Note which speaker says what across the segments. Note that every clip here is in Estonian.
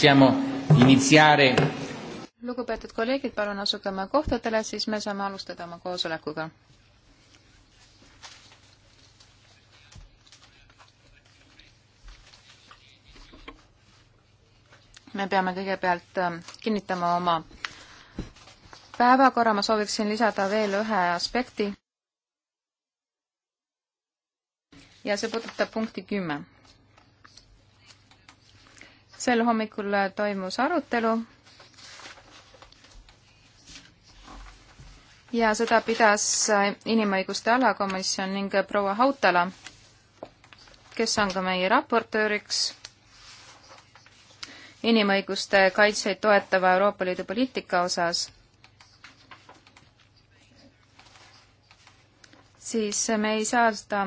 Speaker 1: Possiamo iniziare.
Speaker 2: lugupeetud kolleegid, palun asuge oma kohtadele, siis me saame alustada oma koosolekuga. me peame kõigepealt ähm, kinnitama oma päevakorra, ma sooviksin lisada veel ühe aspekti. ja see puudutab punkti kümme sel hommikul toimus arutelu ja seda pidas inimõiguste alakomisjon ning proua Hautala, kes on ka meie raportööriks inimõiguste kaitseid toetava Euroopa Liidu poliitika osas, siis me ei saa seda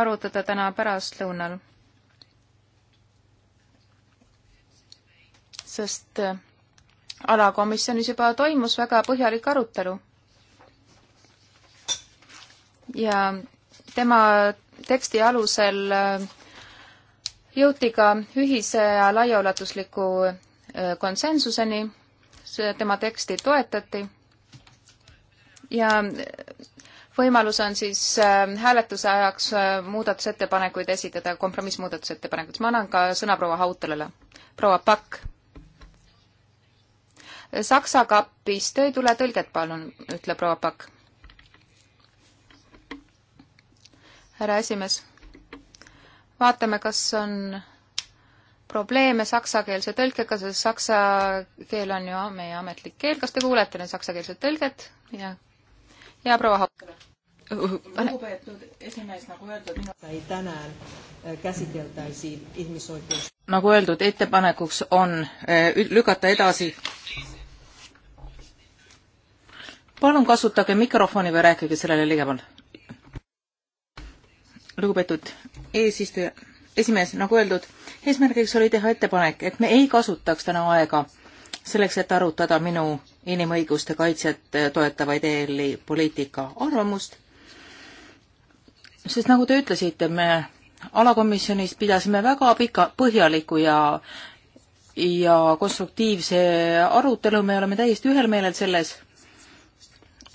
Speaker 2: arutada täna pärastlõunal sest äh, alakomisjonis juba toimus väga põhjalik arutelu. ja tema teksti alusel äh, jõuti ka ühise ja laiaulatusliku äh, konsensuseni, tema teksti toetati ja võimalus on siis hääletuse ajaks muudatusettepanekuid esitada, kompromissmuudatusettepanekuid. ma annan ka sõna proua Hautalele. proua Pakk Saksa kapist, ei tule tõlget, palun, ütleb proua Pakk. härra esimees, vaatame, kas on probleeme saksakeelse tõlkega, sest saksa keel on ju meie ametlik keel, kas te kuulete nüüd saksakeelset tõlget? ja, ja proua Haukala. lugupeetud
Speaker 3: esimees, nagu öeldud, mina sai täna käsiteldaisi ihmisoikeus. nagu öeldud, ettepanekuks on eh, lükata edasi palun kasutage mikrofoni või rääkige sellele ligemal. lugupeetud eesistuja, esimees, nagu öeldud, eesmärgiks oli teha ettepanek, et me ei kasutaks täna aega selleks, et arutada minu inimõiguste kaitset toetavaid EL-i poliitika arvamust, sest nagu te ütlesite, me alakomisjonis pidasime väga pika, põhjaliku ja ja konstruktiivse arutelu, me oleme täiesti ühel meelel selles,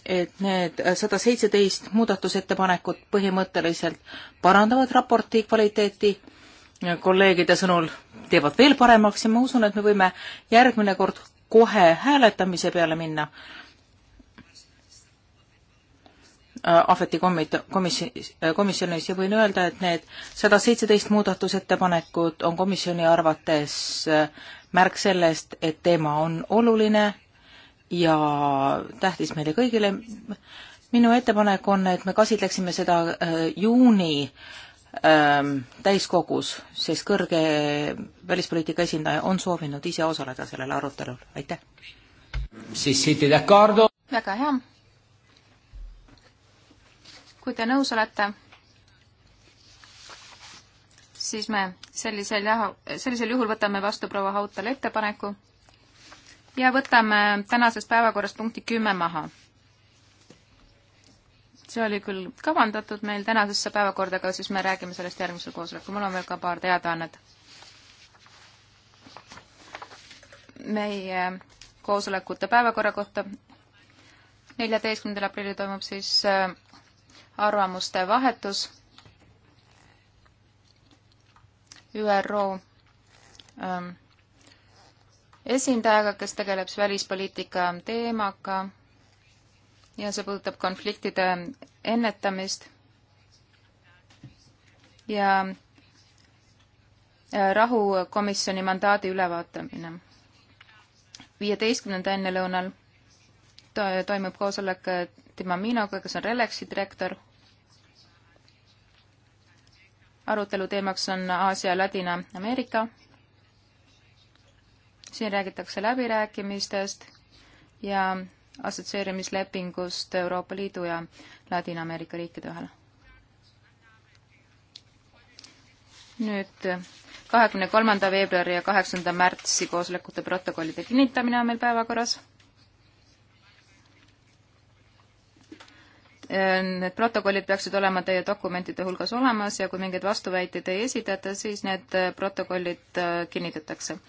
Speaker 3: et need sada seitseteist muudatusettepanekut põhimõtteliselt parandavad raporti kvaliteeti, kolleegide sõnul teevad veel paremaks ja ma usun, et me võime järgmine kord kohe hääletamise peale minna. Ahveti komit-, komisjonis, komisjonis ja võin öelda, et need sada seitseteist muudatusettepanekut on komisjoni arvates märk sellest, et teema on oluline ja tähtis meile kõigile. minu ettepanek on, et me käsitleksime seda äh, juuni ähm, täiskogus, sest kõrge välispoliitika esindaja on soovinud ise osaleda sellel arutelul, aitäh.
Speaker 2: väga hea. kui te nõus olete, siis me sellisel jah, sellisel juhul võtame vastu proua Hautale ettepaneku ja võtame tänasest päevakorrast punkti kümme maha. see oli küll kavandatud meil tänasesse päevakorda, aga siis me räägime sellest järgmisel koosolekul, mul on veel ka paar teadaannet. meie koosolekute päevakorra kohta. neljateistkümnendal aprillil toimub siis äh, arvamuste vahetus ÜRO ähm, esindajaga, kes tegeleb välispoliitika teemaga ja see puudutab konfliktide ennetamist ja äh, rahukomisjoni mandaadi ülevaatamine. viieteistkümnenda ennelõunal to toimub koosolek äh, Timaminoga, kes on Relexi direktor. arutelu teemaks on Aasia ja Ladina-Ameerika siin räägitakse läbirääkimistest ja assotsieerimislepingust Euroopa Liidu ja Ladina-Ameerika riikide vahel. nüüd kahekümne kolmanda veebruari ja kaheksanda märtsi koosolekute protokollide kinnitamine on meil päevakorras. Need protokollid peaksid olema teie dokumentide hulgas olemas ja kui mingeid vastuväiteid ei esitata, siis need protokollid äh, kinnitatakse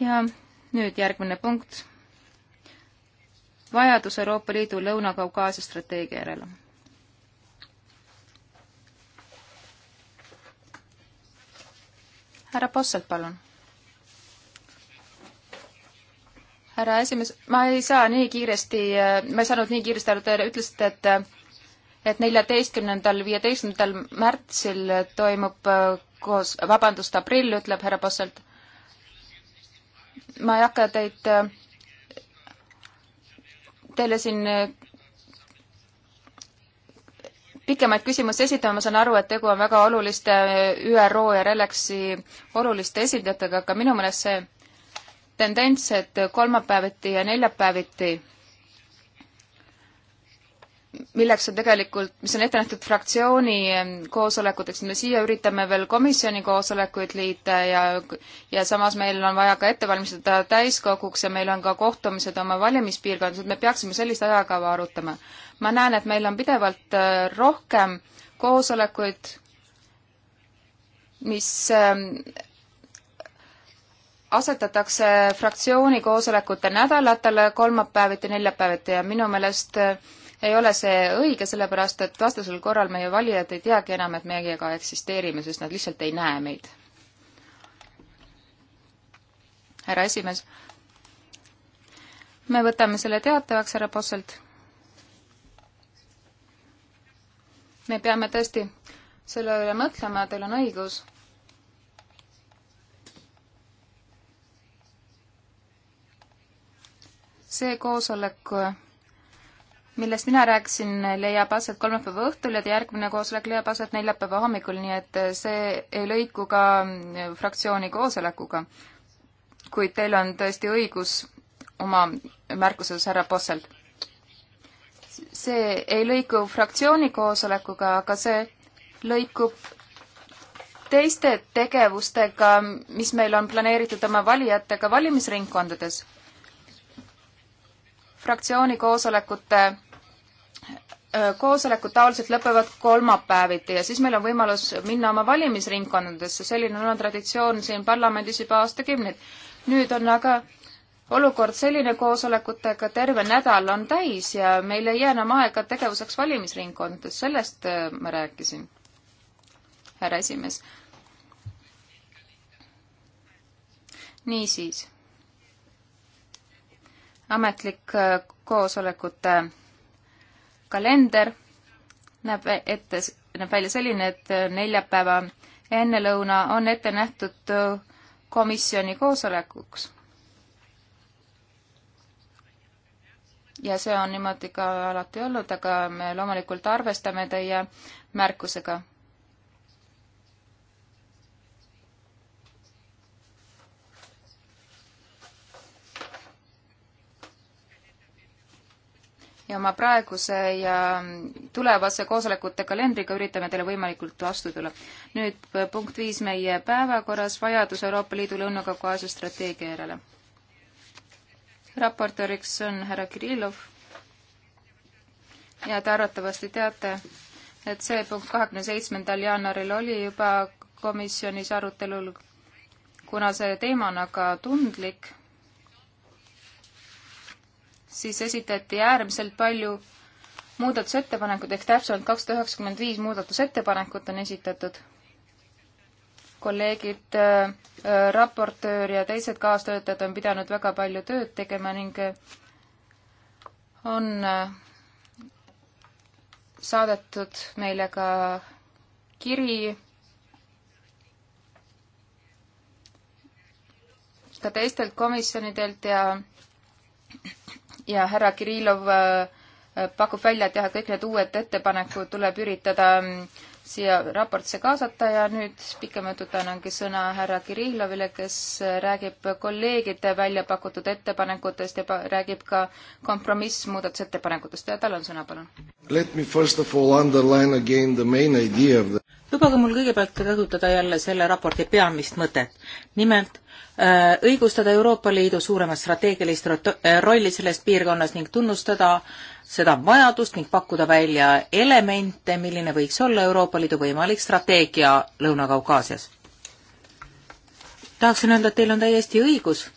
Speaker 2: ja nüüd järgmine punkt. vajadus Euroopa Liidu Lõuna-Kaukaasia strateegia järele. härra Posselt, palun. härra esimees, ma ei saa nii kiiresti, ma ei saanud nii kiiresti aru, te ütlesite, et et neljateistkümnendal, viieteistkümnendal märtsil toimub äh, koos, vabandust, aprill, ütleb härra Posselt ma ei hakka teid, teile siin pikemaid küsimusi esitama, ma saan aru, et tegu on väga oluliste ÜRO ja RELEX-i oluliste esindajatega, aga minu meelest see tendents, et kolmapäeviti ja neljapäeviti milleks on tegelikult, mis on ette nähtud fraktsiooni koosolekuteks, me siia üritame veel komisjoni koosolekuid liita ja, ja samas meil on vaja ka ette valmistada täiskoguks ja meil on ka kohtumised oma valimispiirkondades, et me peaksime sellist ajakava arutama. ma näen, et meil on pidevalt äh, rohkem koosolekuid, mis asetatakse fraktsiooni koosolekute nädalatele kolmapäeviti, neljapäeviti ja minu meelest äh, ei ole see õige, sellepärast et vastasel korral meie valijad ei teagi enam, et meie ka eksisteerime, sest nad lihtsalt ei näe meid. härra esimees, me võtame selle teatavaks härra Posselt. me peame tõesti selle üle mõtlema, teil on õigus see koosolek millest mina rääkisin, leiab aset kolmapäeva õhtul ja järgmine koosolek leiab aset neljapäeva hommikul, nii et see ei lõiku ka fraktsiooni koosolekuga. kuid teil on tõesti õigus oma märkuses, härra Posselt. see ei lõiku fraktsiooni koosolekuga, aga see lõikub teiste tegevustega, mis meil on planeeritud oma valijatega valimisringkondades fraktsiooni koosolekute Äh, koosolekud taoliselt lõpevad kolmapäeviti ja siis meil on võimalus minna oma valimisringkondadesse, selline on traditsioon siin parlamendis juba aastakümneid. nüüd on aga olukord selline koosolekutega, terve nädal on täis ja meil ei jää enam aega tegevuseks valimisringkondades, sellest äh, ma rääkisin, härra esimees. niisiis, ametlik äh, koosolekute kalender näeb ette, näeb välja selline, et äh, neljapäeva ennelõuna on ette nähtud äh, komisjoni koosolekuks. ja see on niimoodi ka alati olnud, aga me loomulikult arvestame teie märkusega. ja oma praeguse ja tulevase koosolekute kalendriga üritame teile võimalikult vastu tulla. nüüd punkt viis meie päevakorras, vajadus Euroopa Liidu Lõuna-Kaugu Aasia strateegia järele. raportööriks on härra Kirillov ja te arvatavasti teate, et see punkt kahekümne seitsmendal jaanuaril oli juba komisjonis arutelul, kuna see teema on aga tundlik siis esitati äärmiselt palju muudatusettepanekud ehk täpsemalt kakssada üheksakümmend viis muudatusettepanekut on esitatud. kolleegid äh, äh,, raportöör ja teised kaastöötajad on pidanud väga palju tööd tegema ning äh, on äh, saadetud meile ka kiri ka teistelt komisjonidelt ja ja härra Kirillov äh, pakub välja, et jah, et kõik need uued ettepanekud tuleb üritada mm, siia raportisse kaasata ja nüüd pikemõtult annangi sõna härra Kirillovile, kes räägib kolleegide välja pakutud ettepanekutest ja räägib ka kompromissmuudatusettepanekutest ja tal on sõna, palun.
Speaker 1: Let me first of all underline again the main idea of the
Speaker 3: lubage mul kõigepealt rõhutada jälle selle raporti peamist mõtet. nimelt äh, õigustada Euroopa Liidu suuremat strateegilist äh, rolli selles piirkonnas ning tunnustada seda vajadust ning pakkuda välja elemente, milline võiks olla Euroopa Liidu võimalik strateegia Lõuna-Kaukaasias. tahaksin öelda, et teil on täiesti õigus.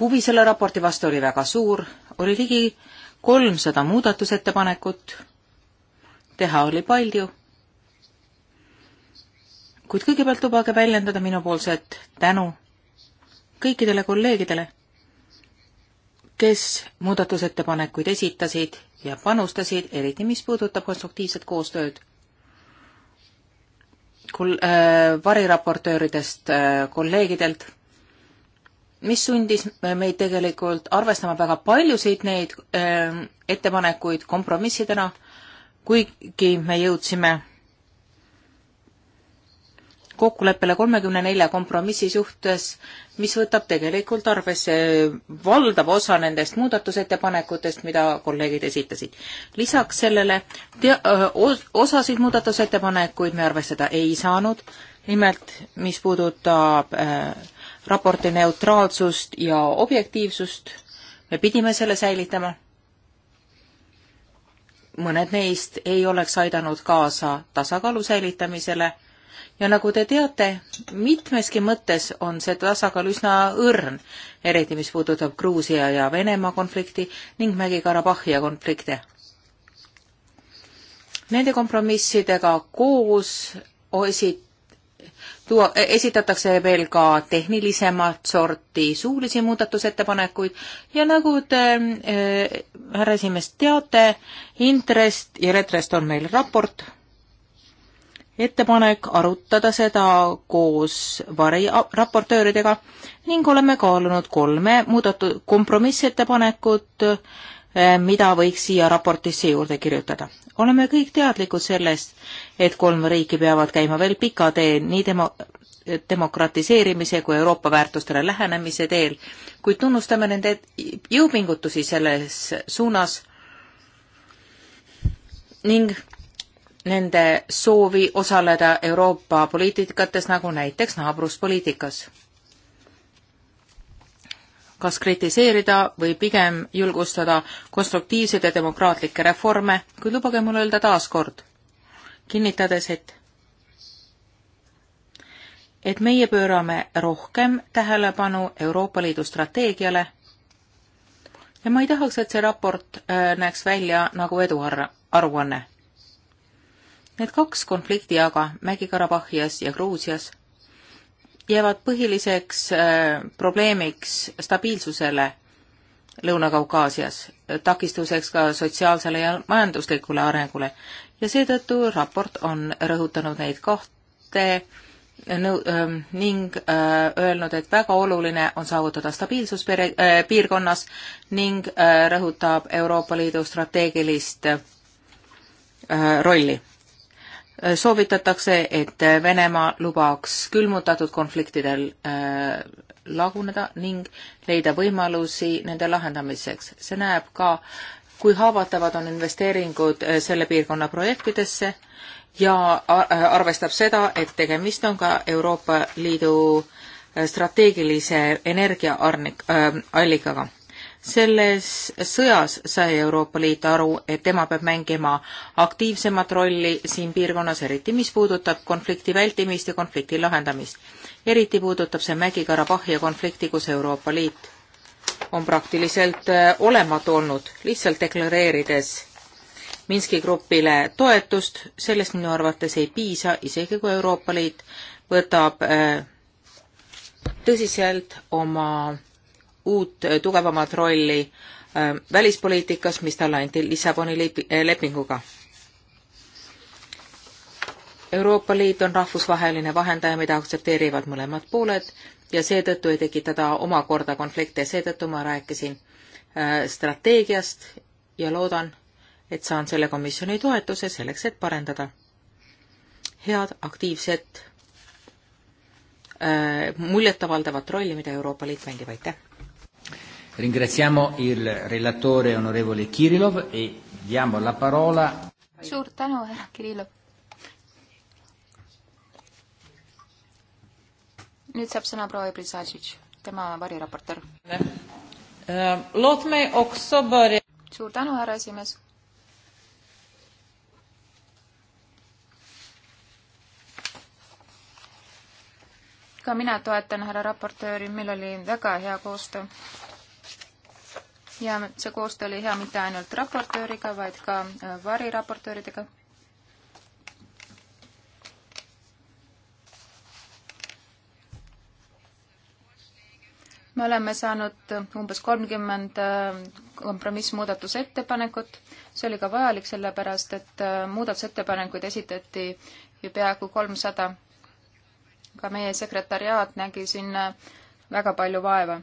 Speaker 3: huvi selle raporti vastu oli väga suur, oli ligi kolmsada muudatusettepanekut, teha oli palju kuid kõigepealt lubage väljendada minupoolset tänu kõikidele kolleegidele, kes muudatusettepanekuid esitasid ja panustasid, eriti mis puudutab konstruktiivset koostööd. Kol- äh,, variraportööridest äh, kolleegidelt, mis sundis meid tegelikult arvestama väga paljusid neid äh, ettepanekuid kompromissidena, kuigi me jõudsime kokkuleppele kolmekümne nelja kompromissi suhtes, mis võtab tegelikult arvesse valdava osa nendest muudatusettepanekutest, mida kolleegid esitasid. lisaks sellele te-, osasid muudatusettepanekuid me arvestada ei saanud, nimelt mis puudutab äh, raporti neutraalsust ja objektiivsust, me pidime selle säilitama mõned neist ei oleks aidanud kaasa tasakaalu säilitamisele ja nagu te teate, mitmeski mõttes on see tasakaal üsna õrn, eriti mis puudutab Gruusia ja Venemaa konflikti ning Mägi-Karabahhi konflikte. Nende kompromissidega koos esit-, tuua, esitatakse veel ka tehnilisemat sorti suulisi muudatusettepanekuid ja nagu te äh, härra äh, esimees teate, Interest ja Retrest on meil raport ettepanek arutada seda koos variraportööridega ning oleme kaalunud kolme muudatud kompromissettepanekut, eh, mida võiks siia raportisse juurde kirjutada. oleme kõik teadlikud sellest, et kolm riiki peavad käima veel pika tee nii demo-, demokratiseerimise kui Euroopa väärtustele lähenemise teel, kuid tunnustame nende jõupingutusi selles suunas ning nende soovi osaleda Euroopa poliitikates, nagu näiteks naabruspoliitikas. kas kritiseerida või pigem julgustada konstruktiivseid ja demokraatlikke reforme, kuid lubage mul öelda taaskord, kinnitades, et et meie pöörame rohkem tähelepanu Euroopa Liidu strateegiale ja ma ei tahaks, et see raport äh, näeks välja nagu eduaruanne Need kaks konflikti aga, Mägi-Karabahhias ja Gruusias, jäävad põhiliseks äh, probleemiks stabiilsusele Lõuna-Kaukaasias, takistuseks ka sotsiaalsele ja majanduslikule arengule ja seetõttu raport on rõhutanud neid kahte nõu- ähm, ning äh, öelnud, et väga oluline on saavutada stabiilsus pere, äh, piirkonnas ning rõhutab Euroopa Liidu strateegilist rolli. Äh, soovitatakse, et Venemaa lubaks külmutatud konfliktidel äh, laguneda ning leida võimalusi nende lahendamiseks. see näeb ka, kui haavatavad on investeeringud äh, selle piirkonna projektidesse ja äh, arvestab seda, et tegemist on ka Euroopa Liidu strateegilise energiaallikaga selles sõjas sai Euroopa Liit aru, et tema peab mängima aktiivsemat rolli siin piirkonnas, eriti mis puudutab konflikti vältimist ja konflikti lahendamist. eriti puudutab see Mägi-Karabahhi konflikti, kus Euroopa Liit on praktiliselt äh, olematu olnud, lihtsalt deklareerides Minski grupile toetust, sellest minu arvates ei piisa, isegi kui Euroopa Liit võtab äh, tõsiselt oma uut äh, tugevamat rolli äh, välispoliitikas, mis talle anti Lissaboni äh, lepinguga. Euroopa Liit on rahvusvaheline vahendaja, mida aktsepteerivad mõlemad pooled ja seetõttu ei tekita ta omakorda konflikte, seetõttu ma rääkisin strateegiast ja loodan, et saan selle komisjoni toetuse selleks, et parendada head aktiivset muljet avaldavat rolli, mida Euroopa Liit mängib, aitäh!
Speaker 1: Ringraziamo il relatore onorevole Kirilov e diamo la parola.
Speaker 2: suur tänu, härra Kirillov. nüüd saab sõna proua Ebrisasic, tema variraportöör. Ehm, suur tänu, härra esimees. ka mina toetan härra raportööri, meil oli väga hea koostöö ja see koostöö oli hea mitte ainult raportööriga, vaid ka äh, variraportööridega. me oleme saanud äh, umbes kolmkümmend äh, kompromissmuudatusettepanekut, see oli ka vajalik, sellepärast et muudatusettepanekuid esitati ju peaaegu kolmsada. ka meie sekretariaat nägi siin väga palju vaeva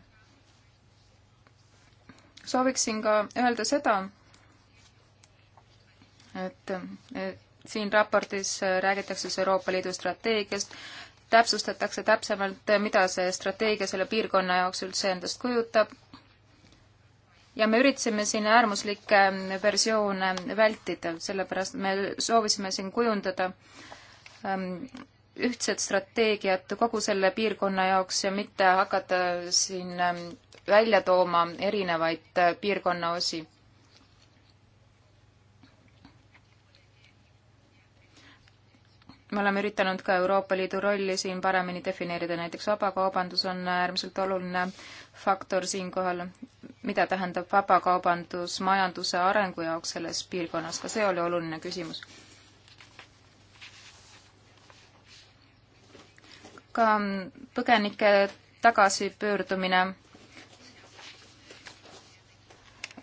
Speaker 2: sooviksin ka öelda seda, et, et siin raportis räägitakse siis Euroopa Liidu strateegiast, täpsustatakse täpsemalt, mida see strateegia selle piirkonna jaoks üldse endast kujutab ja me üritasime siin äärmuslikke versioone vältida, sellepärast me soovisime siin kujundada ähm, ühtset strateegiat kogu selle piirkonna jaoks ja mitte hakata siin ähm, välja tooma erinevaid äh, piirkonna osi. me oleme üritanud ka Euroopa Liidu rolli siin paremini defineerida, näiteks vabakaubandus on äärmiselt oluline faktor siinkohal, mida tähendab vabakaubandus majanduse arengu jaoks selles piirkonnas, ka see oli oluline küsimus ka põgenike tagasipöördumine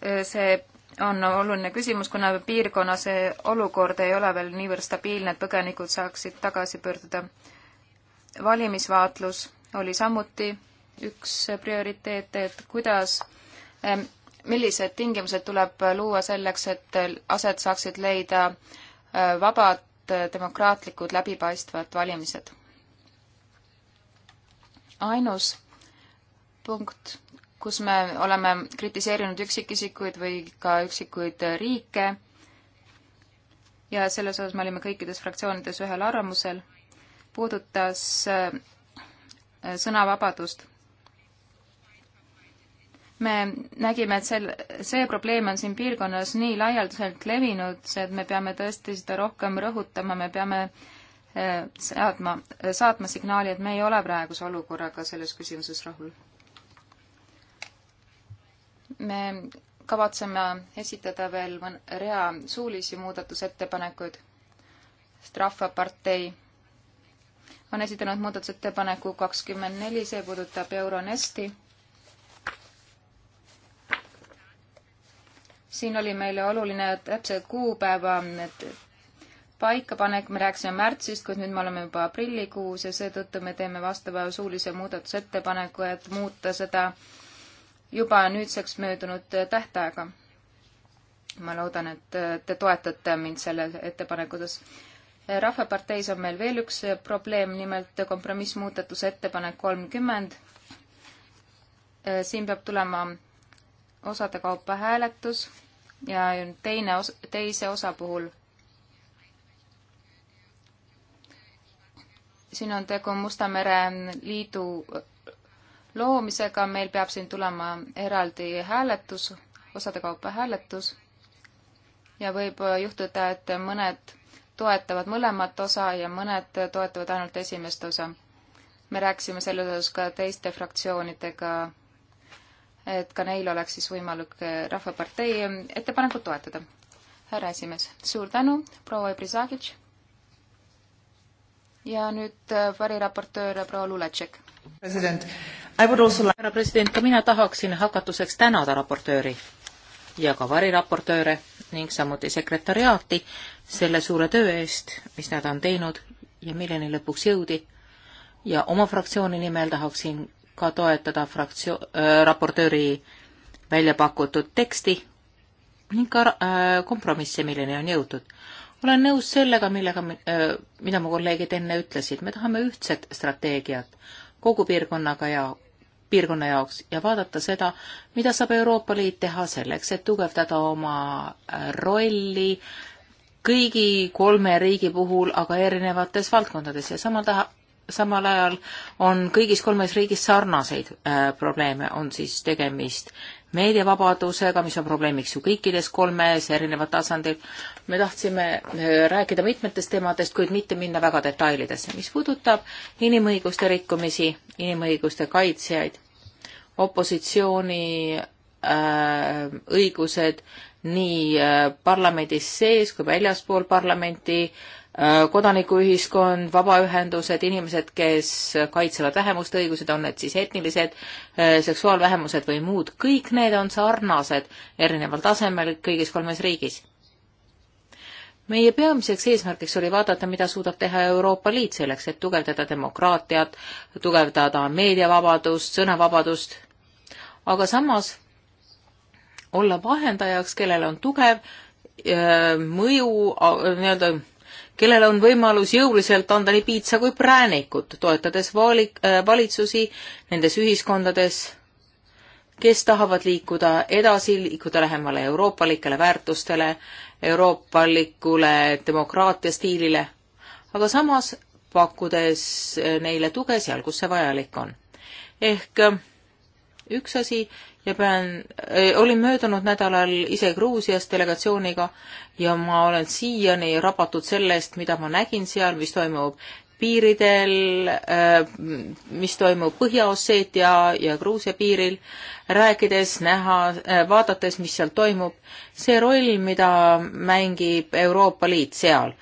Speaker 2: Äh, see on oluline küsimus, kuna piirkonna see olukord ei ole veel niivõrd stabiilne, et põgenikud saaksid tagasi pöörduda. valimisvaatlus oli samuti üks prioriteete, et kuidas, ähm, millised tingimused tuleb luua selleks, et aset saaksid leida äh, vabad, äh, demokraatlikud, läbipaistvad valimised. ainus punkt, kus me oleme kritiseerinud üksikisikuid või ka üksikuid riike ja selles osas me olime kõikides fraktsioonides ühel arvamusel, puudutas äh, sõnavabadust. me nägime, et sel, see probleem on siin piirkonnas nii laialdaselt levinud, et me peame tõesti seda rohkem rõhutama, me peame äh, seadma, saatma signaali, et me ei ole praeguse olukorraga selles küsimuses rahul me kavatseme esitada veel mõn-, rea suulisi muudatusettepanekuid, sest Rahvapartei on esitanud muudatusettepaneku kakskümmend neli, see puudutab Euronesti. siin oli meile oluline täpse kuupäeva paikapanek, me rääkisime märtsist, kuid nüüd me oleme juba aprillikuus ja seetõttu me teeme vastava suulise muudatusettepaneku, et muuta seda äh, juba nüüdseks möödunud tähtaega. ma loodan, et te toetate mind selle ettepanekudes. rahvaparteis on meil veel üks probleem, nimelt kompromissmuudatuse ettepanek kolmkümmend. siin peab tulema osade kaupa hääletus ja teine os-, teise osa puhul siin on tegu Musta mere liidu loomisega meil peab siin tulema eraldi hääletus, osade kaupa hääletus ja võib juhtuda, et mõned toetavad mõlemat osa ja mõned toetavad ainult esimest osa. me rääkisime selle osas ka teiste fraktsioonidega, et ka neil oleks siis võimalik Rahvapartei ettepanekut toetada. härra esimees, suur tänu, proua Ibrisagitš. ja nüüd äh, variraportöör proua Luletšek.
Speaker 3: president härra president, ka mina tahaksin hakatuseks tänada raportööri ja ka variraportööre ning samuti sekretariaati selle suure töö eest, mis nad on teinud ja milleni lõpuks jõudi. ja oma fraktsiooni nimel tahaksin ka toetada fraktsioon äh,, raportööri välja pakutud teksti ning ka äh, kompromisse, milleni on jõutud. olen nõus sellega, millega äh,, mida mu kolleegid enne ütlesid, me tahame ühtset strateegiat kogu piirkonnaga ja piirkonna jaoks ja vaadata seda, mida saab Euroopa Liit teha selleks, et tugevdada oma äh, rolli kõigi kolme riigi puhul, aga erinevates valdkondades ja samal taha, samal ajal on kõigis kolmes riigis sarnaseid äh, probleeme, on siis tegemist meediavabadusega, mis on probleemiks ju kõikides kolmes erineval tasandil. me tahtsime eh, rääkida mitmetest teemadest, kuid mitte minna väga detailidesse. mis puudutab inimõiguste rikkumisi, inimõiguste kaitsjaid, opositsiooni äh, õigused nii äh, parlamendis sees kui väljaspool parlamenti äh,, Äh, kodanikuühiskond, vabaühendused, inimesed, kes kaitsevad vähemuste õigused, on need siis etnilised, äh, seksuaalvähemused või muud, kõik need on sarnased erineval tasemel kõigis kolmes riigis. meie peamiseks eesmärgiks oli vaadata, mida suudab teha Euroopa Liit selleks, et tugevdada demokraatiat, tugevdada meediavabadust, sõnavabadust, aga samas olla vahendajaks, kellel on tugev äh, mõju nii-öelda kellel on võimalus jõuliselt anda nii piitsa kui präänikut, toetades valik, äh, valitsusi nendes ühiskondades, kes tahavad liikuda edasi, liikuda lähemale euroopalikele väärtustele, euroopalikule demokraatia stiilile, aga samas pakkudes äh, neile tuge seal, kus see vajalik on. ehk äh, üks asi, ja pean, eh, olin möödunud nädalal ise Gruusias delegatsiooniga ja ma olen siiani rabatud sellest, mida ma nägin seal, mis toimub piiridel, eh, mis toimub Põhja-Osseetia ja Gruusia piiril, rääkides, näha, eh, vaadates, mis seal toimub, see roll, mida mängib Euroopa Liit seal.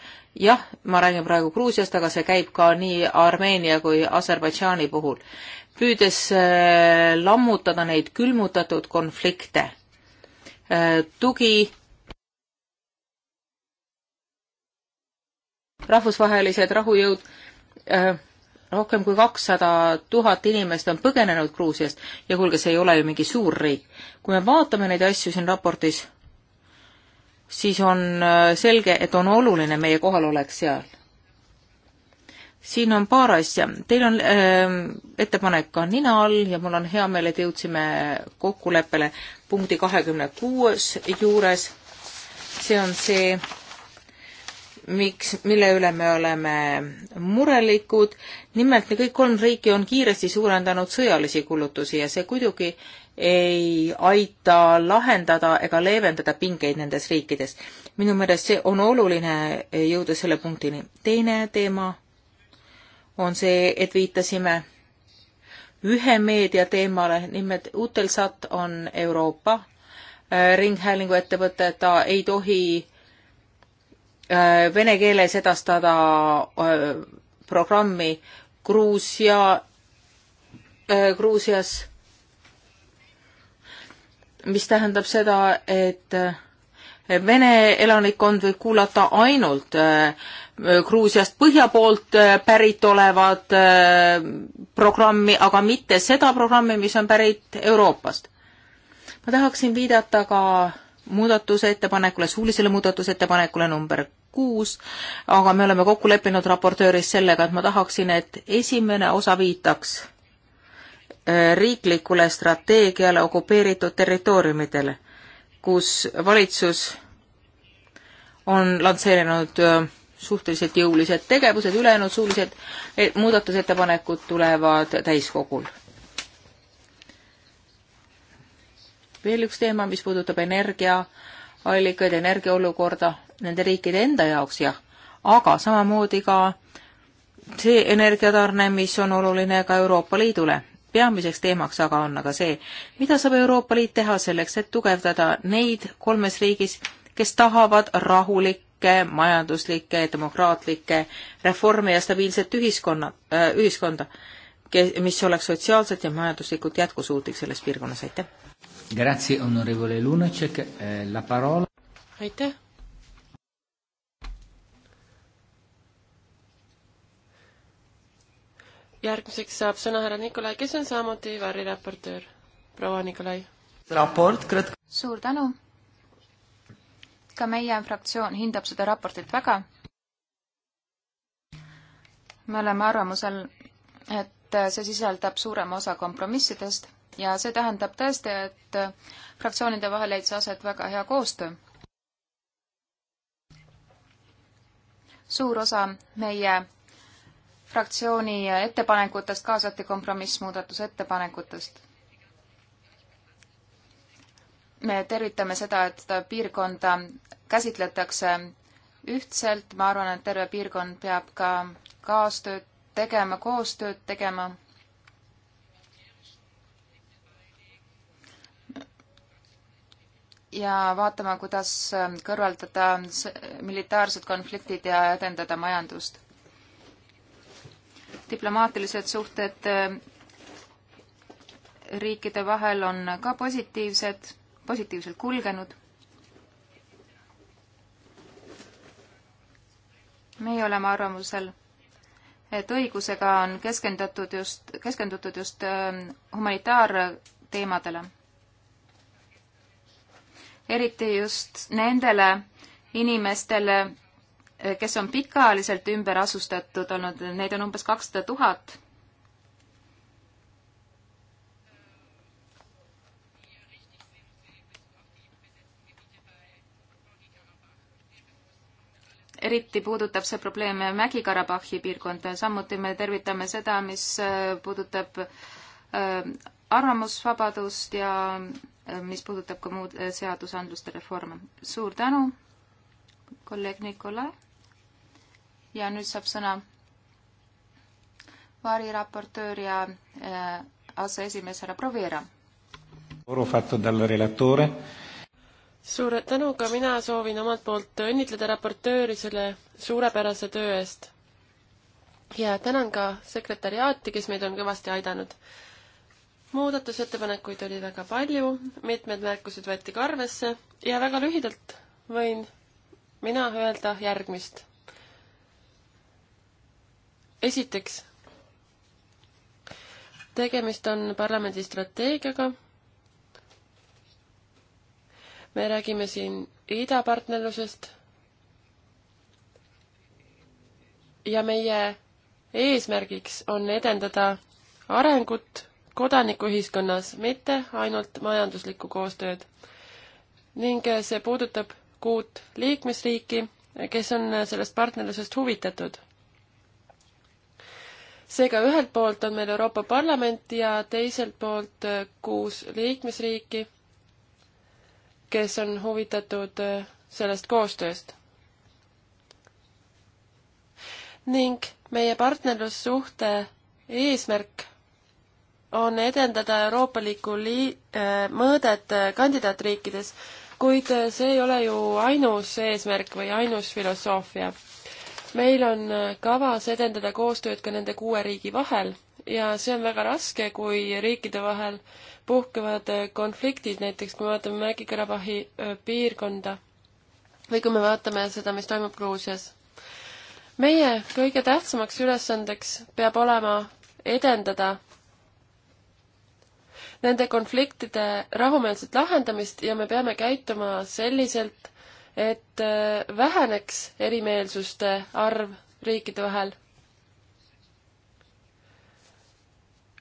Speaker 3: jah, ma räägin praegu Gruusiast, aga see käib ka nii Armeenia kui Aserbaidžaani puhul püüdes äh, lammutada neid külmutatud konflikte. Äh, tugi rahvusvahelised rahujõud, äh, rohkem kui kakssada tuhat inimest on põgenenud Gruusiast ja kuulge, see ei ole ju mingi suur riik. kui me vaatame neid asju siin raportis, siis on selge, et on oluline meie kohalolek seal siin on paar asja. Teil on äh, ettepanek ka nina all ja mul on hea meel, et jõudsime kokkuleppele punkti kahekümne kuues juures. see on see, miks, mille üle me oleme murelikud. nimelt kõik kolm riiki on kiiresti suurendanud sõjalisi kulutusi ja see muidugi ei aita lahendada ega leevendada pingeid nendes riikides. minu meelest see on oluline jõuda selle punktini. teine teema on see, et viitasime ühe meedia teemale, nimelt Utelsat on Euroopa äh, ringhäälinguettevõte, ta ei tohi äh, vene keeles edastada äh, programmi Gruusia, Gruusias, mis tähendab seda, et Vene elanikkond võib kuulata ainult äh, Gruusiast põhja poolt äh, pärit olevat äh, programmi, aga mitte seda programmi, mis on pärit Euroopast. ma tahaksin viidata ka muudatusettepanekule, suulisele muudatusettepanekule number kuus, aga me oleme kokku leppinud raportööris sellega, et ma tahaksin, et esimene osa viitaks riiklikule strateegiale okupeeritud territooriumidele kus valitsus on lansseerinud äh, suhteliselt jõulised tegevused, ülejäänud suulised muudatusettepanekud tulevad täiskogul. veel üks teema, mis puudutab energiaallikaid, energiaolukorda nende riikide enda jaoks, jah, aga samamoodi ka see energiatarne, mis on oluline ka Euroopa Liidule peamiseks teemaks aga on aga see, mida saab Euroopa Liit teha selleks, et tugevdada neid kolmes riigis, kes tahavad rahulikke, majanduslikke, demokraatlikke reforme ja stabiilset ühiskonna, äh, ühiskonda, mis oleks sotsiaalselt ja majanduslikult jätkusuutlik selles piirkonnas, aitäh! Eh, aitäh!
Speaker 4: järgmiseks saab sõna härra Nikolai, kes on samuti
Speaker 2: variraportöör.
Speaker 4: proua Nikolai. raport,
Speaker 3: Kret-.
Speaker 2: suur tänu. ka meie fraktsioon hindab seda raportit väga. me oleme arvamusel, et see sisaldab suurema osa kompromissidest ja see tähendab tõesti, et fraktsioonide vahel leidis aset väga hea koostöö. suur osa meie fraktsiooni ettepanekutest kaasati kompromissmuudatusettepanekutest. me tervitame seda, et seda piirkonda käsitletakse ühtselt, ma arvan, et terve piirkond peab ka kaastööd tegema, koostööd tegema. ja vaatama, kuidas kõrvaldada militaarsed konfliktid ja edendada majandust diplomaatilised suhted äh, riikide vahel on ka positiivsed, positiivselt kulgenud. meie oleme arvamusel, et õigusega on keskendatud just, keskendutud just äh, humanitaarteemadele. eriti just nendele inimestele, kes on pikaajaliselt ümber asustatud olnud, neid on umbes kakssada tuhat. eriti puudutab see probleem Mägi-Karabahhi piirkonda, samuti me tervitame seda, mis äh, puudutab äh, arvamusvabadust ja äh, mis puudutab ka muud seadusandluste reforme. suur tänu, kolleeg Nikolai! ja nüüd saab sõna variraportöör ja äh, aseesimees härra Provera. suur tänu
Speaker 4: ka mina soovin omalt poolt õnnitleda raportööri selle suurepärase töö eest. ja tänan ka sekretäriaati, kes meid on kõvasti aidanud. muudatusettepanekuid oli väga palju, mitmed märkused võeti ka arvesse ja väga lühidalt võin mina öelda järgmist esiteks, tegemist on parlamendi strateegiaga. me räägime siin idapartnerlusest. ja meie eesmärgiks on edendada arengut kodanikuühiskonnas, mitte ainult majanduslikku koostööd. ning see puudutab kuut liikmesriiki, kes on sellest partnerlusest huvitatud seega ühelt poolt on meil Euroopa Parlament ja teiselt poolt äh, kuus liikmesriiki, kes on huvitatud äh, sellest koostööst. ning meie partnerlussuhte eesmärk on edendada euroopalikku lii-, äh, mõõdet kandidaatriikides, kuid see ei ole ju ainus eesmärk või ainus filosoofia meil on äh, kavas edendada koostööd ka nende kuue riigi vahel ja see on väga raske, kui riikide vahel puhkevad äh, konfliktid, näiteks kui me vaatame Mägi-Karabahhi äh, piirkonda või kui me vaatame seda, mis toimub Gruusias. meie kõige tähtsamaks ülesandeks peab olema edendada nende konfliktide rahumeelset lahendamist ja me peame käituma selliselt, et äh, väheneks erimeelsuste arv riikide vahel.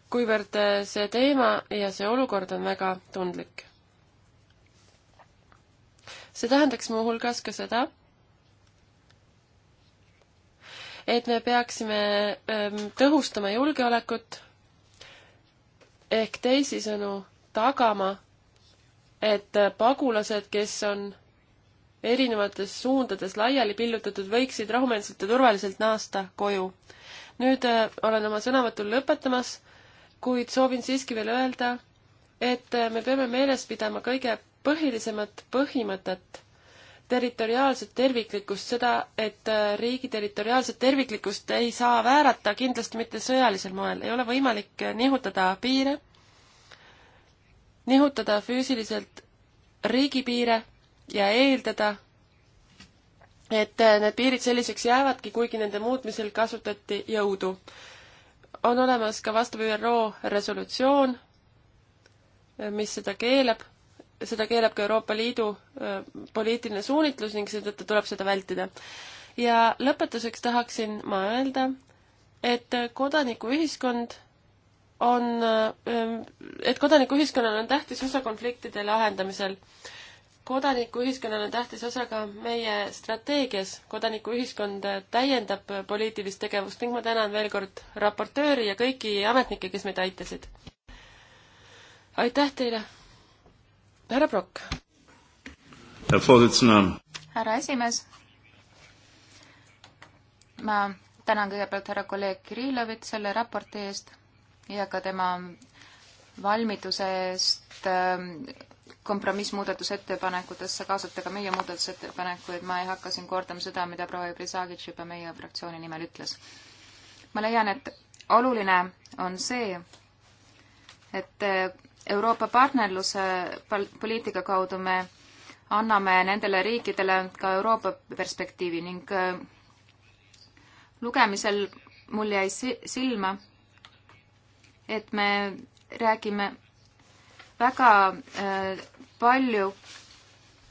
Speaker 4: kuivõrd äh, see teema ja see olukord on väga tundlik. see tähendaks muuhulgas ka seda, et me peaksime ähm, tõhustama julgeolekut ehk teisisõnu tagama, et äh, pagulased, kes on erinevates suundades laiali pillutatud, võiksid rahumeelselt ja turvaliselt naasta koju. nüüd äh, olen oma sõnavõtul lõpetamas, kuid soovin siiski veel öelda, et äh, me peame meeles pidama kõige põhilisemat põhimõtet, territoriaalset terviklikkust, seda, et äh, riigi territoriaalset terviklikkust ei saa väärata kindlasti mitte sõjalisel moel, ei ole võimalik nihutada piire, nihutada füüsiliselt riigipiire ja eeldada, et äh, need piirid selliseks jäävadki, kuigi nende muutmisel kasutati jõudu. on olemas ka vastav ÜRO resolutsioon, äh, mis seda keelab, seda keelab ka Euroopa Liidu äh, poliitiline suunitlus ning seetõttu tuleb seda vältida. ja lõpetuseks tahaksin ma öelda, et kodanikuühiskond on, et kodanikuühiskonnal on tähtis osa konfliktide lahendamisel kodanikuühiskonnal on tähtis osa ka meie strateegias. kodanikuühiskond täiendab poliitilist tegevust ning ma tänan veel kord raportööri ja kõiki ametnikke, kes meid aitasid.
Speaker 2: aitäh teile! härra Brock. härra esimees, ma tänan kõigepealt härra kolleeg Kirillovit selle raporti eest ja ka tema valmiduse eest äh, kompromissmuudatusettepanekutesse kaasata ka meie muudatusettepanekuid, ma ei hakka siin kordama seda, mida proua Jevrisagitš juba meie fraktsiooni nimel ütles. ma leian, et oluline on see, et Euroopa partnerluse poliitika kaudu me anname nendele riikidele ka Euroopa perspektiivi ning äh, lugemisel mul jäi silma, et me räägime väga äh, palju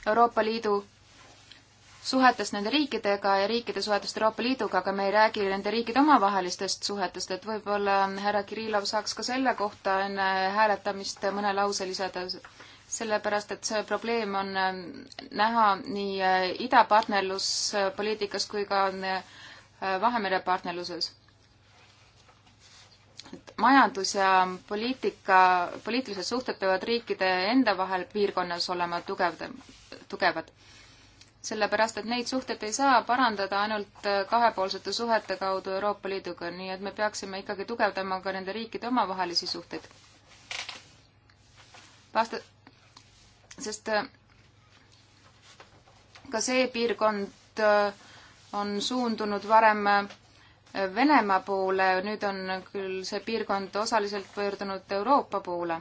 Speaker 2: Euroopa Liidu suhetest nende riikidega ja riikide suhetest Euroopa Liiduga, aga me ei räägi nende riikide omavahelistest suhetest, et võib-olla härra Kirillov saaks ka selle kohta enne hääletamist mõne lause lisada, sellepärast et see probleem on äh, näha nii äh, idapartnerluspoliitikas kui ka äh, Vahemere partnerluses majandus ja poliitika, poliitilised suhted peavad riikide enda vahel piirkonnas olema tugevd-, tugevad. sellepärast, et neid suhteid ei saa parandada ainult kahepoolsete suhete kaudu Euroopa Liiduga, nii et me peaksime ikkagi tugevdama ka nende riikide omavahelisi suhteid. Vasta-, sest äh, ka see piirkond äh, on suundunud varem äh, Venemaa poole, nüüd on küll see piirkond osaliselt pöördunud Euroopa poole,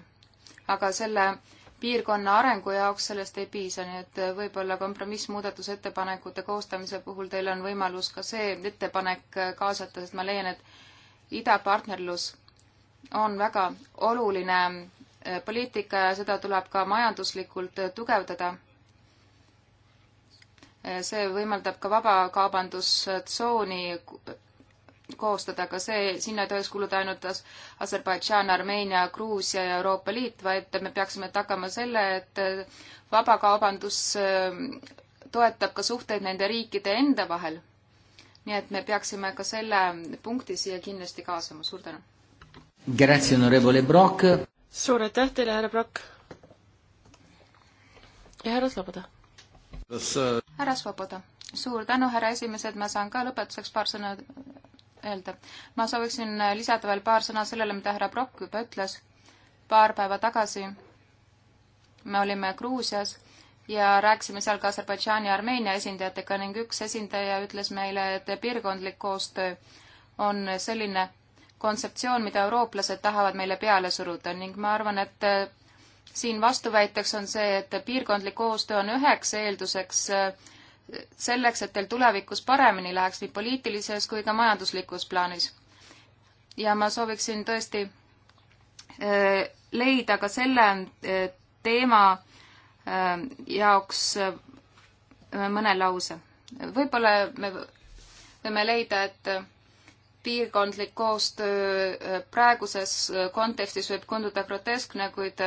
Speaker 2: aga selle piirkonna arengu jaoks sellest ei piisa, nii et võib-olla kompromissmuudatusettepanekute koostamise puhul teil on võimalus ka see ettepanek kaasata, sest ma leian, et idapartnerlus on väga oluline eh, poliitika ja seda tuleb ka majanduslikult tugevdada eh, see võimaldab ka vabakaubandustsooni koostada, aga see, sinna ei tohiks kuuluda ainult Aserbaidžaan, Armeenia, Gruusia ja Euroopa Liit, vaid me peaksime tagama selle, et äh, vabakaubandus äh, toetab ka suhteid nende riikide enda vahel. nii et me peaksime ka selle punkti siia kindlasti kaasama, suur tänu. suur aitäh teile, härra Brock. ja härra Sloboda. härra Sloboda, suur tänu, härra esimees, et ma saan ka lõpetuseks paar sõna öelda. ma sooviksin lisada veel paar sõna sellele, mida härra Prokk juba ütles. paar päeva tagasi me olime Gruusias ja rääkisime seal ka Aserbaidžaani ja Armeenia esindajatega ning üks esindaja ütles meile, et piirkondlik koostöö on selline kontseptsioon, mida eurooplased tahavad meile peale suruda ning ma arvan, et siin vastuväiteks on see, et piirkondlik koostöö on üheks eelduseks äh, selleks, et teil tulevikus paremini läheks nii poliitilises kui ka majanduslikus plaanis. ja ma sooviksin tõesti äh, leida ka selle äh, teema äh, jaoks mõne lause. võib-olla me võime leida, et piirkondlik koostöö praeguses kontekstis võib tunduda groteskne, kuid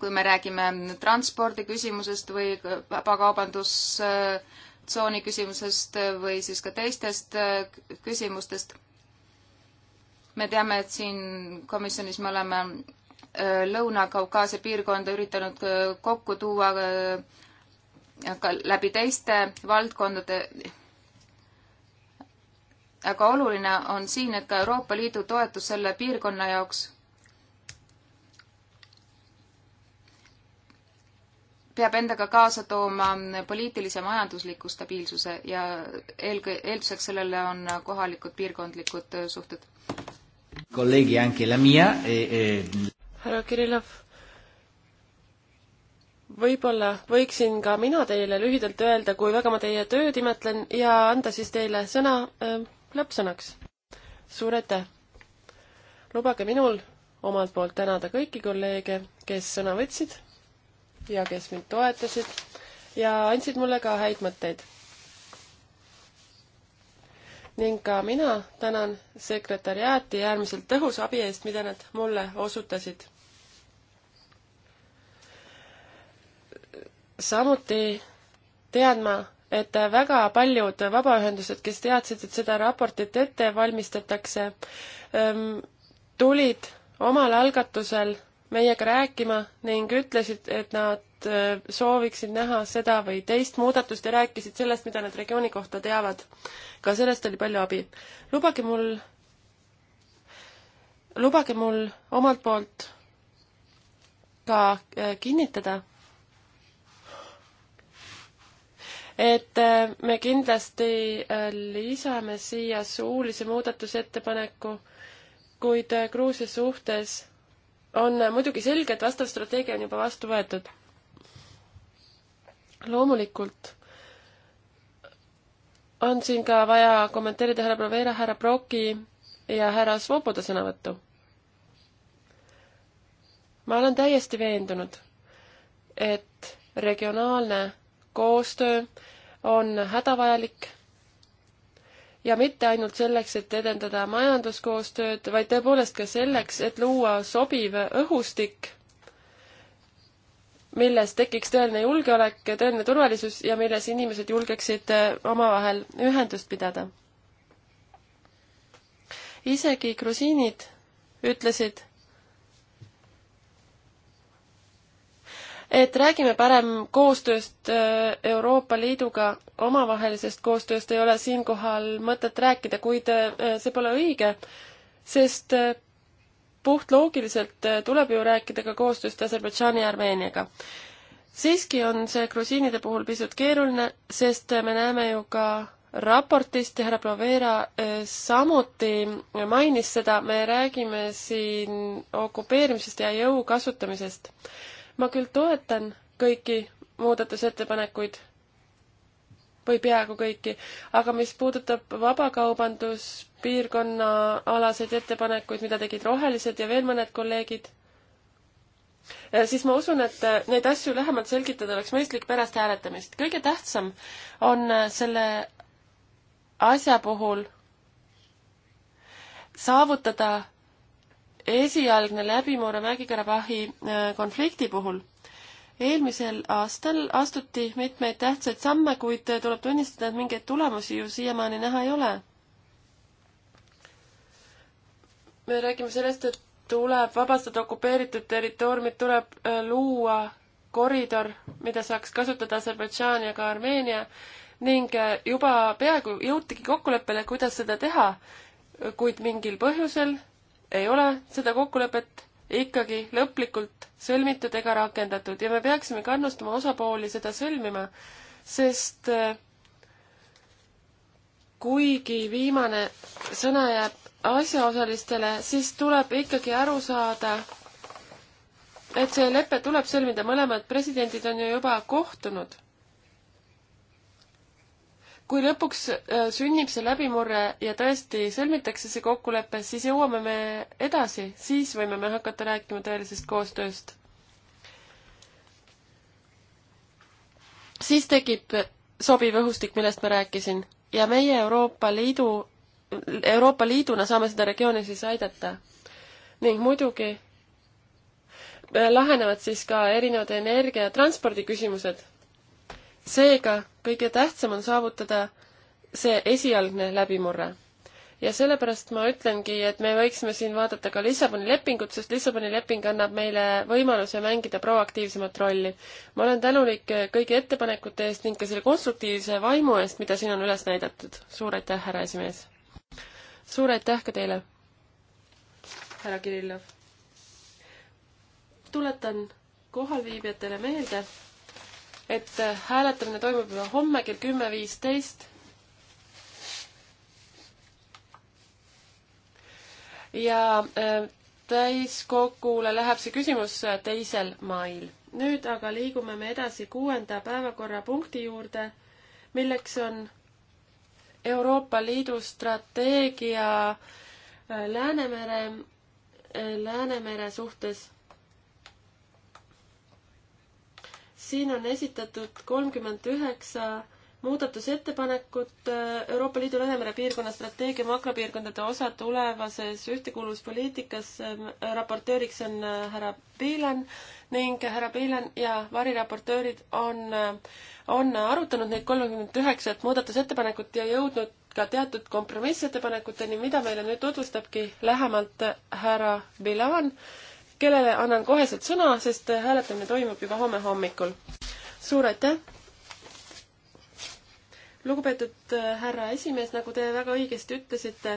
Speaker 2: kui me räägime transpordi küsimusest või vabakaubandustsooni küsimusest või siis ka teistest äh, küsimustest. me teame, et siin komisjonis me oleme äh, Lõuna-Kaukaasia piirkonda üritanud äh, kokku tuua ka läbi teiste valdkondade. aga oluline on siin, et ka Euroopa Liidu toetus selle piirkonna jaoks peab endaga kaasa tooma poliitilise majandusliku stabiilsuse ja eelkõige, eelduseks sellele on kohalikud piirkondlikud suhted.
Speaker 1: kolleegi Anke Lamia e,. E...
Speaker 2: härra Kirillov, võib-olla
Speaker 4: võiksin ka mina teile lühidalt öelda, kui väga ma teie tööd imetlen ja anda siis teile sõna äh, lõppsõnaks. suur aitäh! lubage minul omalt poolt tänada kõiki kolleege, kes sõna võtsid ja kes mind toetasid ja andsid mulle ka häid mõtteid. ning ka mina tänan sekretäriaati äärmiselt tõhusa abi eest, mida nad mulle osutasid. samuti tean ma, et väga paljud vabaühendused, kes teadsid, et seda raportit ette valmistatakse, ähm, tulid omal algatusel meiega rääkima ning ütlesid, et nad äh, sooviksid näha seda või teist muudatust ja rääkisid sellest, mida nad regiooni kohta teavad. ka sellest oli palju abi. lubage mul, lubage mul omalt poolt ka äh, kinnitada, et äh, me kindlasti lisame siia suulise muudatusettepaneku, kuid Gruusia suhtes on muidugi selge, et vastav strateegia on juba vastu võetud. loomulikult on siin ka vaja kommenteerida härra Provera, härra Proki ja härra Svoboda sõnavõttu. ma olen täiesti veendunud, et regionaalne koostöö on hädavajalik ja mitte ainult selleks, et edendada majanduskoostööd, vaid tõepoolest ka selleks, et luua sobiv õhustik, milles tekiks tõeline julgeolek, tõeline turvalisus ja milles inimesed julgeksid äh, omavahel ühendust pidada. isegi grusiinid ütlesid et räägime parem koostööst äh, Euroopa Liiduga, omavahelisest koostööst ei ole siinkohal mõtet rääkida, kuid äh, see pole õige, sest äh, puhtloogiliselt tuleb ju rääkida ka koostööst Aserbaidžaani ja Armeeniaga. siiski on see grusiinide puhul pisut keeruline, sest me näeme ju ka raportist ja härra Provera samuti mainis seda, me räägime siin okupeerimisest ja jõu kasutamisest ma küll toetan kõiki muudatusettepanekuid või peaaegu kõiki, aga mis puudutab vabakaubanduspiirkonna alaseid ettepanekuid, mida tegid rohelised ja veel mõned kolleegid, eh, siis ma usun, et eh, neid asju lähemalt selgitada oleks mõistlik pärast hääletamist. kõige tähtsam on eh, selle asja puhul saavutada esialgne läbimurre Mägi-Karabahhi äh, konflikti puhul. eelmisel aastal astuti mitmeid tähtsaid samme, kuid äh, tuleb tunnistada, et mingeid tulemusi ju siiamaani näha ei ole. me räägime sellest, et tuleb vabastada okupeeritud territooriumid, tuleb äh, luua koridor, mida saaks kasutada Aserbaidžaan ja ka Armeenia ning juba peaaegu jõutigi kokkuleppele, kuidas seda teha, kuid mingil põhjusel ei ole seda kokkulepet ikkagi lõplikult sõlmitud ega rakendatud ja me peaksime kannustama osapooli seda sõlmima, sest eh, kuigi viimane sõna jääb asjaosalistele, siis tuleb ikkagi aru saada, et see lepe tuleb sõlmida, mõlemad presidendid on ju juba kohtunud kui lõpuks äh, sünnib see läbimurre ja tõesti sõlmitakse see kokkulepe, siis jõuame me edasi, siis võime me hakata rääkima tõelisest koostööst. siis tekib sobiv õhustik, millest ma rääkisin ja meie Euroopa Liidu, Euroopa Liiduna saame seda regiooni siis aidata. ning muidugi äh, lahenevad siis ka erinevad energia ja transpordiküsimused seega kõige tähtsam on saavutada see esialgne läbimurre. ja sellepärast ma ütlengi, et me võiksime siin vaadata ka Lissaboni lepingut, sest Lissaboni leping annab meile võimaluse mängida proaktiivsemat rolli. ma olen tänulik kõigi ettepanekute eest ning ka selle konstruktiivse vaimu eest, mida siin on üles näidatud. suur aitäh, härra esimees! suur aitäh ka teile, härra Kirillov! tuletan kohalviibijatele meelde, et hääletamine toimub juba homme kell kümme viisteist. ja äh, täiskogule läheb see küsimus äh, teisel mail. nüüd aga liigume me edasi kuuenda päevakorrapunkti juurde, milleks on Euroopa Liidu strateegia äh, Läänemere, Läänemere suhtes siin on esitatud kolmkümmend üheksa muudatusettepanekut äh, Euroopa Liidu Läänemere piirkonna strateegia makropiirkondade osa tulevases ühtekuuluvuspoliitikas. Ähm, raportööriks on äh, härra Piilan ning härra Piilan ja variraportöörid on, äh, on arutanud neid kolmekümmet üheksat muudatusettepanekut ja jõudnud ka teatud kompromissettepanekuteni, mida meile nüüd tutvustabki lähemalt härra Pilan kellele annan koheselt sõna, sest äh, hääletamine toimub juba homme hommikul. suur aitäh! lugupeetud äh, härra esimees, nagu te väga õigesti ütlesite,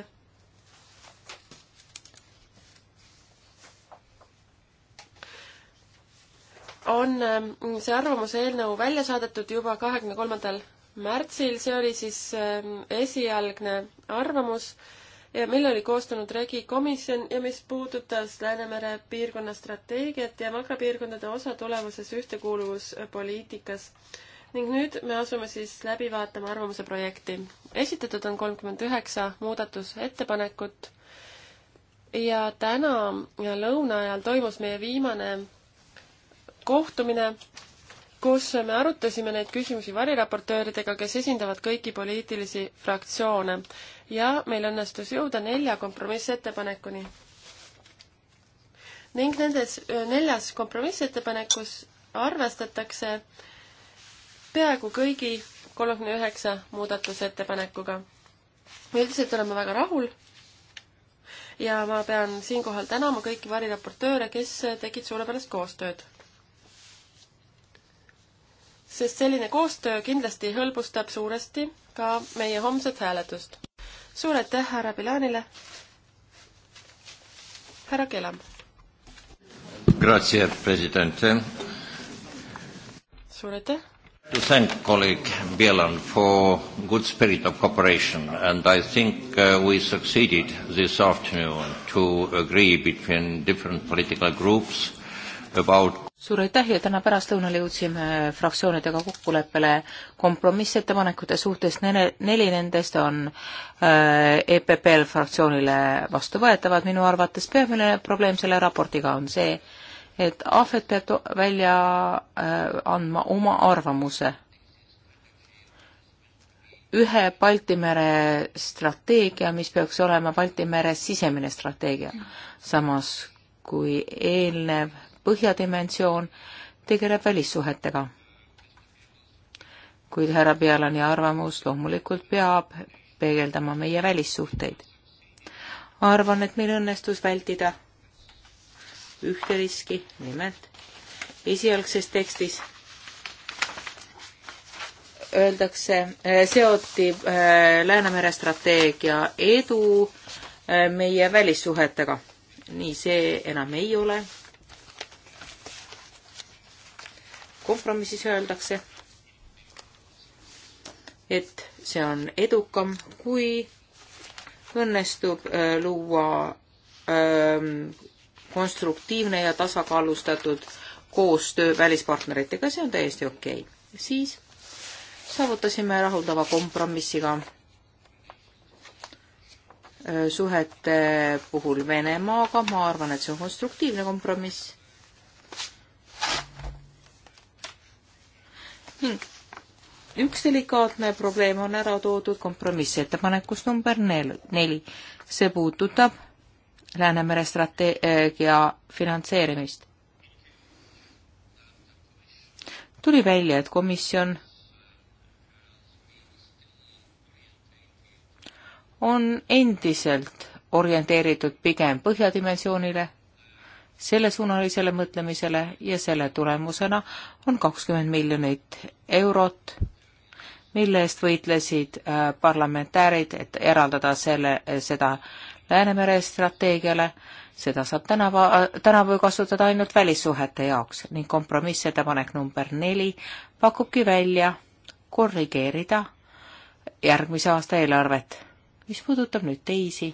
Speaker 4: on ähm, see arvamuse eelnõu välja saadetud juba kahekümne kolmandal märtsil, see oli siis ähm, esialgne arvamus mille oli koostanud regikomisjon ja mis puudutas Läänemere piirkonna strateegiat ja makropiirkondade osa tulevases ühtekuuluvuspoliitikas. ning nüüd me asume siis läbi vaatama arvamuse projekti. esitatud on kolmkümmend üheksa muudatusettepanekut ja täna lõuna ajal toimus meie viimane kohtumine kus me arutasime neid küsimusi variraportööridega, kes esindavad kõiki poliitilisi fraktsioone ja meil õnnestus jõuda nelja kompromissettepanekuni. ning nendes neljas kompromissettepanekus arvestatakse peaaegu kõigi kolmekümne üheksa muudatusettepanekuga. me üldiselt oleme väga rahul ja ma pean siinkohal tänama kõiki variraportööre, kes tegid suurepärast koostööd sest selline koostöö kindlasti hõlbustab suuresti ka meie homset hääletust. suur aitäh härra Bilanile. härra Kelam.
Speaker 1: Grazie, president. suur aitäh. To thank colleague Bielan for good spirit of cooperation and I think uh, we succeeded this afternoon to agree between different political groups about
Speaker 3: suur aitäh ja täna pärastlõunal jõudsime fraktsioonidega kokkuleppele kompromissettepanekute suhtes, neli nendest on äh, EPP-l fraktsioonile vastuvõetavad, minu arvates peamine probleem selle raportiga on see, et ahvet peab välja äh, andma oma arvamuse. ühe Balti mere strateegia, mis peaks olema Balti mere sisemine strateegia, samas kui eelnev põhjadimensioon tegeleb välissuhetega. kuid härra Pealani arvamus loomulikult peab peegeldama meie välissuhteid. arvan, et meil õnnestus vältida ühte riski, nimelt esialgses tekstis öeldakse, äh, seoti äh, Läänemere strateegia edu äh, meie välissuhetega. nii see enam ei ole kompromissis öeldakse, et see on edukam, kui õnnestub äh, luua ähm, konstruktiivne ja tasakaalustatud koostöö välispartneritega, see on täiesti okei okay.. siis saavutasime rahuldava kompromissiga äh, suhete puhul Venemaaga, ma arvan, et see on konstruktiivne kompromiss ning hm. üks delikaatne probleem on ära toodud kompromissettepanekus number nel-, neli. see puudutab Läänemere strateegia finantseerimist. tuli välja, et komisjon on endiselt orienteeritud pigem põhjadimensioonile sellesuunalisele mõtlemisele ja selle tulemusena on kakskümmend miljonit eurot, mille eest võitlesid äh, parlamentäärid, et eraldada selle, seda Läänemere strateegiale, seda saab tänava, tänavu kasutada ainult välissuhete jaoks ning kompromissettepanek number neli pakubki välja korrigeerida järgmise aasta eelarvet. mis puudutab nüüd teisi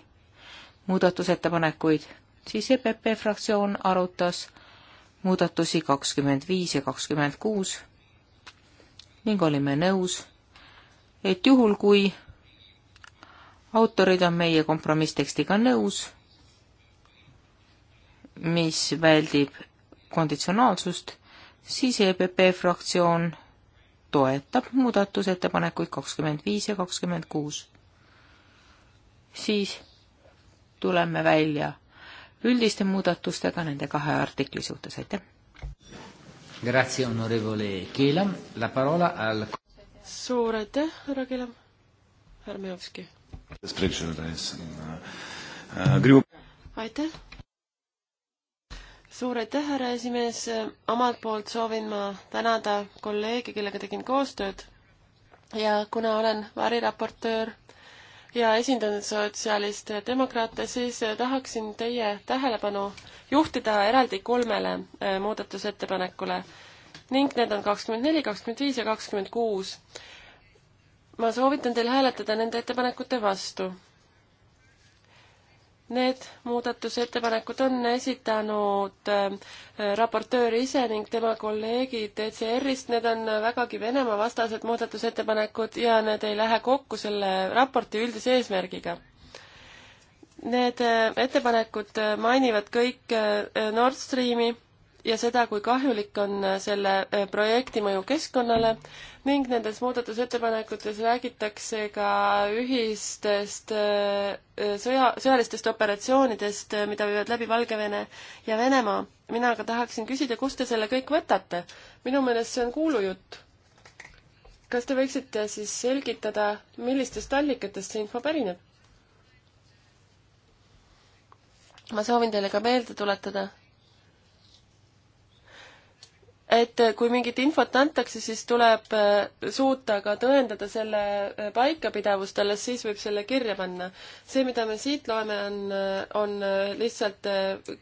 Speaker 3: muudatusettepanekuid, siis EPP fraktsioon arutas muudatusi kakskümmend viis ja kakskümmend kuus ning olime nõus, et juhul, kui autorid on meie kompromisstekstiga nõus, mis väldib konditsionaalsust, siis EPP fraktsioon toetab muudatusettepanekuid kakskümmend viis ja kakskümmend kuus. siis tuleme välja üldiste muudatustega nende kahe artikli suhtes, aitäh!
Speaker 1: Grazie, onorevole Keelam, la parola al
Speaker 4: suur aitäh, härra Kelam, härra Jovski! aitäh! suur aitäh, härra esimees, omalt poolt soovin ma tänada kolleege, kellega tegin koostööd ja kuna olen variraportöör ja esindan sotsialiste ja demokraate, siis tahaksin teie tähelepanu juhtida eraldi kolmele äh, muudatusettepanekule ning need on kakskümmend neli, kakskümmend viis ja kakskümmend kuus. ma soovitan teil hääletada nende ettepanekute vastu Need muudatusettepanekud on esitanud äh, raportöör ise ning tema kolleegid ECR-ist, need on vägagi Venemaa-vastased muudatusettepanekud ja need ei lähe kokku selle raporti üldise eesmärgiga. Need äh, ettepanekud äh, mainivad kõik Nord Streami ja seda, kui kahjulik on selle äh, projekti mõju keskkonnale ning nendes muudatusettepanekutes räägitakse ka ühistest äh, sõja, sõjalistest operatsioonidest, äh, mida viivad läbi Valgevene ja Venemaa. mina aga tahaksin küsida, kust te selle kõik võtate? minu meelest see on kuulujutt. kas te võiksite siis selgitada, millistest allikatest see info pärineb? ma soovin teile ka meelde tuletada, et kui mingit infot antakse, siis tuleb äh, suuta ka tõendada selle äh, paikapidavust, alles siis võib selle kirja panna. see, mida me siit loeme, on, äh, on lihtsalt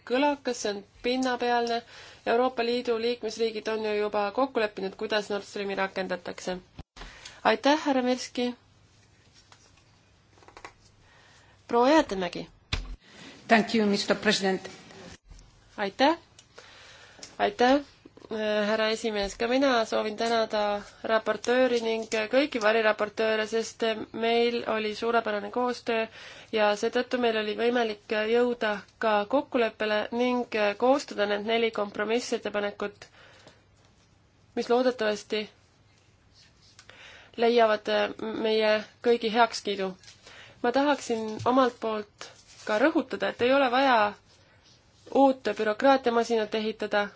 Speaker 4: kõlakas, see on pinnapealne. Euroopa Liidu liikmesriigid on ju juba kokku leppinud, kuidas Nord Streami rakendatakse. aitäh, härra Mirski. proua Jäätemägi. Thank you, Mr President. aitäh, aitäh Äh, härra esimees, ka mina soovin tänada raportööri ning kõiki variraportööre, sest meil oli suurepärane koostöö ja seetõttu meil oli võimalik jõuda ka kokkuleppele ning koostada need neli kompromissettepanekut, mis loodetavasti leiavad meie kõigi heakskiidu. ma tahaksin omalt poolt ka rõhutada, et ei ole vaja uut bürokraatiamasinat ehitada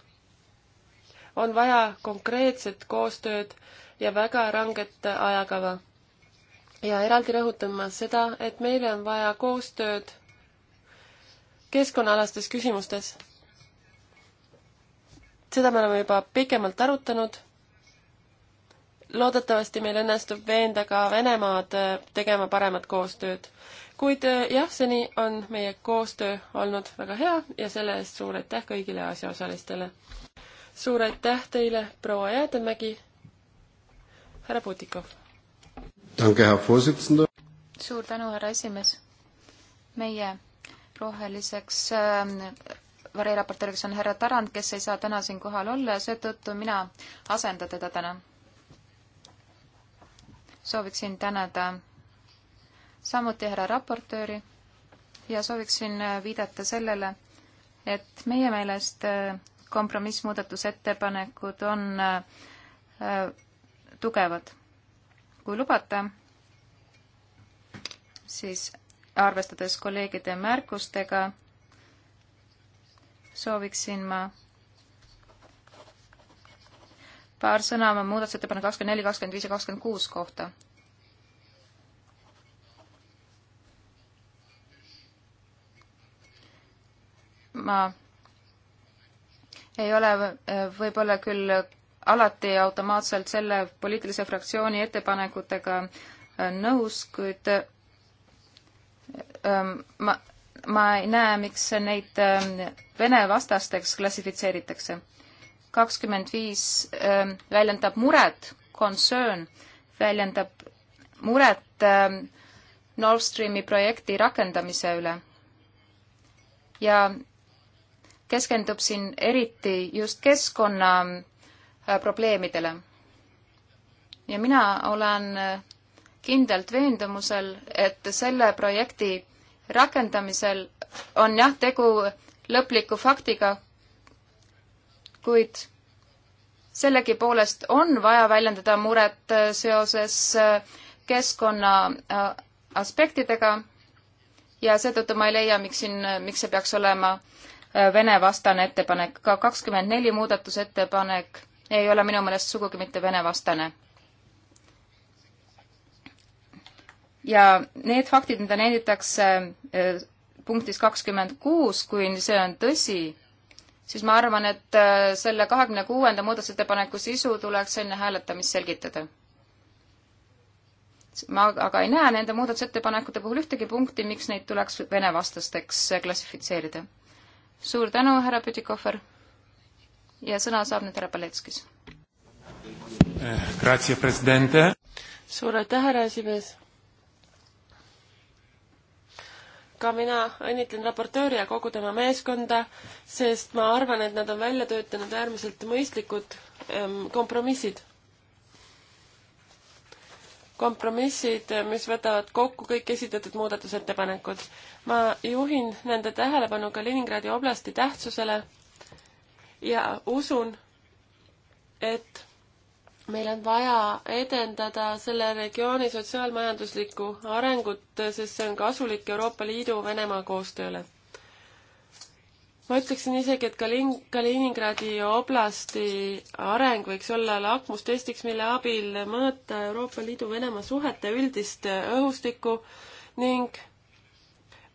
Speaker 4: on vaja konkreetset koostööd ja väga ranget ajakava. ja eraldi rõhutan ma seda, et meile on vaja koostööd keskkonnaalastes küsimustes. seda me oleme juba pikemalt arutanud loodetavasti meil õnnestub veenda ka Venemaad äh, tegema paremat koostööd. kuid äh, jah, seni on meie koostöö olnud väga hea ja selle eest suur aitäh kõigile asjaosalistele suur aitäh teile, proua Jäätemägi,
Speaker 2: härra Putikov. suur tänu, härra esimees. meie roheliseks äh, variraportööriks on härra Tarand, kes ei saa täna siin kohal olla ja seetõttu mina asendan teda täna. sooviksin tänada samuti härra raportööri ja sooviksin äh, viidata sellele, et meie meelest äh, kompromissmuudatusettepanekud on äh, tugevad. kui lubate, siis arvestades kolleegide märkustega, sooviksin ma paar sõna oma muudatusettepanek kakskümmend neli, kakskümmend viis ja kakskümmend kuus kohta. ma ei ole äh, võib-olla küll alati automaatselt selle poliitilise fraktsiooni ettepanekutega äh, nõus, kuid äh, ähm, ma, ma ei näe, miks neid Vene vastasteks klassifitseeritakse. kakskümmend viis ähm, väljendab muret, concern väljendab muret ähm, Nord Streami projekti rakendamise üle ja keskendub siin eriti just keskkonnaprobleemidele. Äh, ja mina olen äh, kindlalt veendumusel, et selle projekti rakendamisel on jah, tegu lõpliku faktiga, kuid sellegipoolest on vaja väljendada muret äh, seoses keskkonna aspektidega ja seetõttu ma ei leia, miks siin, miks see peaks olema Vene vastane ettepanek, ka kakskümmend neli muudatusettepanek ei ole minu meelest sugugi mitte Vene vastane. ja need faktid, mida näidatakse eh, punktis kakskümmend kuus, kui see on tõsi, siis ma arvan, et eh, selle kahekümne kuuenda muudatusettepaneku sisu tuleks enne hääletamist selgitada. ma aga ei näe nende muudatusettepanekute puhul ühtegi punkti, miks neid tuleks venevastasteks eh, klassifitseerida suur tänu, härra Pütikohver. ja sõna saab nüüd härra Paletskis.
Speaker 1: Eh,
Speaker 2: suur aitäh, härra esimees.
Speaker 4: ka mina õnnitlen raportööri ja kogu tema meeskonda, sest ma arvan, et nad on välja töötanud äärmiselt mõistlikud ehm, kompromissid kompromissid, mis võtavad kokku kõik esitatud muudatusettepanekud. ma juhin nende tähelepanu Kaliningradi oblasti tähtsusele ja usun, et meil on vaja edendada selle regiooni sotsiaalmajanduslikku arengut, sest see on kasulik Euroopa Liidu Venemaa koostööle ma ütleksin isegi, et Kalin-, Kaliningradi oblasti areng võiks olla lakmustestiks, mille abil mõõta Euroopa Liidu-Venemaa suhete üldist äh, õhustikku ning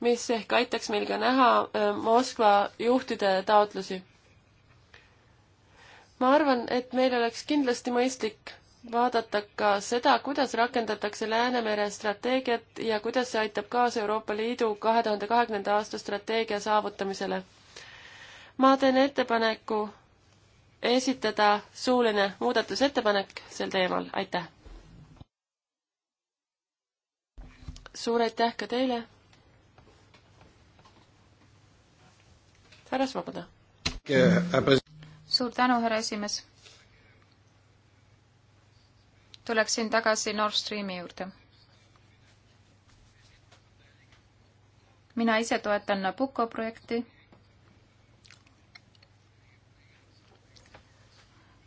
Speaker 4: mis ehk aitaks meil ka näha äh, Moskva juhtide taotlusi. ma arvan, et meil oleks kindlasti mõistlik vaadata ka seda, kuidas rakendatakse Läänemere strateegiat ja kuidas see aitab kaasa Euroopa Liidu kahe tuhande kahekümnenda aasta strateegia saavutamisele ma teen ettepaneku esitada suuline muudatusettepanek sel teemal, aitäh! suur aitäh ka teile!
Speaker 2: härra Svoboda! suur tänu, härra esimees! tuleksin tagasi Nord Streami juurde. mina ise toetan Nabucco projekti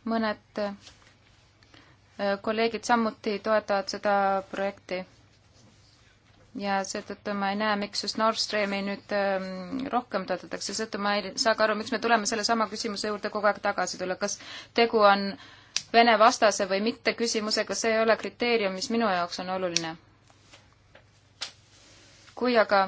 Speaker 2: mõned äh, kolleegid samuti toetavad seda projekti. ja seetõttu ma ei näe, miks just Nord Streami nüüd ähm, rohkem toetatakse, seetõttu ma ei saa ka aru, miks me tuleme sellesama küsimuse juurde kogu aeg tagasi tulla, kas tegu on Vene vastase või mitte küsimusega, see ei ole kriteerium, mis minu jaoks on oluline. kui aga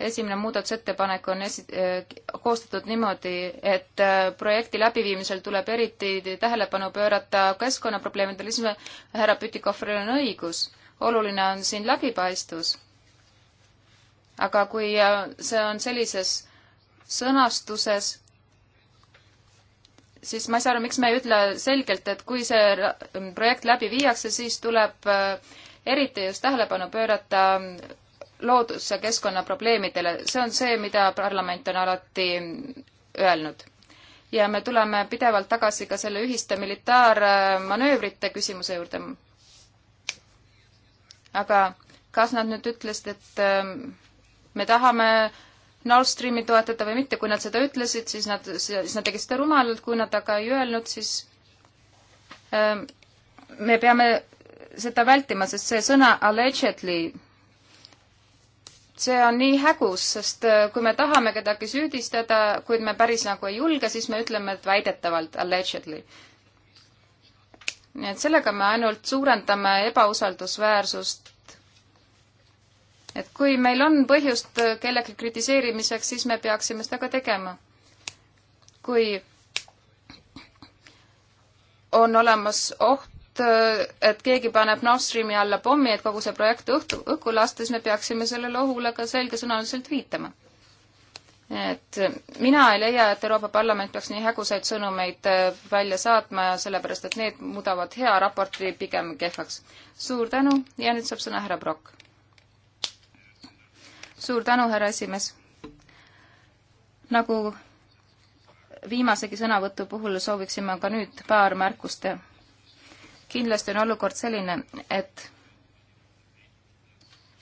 Speaker 2: esimene muudatusettepanek on esi-, äh, koostatud niimoodi, et äh, projekti läbiviimisel tuleb eriti tähelepanu pöörata keskkonnaprobleemidele, siis härra Pütikohvril on õigus, oluline on siin läbipaistvus. aga kui äh, see on sellises sõnastuses, siis ma ei saa aru, miks me ei ütle selgelt, et kui see projekt läbi viiakse, siis tuleb eriti just tähelepanu pöörata loodus- ja keskkonnaprobleemidele, see on see, mida parlament on alati öelnud. ja me tuleme pidevalt tagasi ka selle ühiste militaarmanöövrite küsimuse juurde. aga kas nad nüüd ütlesid, et ähm, me tahame Nord Streami toetada või mitte, kui nad seda ütlesid, siis nad, siis nad tegid seda rumalalt, kui nad aga ei öelnud, siis ähm, me peame seda vältima, sest see sõna allegedly see on nii hägus, sest äh, kui me tahame kedagi süüdistada, kuid me päris nagu ei julge, siis me ütleme, et väidetavalt, allegedly. nii et sellega me ainult suurendame ebausaldusväärsust. et kui meil on põhjust äh, kellegi kritiseerimiseks, siis me peaksime seda ka tegema. kui on olemas oht, et, äh, et keegi paneb Nord Streami alla pommi, et kogu see projekt õhtu, õhku lasta, siis me peaksime sellele ohule ka selgesõnaliselt viitama. et mina ei leia, et Euroopa Parlament peaks nii hägusaid sõnumeid äh, välja saatma, sellepärast et need muudavad hea raporti pigem kehvaks. suur tänu ja nüüd saab sõna härra Brock. suur tänu, härra esimees. nagu viimasegi sõnavõtu puhul sooviksin ma ka nüüd paar märkust teha kindlasti on olukord selline, et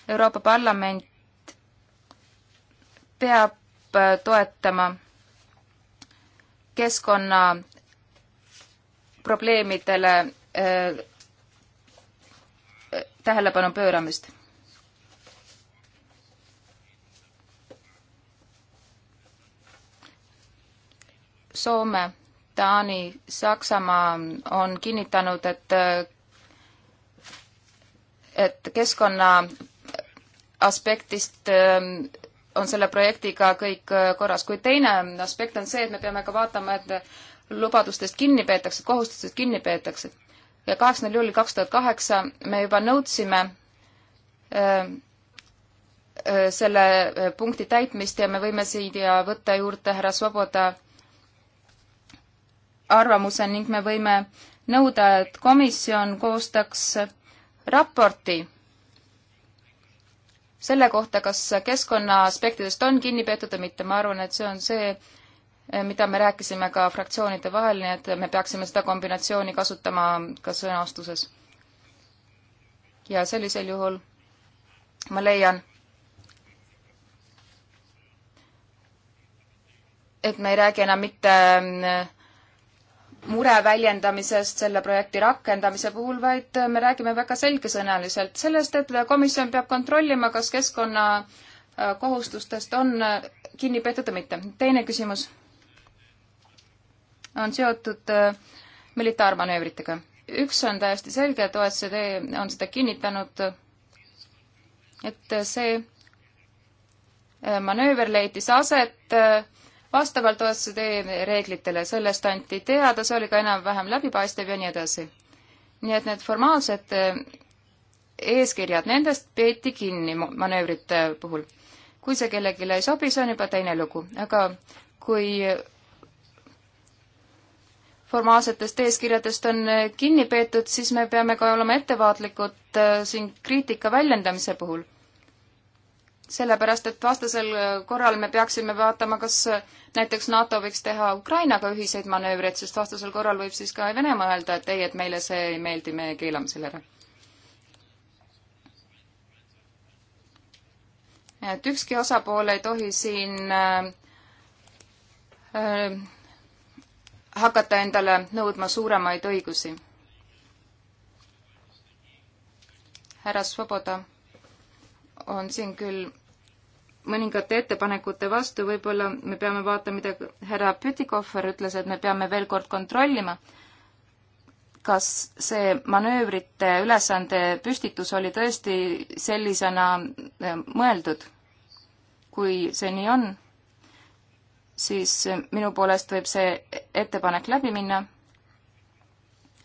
Speaker 2: Euroopa Parlament peab toetama keskkonna probleemidele eh, tähelepanu pööramist. Soome Taani, Saksamaa on kinnitanud, et et keskkonna aspektist ähm, on selle projektiga kõik äh, korras, kuid teine aspekt on see, et me peame ka vaatama, et lubadustest kinni peetakse, kohustustest kinni peetakse. ja kaheksandal juulil kaks tuhat kaheksa me juba nõudsime ähm, äh, selle äh, punkti täitmist ja me võime siia võtta juurde härra Svoboda arvamuse ning me võime nõuda, et komisjon koostaks raporti selle kohta, kas keskkonna aspektidest on kinni peetud või mitte, ma arvan, et see on see, mida me rääkisime ka fraktsioonide vahel, nii et me peaksime seda kombinatsiooni kasutama ka sõnastuses. ja sellisel juhul ma leian, et me ei räägi enam mitte mure väljendamisest selle projekti rakendamise puhul, vaid me räägime väga selgesõnaliselt sellest, et komisjon peab kontrollima, kas keskkonnakohustustest on kinni peetud või mitte. teine küsimus on seotud äh, militaarmanöövritega. üks on täiesti selge, et OECD on seda kinnitanud, et see äh, manööver leidis aset äh, vastavalt OSCD reeglitele, sellest anti teada, see oli ka enam-vähem läbipaistev ja nii edasi. nii et need formaalsed eh, eeskirjad, nendest peeti kinni manöövrite puhul. kui see kellelegi ei sobi, see on juba teine lugu, aga kui formaalsetest eeskirjadest on eh, kinni peetud, siis me peame ka olema ettevaatlikud eh, siin kriitika väljendamise puhul sellepärast, et vastasel korral me peaksime vaatama, kas näiteks NATO võiks teha Ukrainaga ühiseid manöövreid, sest vastasel korral võib siis ka Venemaa öelda, et ei, et meile see ei meeldi, me keelame selle ära. et ükski osapool ei tohi siin äh, äh, hakata endale nõudma suuremaid õigusi. härra Svoboda on siin küll mõningate ettepanekute vastu, võib-olla me peame vaatama, mida härra Pütikohver ütles, et me peame veel kord kontrollima, kas see manöövrite ülesande püstitus oli tõesti sellisena eh, mõeldud. kui see nii on, siis minu poolest võib see ettepanek läbi minna,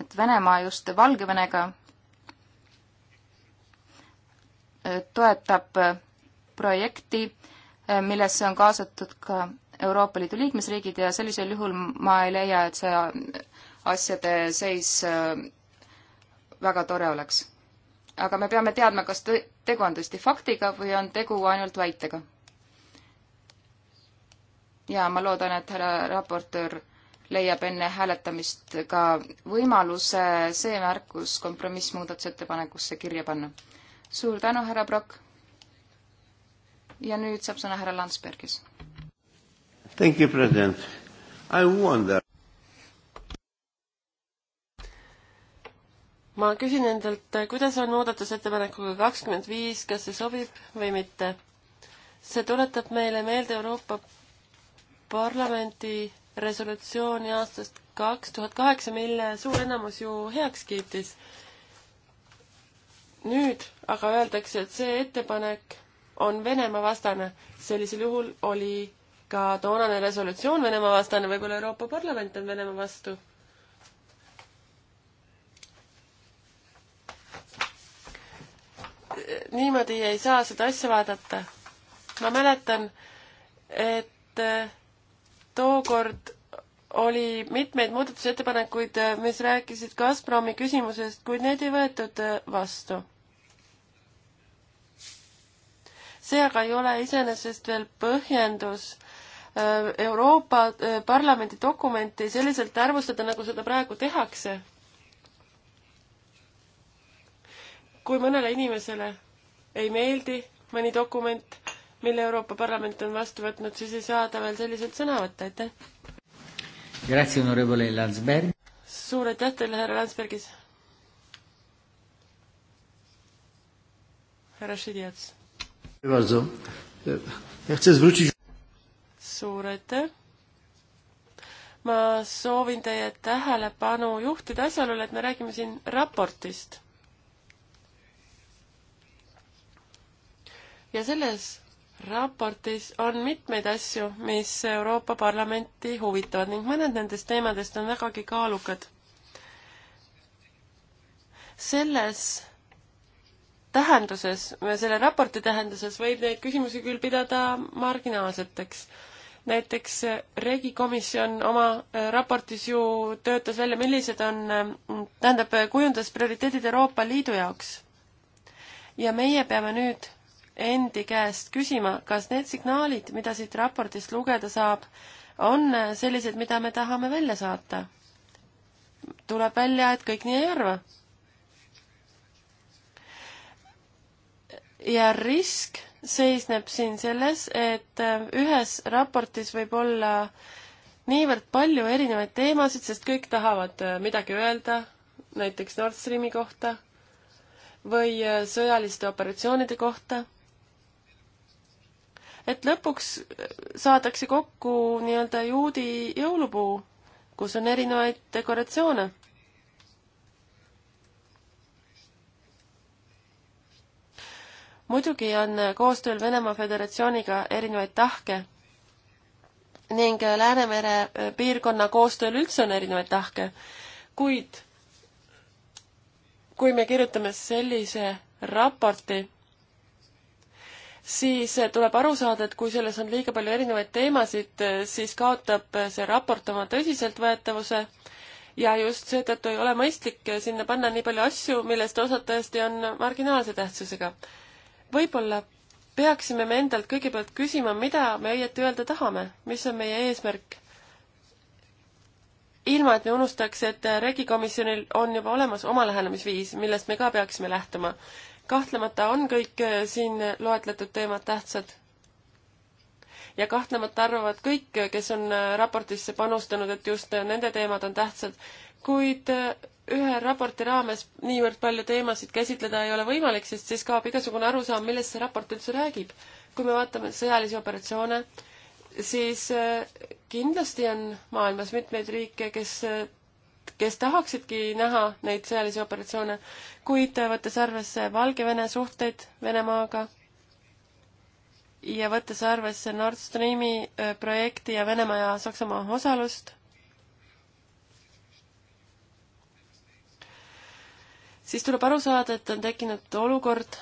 Speaker 2: et Venemaa just Valgevenega toetab projekti, millesse on kaasatud ka Euroopa Liidu liikmesriigid ja sellisel juhul ma ei leia, et see asjade seis äh, väga tore oleks. aga me peame teadma, kas tegu on tõesti faktiga või on tegu ainult väitega. ja ma loodan, et härra raportöör leiab enne hääletamist ka võimaluse see märkus kompromissmuudatusettepanekusse kirja panna suur tänu, härra Brock. ja nüüd saab sõna härra Landsbergis.
Speaker 1: Thank you, president. I wonder.
Speaker 2: ma küsin endalt,
Speaker 4: kuidas on muudatusettepanekuga kakskümmend viis, kas see sobib või mitte? see tuletab meile meelde Euroopa Parlamendi resolutsiooni aastast kaks tuhat kaheksa, mille suur enamus ju heaks kiitis nüüd aga öeldakse, et see ettepanek on Venemaa vastane. sellisel juhul oli ka toonane resolutsioon Venemaa vastane, võib-olla Euroopa Parlament on Venemaa vastu. niimoodi ei saa seda asja vaadata. ma mäletan, et tookord oli mitmeid muudatusettepanekuid, mis rääkisid Gazpromi küsimusest, kuid need ei võetud äh, vastu. see aga ei ole iseenesest veel põhjendus äh, Euroopa äh, Parlamendi dokumenti selliselt arvustada, nagu seda praegu tehakse. kui mõnele inimesele ei meeldi mõni dokument, mille Euroopa Parlament on vastu võtnud, siis ei saa ta veel selliselt sõna võtta, aitäh! suur aitäh teile, härra Landsbergis. härra Šidjats. suur aitäh ma soovin teie tähelepanu juhtida asjaolule, et me räägime siin raportist. ja selles raportis on mitmeid asju, mis Euroopa Parlamenti huvitavad ning mõned nendest teemadest on vägagi kaalukad. selles tähenduses, selle raporti tähenduses võib neid küsimusi küll pidada marginaalseteks. näiteks Regikomisjon oma äh, raportis ju töötas välja, millised on, äh, tähendab, kujundas prioriteedid Euroopa Liidu jaoks. ja meie peame nüüd endi käest küsima, kas need signaalid, mida siit raportist lugeda saab, on sellised, mida me tahame välja saata. tuleb välja, et kõik nii ei arva. ja risk seisneb siin selles, et äh, ühes raportis võib olla niivõrd palju erinevaid teemasid, sest kõik tahavad äh, midagi öelda, näiteks Nord Streami kohta või äh, sõjaliste operatsioonide kohta et lõpuks saadakse kokku nii-öelda juudi jõulupuu, kus on erinevaid dekoratsioone. muidugi on koostööl Venemaa Föderatsiooniga erinevaid tahke ning Läänemere piirkonna koostööl üldse on erinevaid tahke, kuid kui me kirjutame sellise raporti, siis eh, tuleb aru saada, et kui selles on liiga palju erinevaid teemasid, eh, siis kaotab eh, see raport oma tõsiseltvõetavuse ja just seetõttu ei ole mõistlik sinna panna nii palju asju, millest osad tõesti on marginaalse tähtsusega. võib-olla peaksime me endalt kõigepealt küsima, mida me õieti öelda tahame, mis on meie eesmärk ilma, et me unustaks, et regikomisjonil on juba olemas oma lähenemisviis, millest me ka peaksime lähtuma kahtlemata on kõik äh, siin loetletud teemad tähtsad. ja kahtlemata arvavad kõik, äh, kes on äh, raportisse panustanud, et just nende teemad on tähtsad, kuid ühe raporti raames niivõrd palju teemasid käsitleda ei ole võimalik, sest siis kaob igasugune arusaam, millest see raport üldse räägib. kui me vaatame sõjalisi operatsioone, siis kindlasti on maailmas mitmeid riike, kes kes tahaksidki näha neid sõjalisi operatsioone, kuid võttes arvesse Valgevene suhteid Venemaaga ja võttes arvesse Nord Streami äh, projekti ja Venemaa ja Saksamaa osalust, siis tuleb aru saada, et on tekkinud olukord,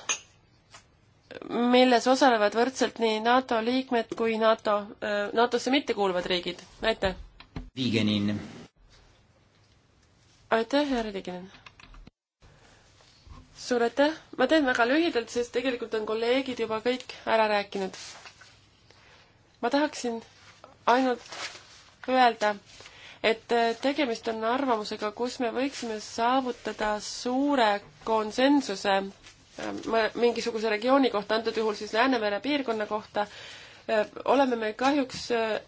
Speaker 4: milles osalevad võrdselt nii NATO liikmed kui NATO, äh, NATO-sse mittekuuluvad riigid. aitäh! Vigenin aitäh, härra Liginen! suur aitäh, ma teen väga lühidalt, sest tegelikult on kolleegid juba kõik ära rääkinud. ma tahaksin ainult öelda, et tegemist on arvamusega, kus me võiksime saavutada suure konsensuse ähm, mingisuguse regiooni kohta, antud juhul siis Läänemere piirkonna kohta, äh, oleme me kahjuks äh,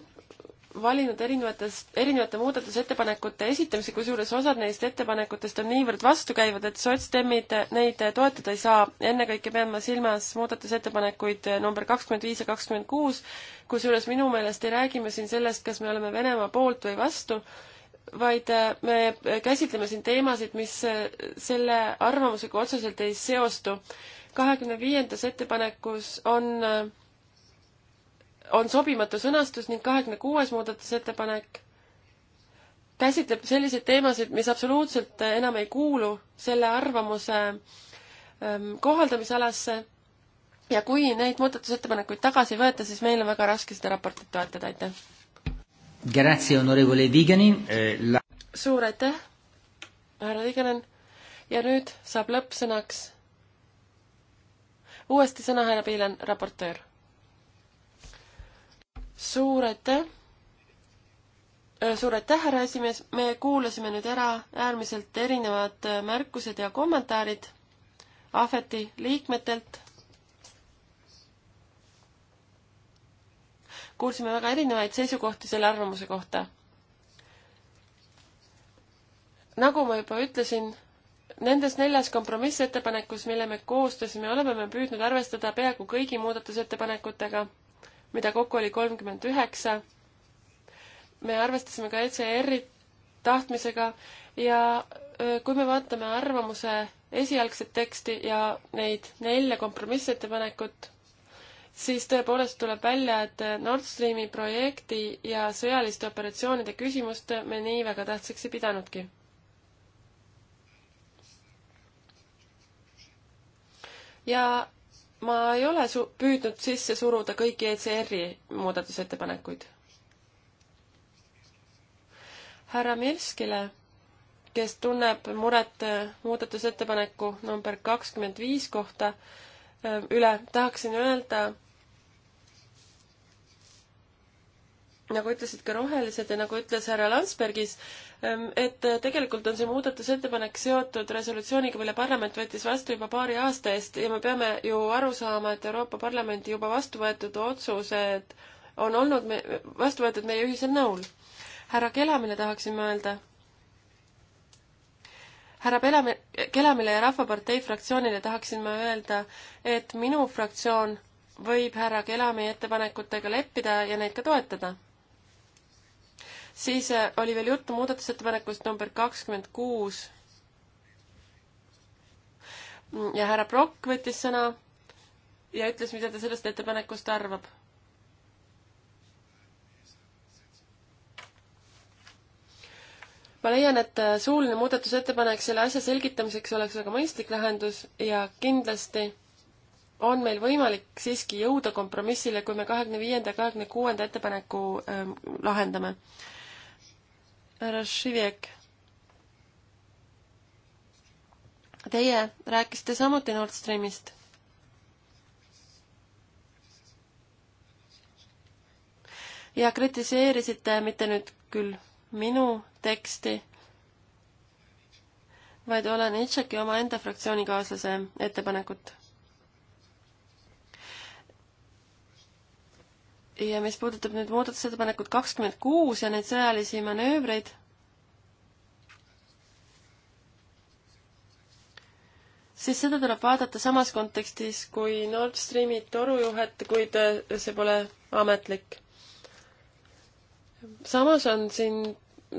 Speaker 4: valinud erinevates, erinevate muudatusettepanekute esitamise, kusjuures osad neist ettepanekutest on niivõrd vastukäivad, et sotsdemmid neid toetada ei saa. ennekõike pean ma silmas muudatusettepanekuid number kakskümmend viis ja kakskümmend kuus, kusjuures minu meelest ei räägi me siin sellest, kas me oleme Venemaa poolt või vastu, vaid äh, me käsitleme siin teemasid, mis äh, selle arvamusega otseselt ei seostu. kahekümne viiendas ettepanekus on äh, on sobimatu sõnastus ning kahekümne kuues muudatusettepanek käsitleb selliseid teemasid, mis absoluutselt äh, enam ei kuulu selle arvamuse ähm, kohaldamisalasse ja kui neid muudatusettepanekuid tagasi ei võeta, siis meil on väga raske seda raportit toetada, aitäh.
Speaker 1: Grazie, onorevole Viganin eh,. La...
Speaker 4: suur aitäh, härra Viganen. ja nüüd saab lõppsõnaks uuesti sõna härra Piilan, raportöör suur aitäh! Äh, suur aitäh, härra esimees, me kuulasime nüüd ära äärmiselt erinevad äh, märkused ja kommentaarid Ahveti liikmetelt. kuulsime väga erinevaid seisukohti selle arvamuse kohta. nagu ma juba ütlesin, nendes neljas kompromissettepanekus, mille me koostasime, oleme me püüdnud arvestada peaaegu kõigi muudatusettepanekutega mida kokku oli kolmkümmend üheksa. me arvestasime ka ECR-i tahtmisega ja kui me vaatame arvamuse esialgset teksti ja neid nelja kompromissettepanekut, siis tõepoolest tuleb välja, et Nord Streami projekti ja sõjaliste operatsioonide küsimust me nii väga tähtsaks ei pidanudki. ja ma ei ole su-, püüdnud sisse suruda kõiki ECR-i muudatusettepanekuid. härra Mirskile, kes tunneb muret äh, muudatusettepaneku number kakskümmend viis kohta äh, üle, tahaksin öelda, nagu ütlesid ka rohelised ja nagu ütles härra Landsbergis, Ehm, et äh, tegelikult on see muudatusettepanek seotud resolutsiooniga, mille parlament võttis vastu juba paari aasta eest ja me peame ju aru saama, et Euroopa Parlamendi juba vastu võetud otsused on olnud me, vastu võetud meie ühisel nõul. härra Kelamile tahaksin ma öelda. härra Pelame-, Kelamile ja Rahvapartei fraktsioonile tahaksin ma öelda, et minu fraktsioon võib härra Kelami ettepanekutega leppida ja neid ka toetada siis äh, oli veel juttu muudatusettepanekust number kakskümmend kuus. ja härra Prokk võttis sõna ja ütles, mida ta sellest ettepanekust arvab. ma leian, et äh, suuline muudatusettepanek selle asja selgitamiseks oleks väga mõistlik lahendus ja kindlasti on meil võimalik siiski jõuda kompromissile, kui me kahekümne viienda ja kahekümne kuuenda ettepaneku ähm, lahendame härra Šivjek. Teie rääkisite samuti Nord Streamist. ja kritiseerisite mitte nüüd küll minu teksti, vaid Olen Itšeki omaenda fraktsioonikaaslase ettepanekut ja mis puudutab nüüd muudatusettepanekut kakskümmend kuus ja neid sõjalisi manöövreid, siis seda tuleb vaadata samas kontekstis kui Nord Streami torujuhet, kuid äh, see pole ametlik. samas on siin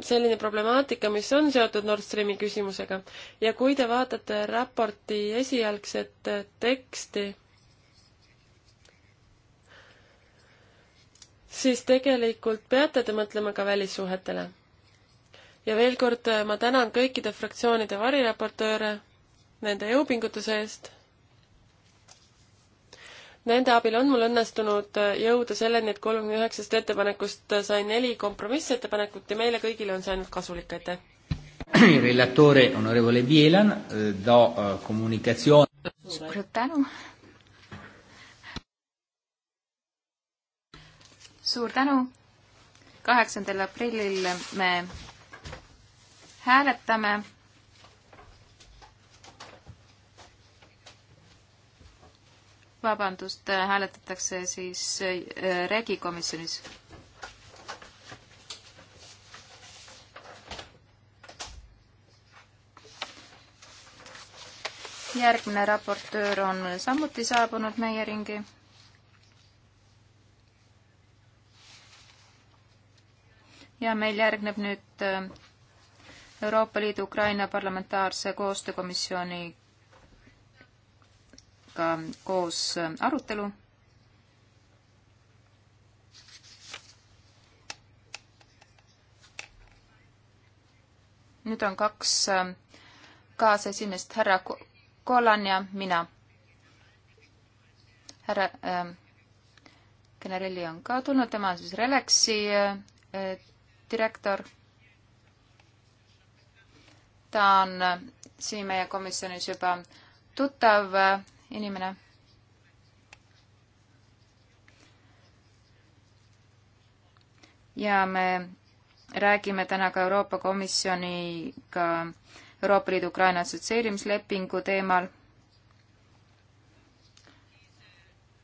Speaker 4: selline problemaatika, mis on seotud Nord Streami küsimusega ja kui te vaatate raporti esialgset äh, teksti, siis tegelikult peate te mõtlema ka välissuhetele. ja veel kord äh, ma tänan kõikide fraktsioonide variraportööre nende jõupingutuse eest. Nende abil on mul õnnestunud äh, jõuda selleni, et kolmekümne üheksast ettepanekust äh, sai neli kompromissettepanekut ja meile kõigile on see ainult kasulik, aitäh!
Speaker 1: relatore onorevole Bielan, do comunicazione.
Speaker 2: suur tänu suur tänu. kaheksandal aprillil me hääletame. vabandust, hääletatakse siis äh, regi komisjonis. järgmine raportöör on samuti saabunud meie ringi ja meil järgneb nüüd äh, Euroopa Liidu Ukraina parlamentaarse koostöökomisjoniga koos äh, arutelu. nüüd on kaks äh, kaasesimest, härra Kolan ja mina. härra äh, Generelli on ka tulnud, tema on siis Relexi äh, direktor. ta on siin meie komisjonis juba tuttav inimene. ja me räägime täna ka Euroopa Komisjoniga Euroopa Liidu Ukraina assotsieerimislepingu teemal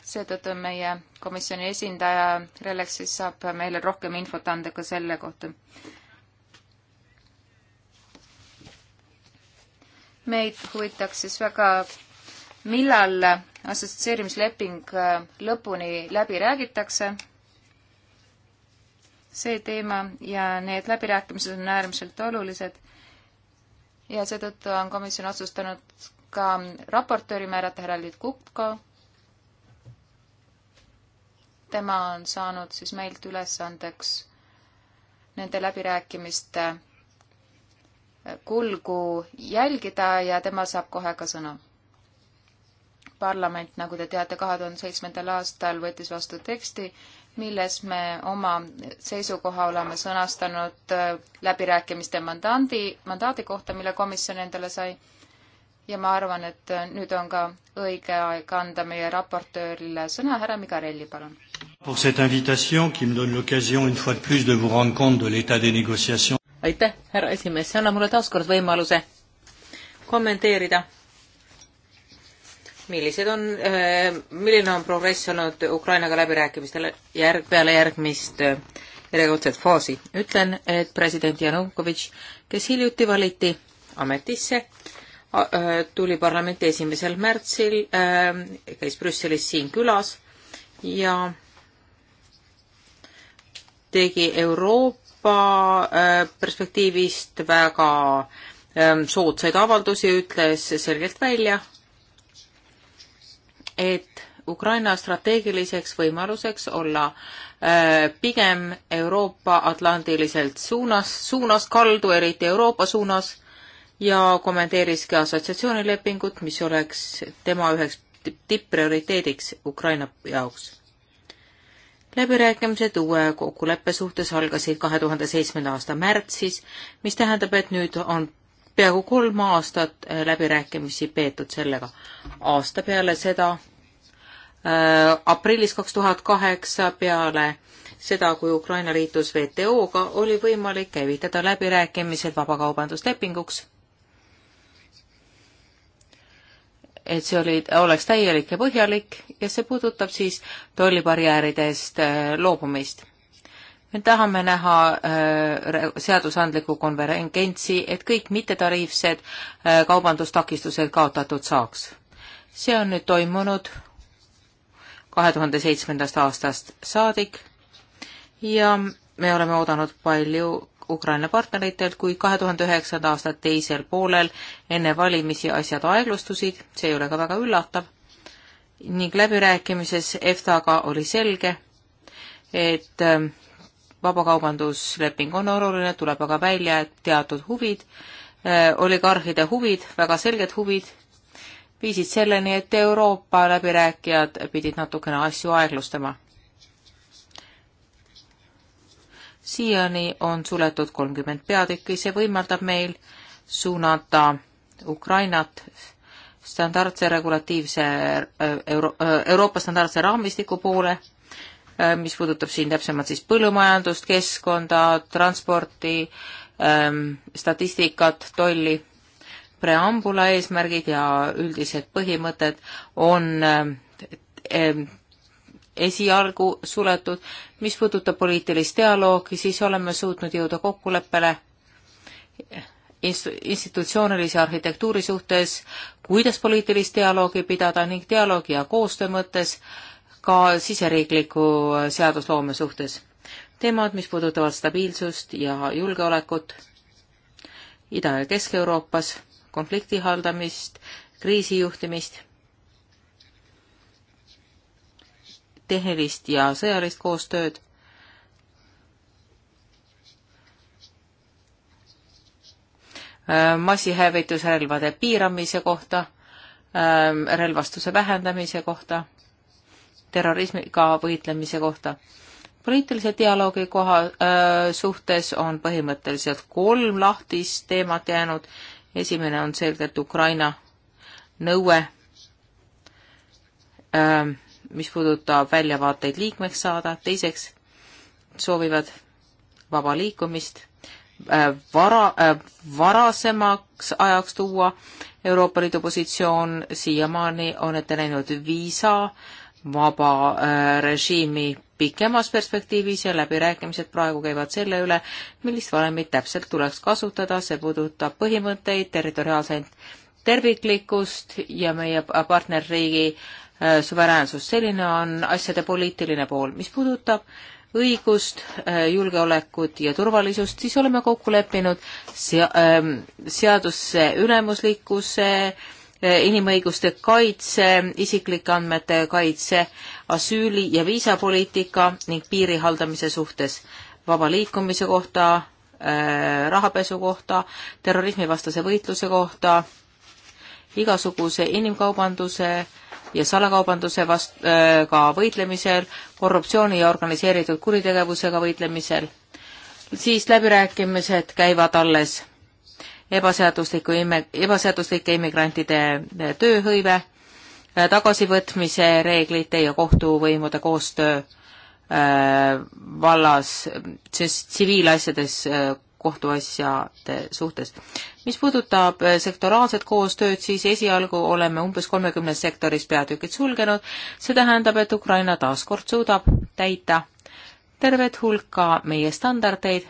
Speaker 2: seetõttu meie komisjoni esindaja Relexis saab meile rohkem infot anda ka selle kohta. meid huvitaks siis väga, millal assotsieerimisleping äh, lõpuni läbi räägitakse, see teema ja need läbirääkimised on äärmiselt olulised ja seetõttu on komisjon otsustanud ka raportööri määrata härra Liit Kukko tema on saanud siis meilt ülesandeks nende läbirääkimiste kulgu jälgida ja tema saab kohe ka sõna. parlament, nagu te teate, kahe tuhande seitsmendal aastal võttis vastu teksti, milles me oma seisukoha oleme sõnastanud läbirääkimiste mandaandi, mandaadi kohta, mille komisjon endale sai ja ma arvan, et nüüd on ka õige aeg anda meie raportöörile sõna, härra Migarelli, palun.
Speaker 1: Pour cette invitation qui me donne l'occasion une fois de plus de vous rendre compte de l'état des négociations.
Speaker 2: aitäh,
Speaker 3: härra esimees, see annab mulle taaskord võimaluse kommenteerida, millised on, äh, milline on progress olnud Ukrainaga läbirääkimistele järg, peale järgmist äh, järjekordset faasi. ütlen, et president Janukovitš, kes hiljuti valiti ametisse, Äh, tuli parlamenti esimesel märtsil, äh, käis Brüsselis siin külas ja tegi Euroopa äh, perspektiivist väga ähm, soodsaid avaldusi, ütles selgelt välja, et Ukraina strateegiliseks võimaluseks olla pigem Euroopa atlantiliselt suunas, suunas kaldu, eriti Euroopa suunas ja kommenteeris ka assotsiatsioonilepingut, mis oleks tema üheks tipp-prioriteediks Ukraina jaoks. läbirääkimised uue kokkuleppe suhtes algasid kahe tuhande seitsmenda aasta märtsis, mis tähendab, et nüüd on peaaegu kolm aastat äh, läbirääkimisi peetud sellega. aasta peale seda äh,, aprillis kaks tuhat kaheksa peale seda, kui Ukraina liitus WTO-ga, oli võimalik käivitada läbirääkimised vabakaubanduslepinguks et see oli, oleks täielik ja põhjalik ja see puudutab siis tollibarjääridest äh, loobumist. me tahame näha äh, seadusandlikku konverentsi, et kõik mittetariifsed äh, kaubandustakistused kaotatud saaks. see on nüüd toimunud kahe tuhande seitsmendast aastast saadik ja me oleme oodanud palju Ukraina partneritelt, kui kahe tuhande üheksanda aasta teisel poolel enne valimisi asjad aeglustusid, see ei ole ka väga üllatav, ning läbirääkimises EFTA-ga oli selge, et ähm, vabakaubandusleping on oluline, tuleb aga välja, et teatud huvid, äh, oligarhide huvid, väga selged huvid, viisid selleni, et Euroopa läbirääkijad pidid natukene asju aeglustama siiani on suletud kolmkümmend peatükki, see võimaldab meil suunata Ukrainat standardse regulatiivse äh, Euro äh, Euroopa standardse raamistiku poole, äh, mis puudutab siin täpsemalt siis põllumajandust, keskkonda, transporti, ähm, statistikat, tolli. preambula eesmärgid ja üldised põhimõtted on esialgu suletud. mis puudutab poliitilist dialoogi, siis oleme suutnud jõuda kokkuleppele institutsioonilise arhitektuuri suhtes, kuidas poliitilist dialoogi pidada ning dialoogi ja koostöö mõttes ka siseriikliku seadusloome suhtes. teemad, mis puudutavad stabiilsust ja julgeolekut Ida- ja Kesk-Euroopas, konflikti haldamist, kriisijuhtimist tehnilist ja sõjalist koostööd. Äh, massihävitusrelvade piiramise kohta, ähm, relvastuse vähendamise kohta, terrorismiga võitlemise kohta poliitilise dialoogi koha äh, suhtes on põhimõtteliselt kolm lahtist teemat jäänud. esimene on selgelt Ukraina nõue ähm, mis puudutab väljavaateid liikmeks saada, teiseks soovivad vaba liikumist äh, vara äh,, varasemaks ajaks tuua. Euroopa Liidu positsioon siiamaani on ette näinud viisa vaba äh, režiimi pikemas perspektiivis ja läbirääkimised praegu käivad selle üle, millist valemit täpselt tuleks kasutada, see puudutab põhimõtteid, territoriaalseid terviklikkust ja meie partnerriigi äh, Äh, suveräänsust. selline on asjade poliitiline pool. mis puudutab õigust, äh, julgeolekut ja turvalisust, siis oleme kokku leppinud sea-, ähm, seaduse ülemuslikkuse, äh, inimõiguste kaitse, isiklike andmete kaitse, asüüli- ja viisapoliitika ning piiri haldamise suhtes, vaba liikumise kohta, rahapesu kohta, terrorismivastase võitluse kohta, igasuguse inimkaubanduse äh, ja salakaubanduse vast-, äh, ka võitlemisel, korruptsiooni ja organiseeritud kuritegevusega võitlemisel, siis läbirääkimised käivad alles ebaseadusliku imme-, ebaseaduslike immigrantide äh, tööhõive, äh, tagasivõtmise reeglite ja kohtuvõimude koostöö vallas, siis tsiviilasjades kohtuasjade suhtes. mis puudutab eh, sektoraalset koostööd, siis esialgu oleme umbes kolmekümnes sektoris peatükid sulgenud, see tähendab, et Ukraina taaskord suudab täita tervet hulka meie standardeid,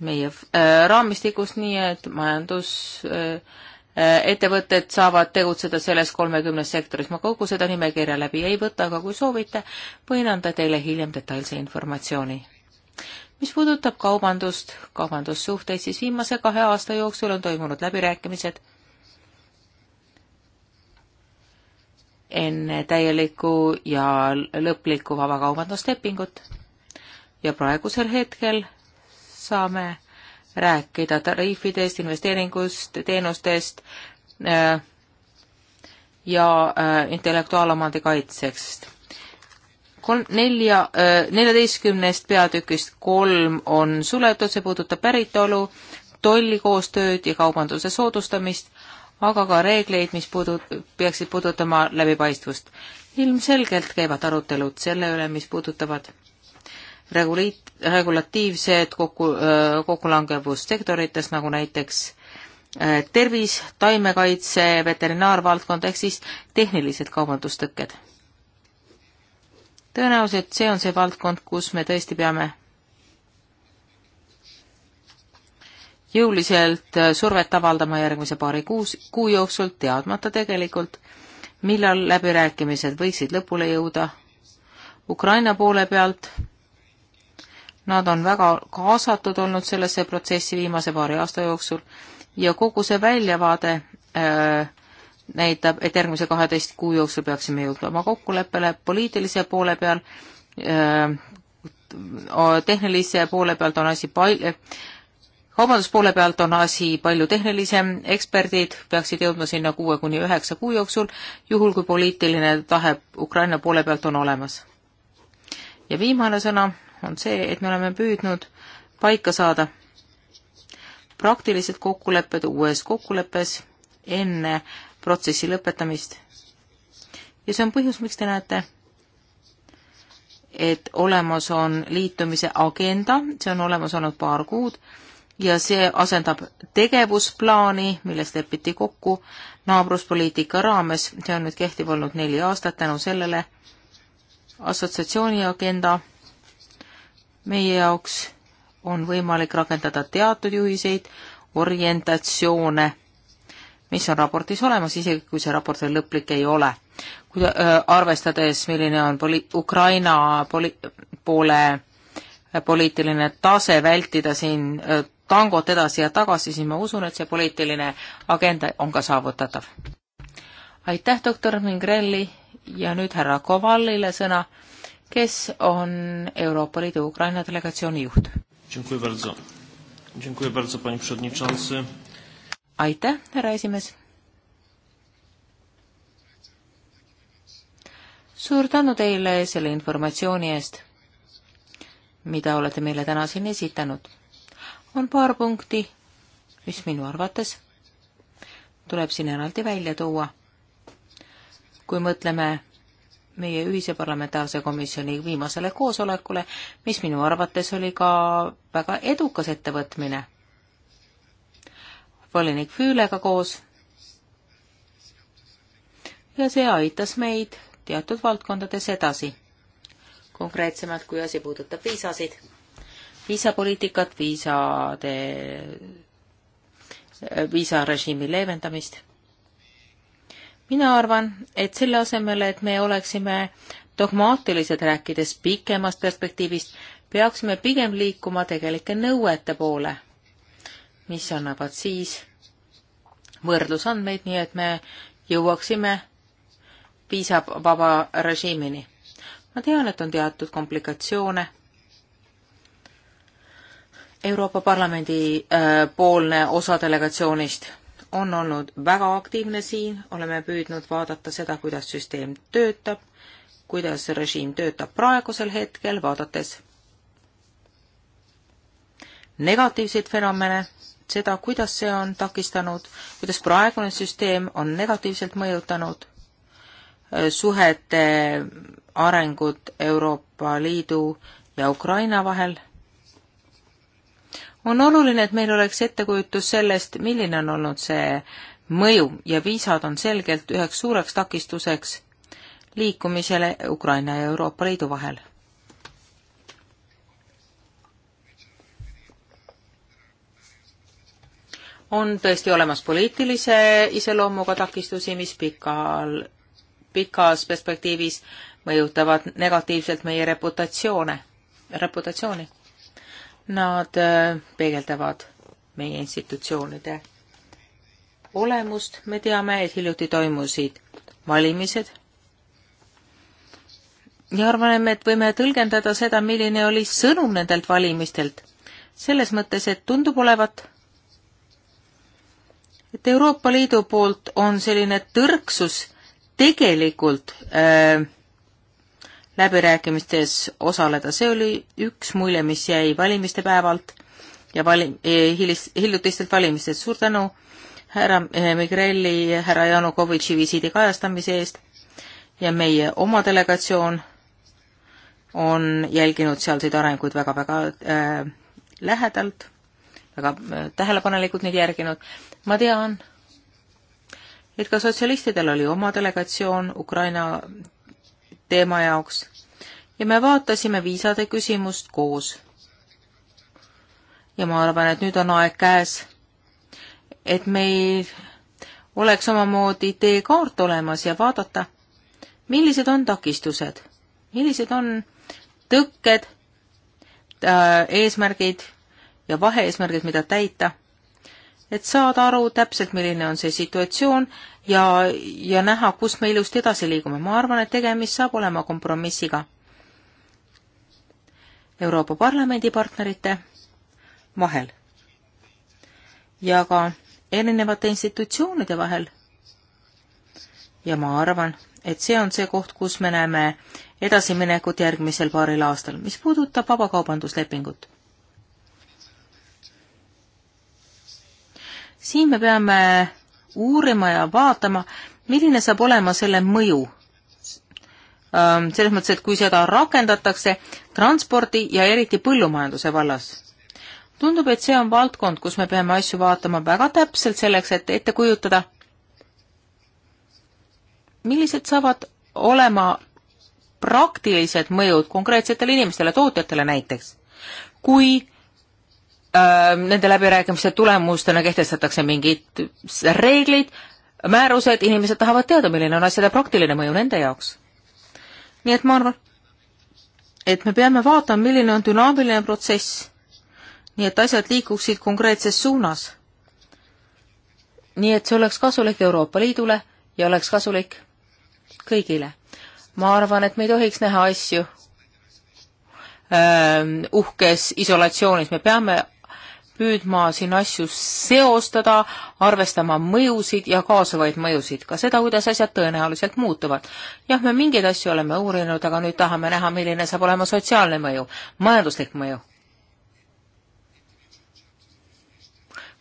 Speaker 3: meie äh, eh, raamistikust, nii et majandus äh, ettevõtted saavad tegutseda selles kolmekümnes sektoris. ma kogu seda nimekirja läbi ei võta, aga kui soovite, võin anda teile hiljem detailse informatsiooni mis puudutab kaubandust, kaubandussuhteid, siis viimase kahe aasta jooksul on toimunud läbirääkimised enne täielikku ja lõplikku vabakaubanduslepingut ja praegusel hetkel saame rääkida tariifidest, investeeringust, teenustest äh, ja äh, intellektuaalomandi kaitsest kolm, nelja, äh, neljateistkümnest peatükist kolm on suletud, see puudutab päritolu, tollikoostööd ja kaubanduse soodustamist, aga ka reegleid, mis puudu-, peaksid puudutama läbipaistvust. ilmselgelt käivad arutelud selle üle, mis puudutavad reguliit-, regulatiivset kokku, äh, kokkulangevust sektorites, nagu näiteks äh, tervis, taimekaitse, veterinaarvaldkond ehk siis tehnilised kaubandustõkked tõenäoliselt see on see valdkond, kus me tõesti peame jõuliselt äh, survet avaldama järgmise paari kuus, kuu jooksul, teadmata tegelikult, millal läbirääkimised võiksid lõpule jõuda. Ukraina poole pealt nad on väga kaasatud olnud sellesse protsessi viimase paari aasta jooksul ja kogu see väljavaade äh, näitab, et järgmise kaheteist kuu jooksul peaksime jõudma kokkuleppele poliitilise poole peal, tehnilise poole pealt on asi pal-, kaubanduspoole pealt on asi palju tehnilisem, eksperdid peaksid jõudma sinna kuue kuni üheksa kuu jooksul, juhul kui poliitiline tahe Ukraina poole pealt on olemas. ja viimane sõna on see, et me oleme püüdnud paika saada praktilised kokkulepped uues kokkuleppes enne protsessi lõpetamist. ja see on põhjus, miks te näete, et olemas on liitumise agenda, see on olemas olnud paar kuud, ja see asendab tegevusplaani, milles lepiti kokku naabruspoliitika raames, see on nüüd kehtiv olnud neli aastat tänu sellele, assotsiatsiooni agenda meie jaoks on võimalik rakendada teatud juhiseid, orientatsioone mis on raportis olemas, isegi kui see raport veel lõplik ei ole. kui äh, arvestades, milline on poli-, Ukraina poli-, poole äh, poliitiline tase vältida siin äh, tangot edasi ja tagasi, siis ma usun, et see poliitiline agenda on ka saavutatav. aitäh, doktor Mingrelli ja nüüd härra Kovallile sõna, kes on Euroopa Liidu Ukraina delegatsiooni juht aitäh, härra esimees. suur tänu teile selle informatsiooni eest, mida olete meile täna siin esitanud. on paar punkti, mis minu arvates tuleb siin eraldi välja tuua. kui mõtleme meie ühise parlamentaarse komisjoni viimasele koosolekule, mis minu arvates oli ka väga edukas ettevõtmine volinik Füülega koos. ja see aitas meid teatud valdkondades edasi. konkreetsemalt, kui asi puudutab viisasid, viisapoliitikat, viisade, viisarežiimi leevendamist. mina arvan, et selle asemel, et me oleksime dogmaatilised, rääkides pikemast perspektiivist, peaksime pigem liikuma tegelike nõuete poole, mis annavad siis võrdlusandmeid, nii et me jõuaksime viisavaba režiimini. ma tean, et on teatud komplikatsioone. Euroopa Parlamendi äh, poolne osa delegatsioonist on olnud väga aktiivne siin, oleme püüdnud vaadata seda, kuidas süsteem töötab, kuidas režiim töötab praegusel hetkel, vaadates negatiivseid fenomene seda, kuidas see on takistanud, kuidas praegune süsteem on negatiivselt mõjutanud äh, suhete arengut Euroopa Liidu ja Ukraina vahel. on oluline, et meil oleks ettekujutus sellest, milline on olnud see mõju ja viisad on selgelt üheks suureks takistuseks liikumisele Ukraina ja Euroopa Liidu vahel on tõesti olemas poliitilise iseloomuga takistusi, mis pikal, pikas perspektiivis mõjutavad negatiivselt meie reputatsioone, reputatsiooni. Nad äh, peegeldavad meie institutsioonide olemust, me teame, et hiljuti toimusid valimised ja arvame, et võime tõlgendada seda, milline oli sõnum nendelt valimistelt. selles mõttes, et tundub olevat et Euroopa Liidu poolt on selline tõrksus tegelikult äh, läbirääkimistes osaleda, see oli üks mulje, mis jäi valimiste päevalt ja vali- eh,, hilis-, hiljutistelt valimistest. suur tänu härra eh, Migrelli, härra Janukovitši visiidi kajastamise eest ja meie oma delegatsioon on jälginud sealseid arenguid väga-väga äh, lähedalt, väga äh, tähelepanelikult neid järginud ma tean, et ka sotsialistidel oli oma delegatsioon Ukraina teema jaoks ja me vaatasime viisade küsimust koos. ja ma arvan, et nüüd on aeg käes, et meil oleks omamoodi teekaart olemas ja vaadata, millised on takistused, millised on tõkked äh,, eesmärgid ja vaheeesmärgid, mida täita et saada aru täpselt, milline on see situatsioon ja, ja näha, kust me ilusti edasi liigume. ma arvan, et tegemist saab olema kompromissiga. Euroopa Parlamendi partnerite vahel ja ka erinevate institutsioonide vahel. ja ma arvan, et see on see koht, kus me näeme edasiminekut järgmisel paaril aastal, mis puudutab vabakaubanduslepingut siin me peame uurima ja vaatama, milline saab olema selle mõju. Ähm, selles mõttes, et kui seda rakendatakse transpordi ja eriti põllumajanduse vallas. tundub, et see on valdkond, kus me peame asju vaatama väga täpselt selleks, et ette kujutada, millised saavad olema praktilised mõjud konkreetsetele inimestele, tootjatele näiteks. kui Ähm, nende läbirääkimiste tulemustena kehtestatakse mingid reeglid, määrused, inimesed tahavad teada, milline on asjade praktiline mõju nende jaoks. nii et ma arvan, et me peame vaatama, milline on dünaamiline protsess, nii et asjad liikuksid konkreetses suunas. nii et see oleks kasulik Euroopa Liidule ja oleks kasulik kõigile. ma arvan, et me ei tohiks näha asju ähm, uhkes isolatsioonis, me peame püüdma siin asju seostada, arvestama mõjusid ja kaasavaid mõjusid, ka seda, kuidas asjad tõenäoliselt muutuvad. jah, me mingeid asju oleme uurinud, aga nüüd tahame näha, milline saab olema sotsiaalne mõju, majanduslik mõju.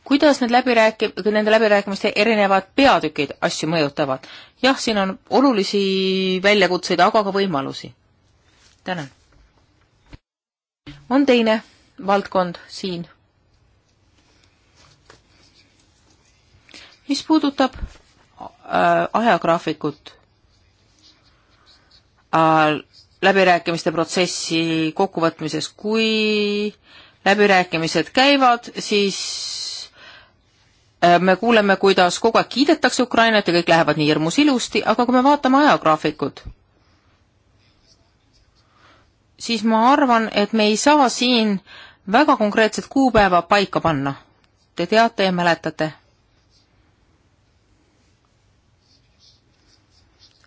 Speaker 3: kuidas need läbirääki-, nende läbirääkimiste erinevad peatükid asju mõjutavad? jah, siin on olulisi väljakutseid, aga ka võimalusi. tänan. on teine valdkond siin mis puudutab äh, ajagraafikut äh,, läbirääkimiste protsessi kokkuvõtmises, kui läbirääkimised käivad, siis äh, me kuuleme, kuidas kogu aeg kiidetakse Ukrainat ja kõik lähevad nii hirmus ilusti, aga kui me vaatame ajagraafikut, siis ma arvan, et me ei saa siin väga konkreetset kuupäeva paika panna. Te teate ja mäletate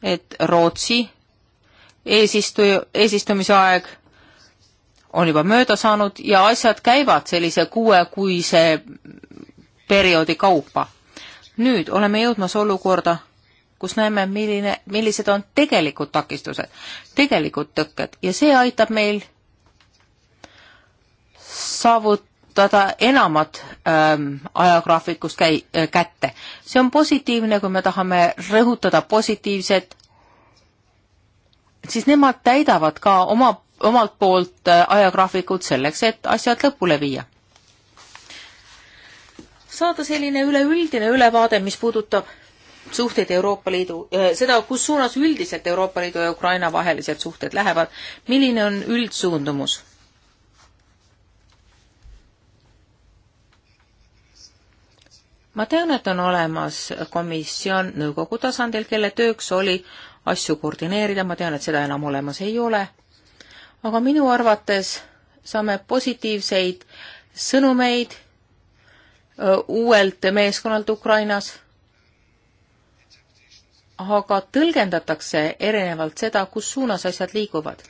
Speaker 3: et Rootsi eesistuja, eesistumise aeg on juba mööda saanud ja asjad käivad sellise kuuekuise perioodi kaupa. nüüd oleme jõudmas olukorda, kus näeme, milline, millised on tegelikud takistused, tegelikud tõkked ja see aitab meil saavut-, kasutada enamat ähm, ajagraafikust käi- äh,, kätte. see on positiivne, kui me tahame rõhutada positiivset, siis nemad täidavad ka oma, omalt poolt äh, ajagraafikut selleks, et asjad lõpule viia. saada selline üleüldine ülevaade, mis puudutab suhteid Euroopa Liidu, äh, seda, kus suunas üldiselt Euroopa Liidu ja Ukraina vahelised suhted lähevad, milline on üldsuundumus ma tean, et on olemas komisjon nõukogu tasandil, kelle tööks oli asju koordineerida, ma tean, et seda enam olemas ei ole. aga minu arvates saame positiivseid sõnumeid äh, uuelt meeskonnalt Ukrainas, aga tõlgendatakse erinevalt seda, kus suunas asjad liiguvad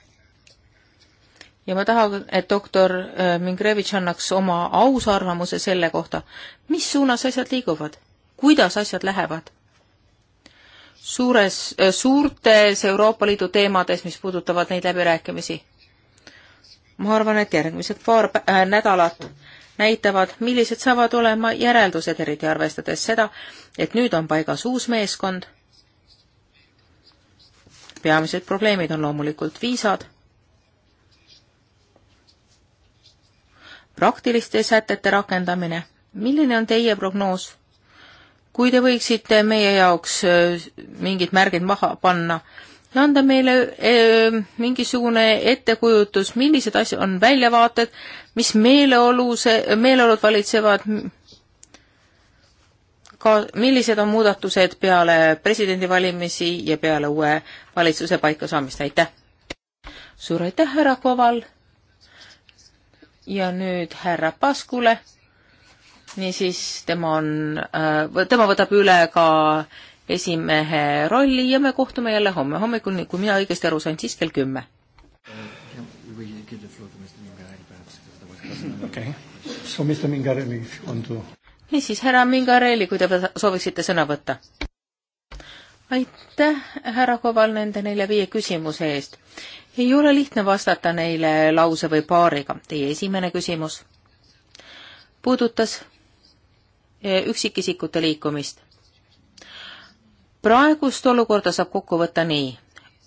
Speaker 3: ja ma tahan, et doktor äh, Mingrevitš annaks oma ausa arvamuse selle kohta, mis suunas asjad liiguvad, kuidas asjad lähevad. suures, äh, suurtes Euroopa Liidu teemades, mis puudutavad neid läbirääkimisi. ma arvan, et järgmised paar äh, nädalat näitavad, millised saavad olema järeldused, eriti arvestades seda, et nüüd on paigas uus meeskond. peamised probleemid on loomulikult viisad praktiliste sätete rakendamine. milline on teie prognoos? kui te võiksite meie jaoks äh, mingid märgid maha panna ja anda meile äh, mingisugune ettekujutus, millised asjad on väljavaated, mis meeleolu see, meeleolud valitsevad, ka millised on muudatused peale presidendivalimisi ja peale uue valitsuse paikasaamist, aitäh! suur aitäh, härra Koval! ja nüüd härra Paskule. niisiis, tema on, äh, tema võtab üle ka esimehe rolli ja me kohtume jälle homme hommikul, kui mina õigesti aru sain, siis kell kümme. okei, so Mr Mingarelli on to. niisiis, härra Mingarelli, kui te sooviksite sõna võtta aitäh, härra Koval, nende nelja-viie küsimuse eest ei ole lihtne vastata neile lause või paariga. Teie esimene küsimus puudutas eh, üksikisikute liikumist. praegust olukorda saab kokku võtta nii.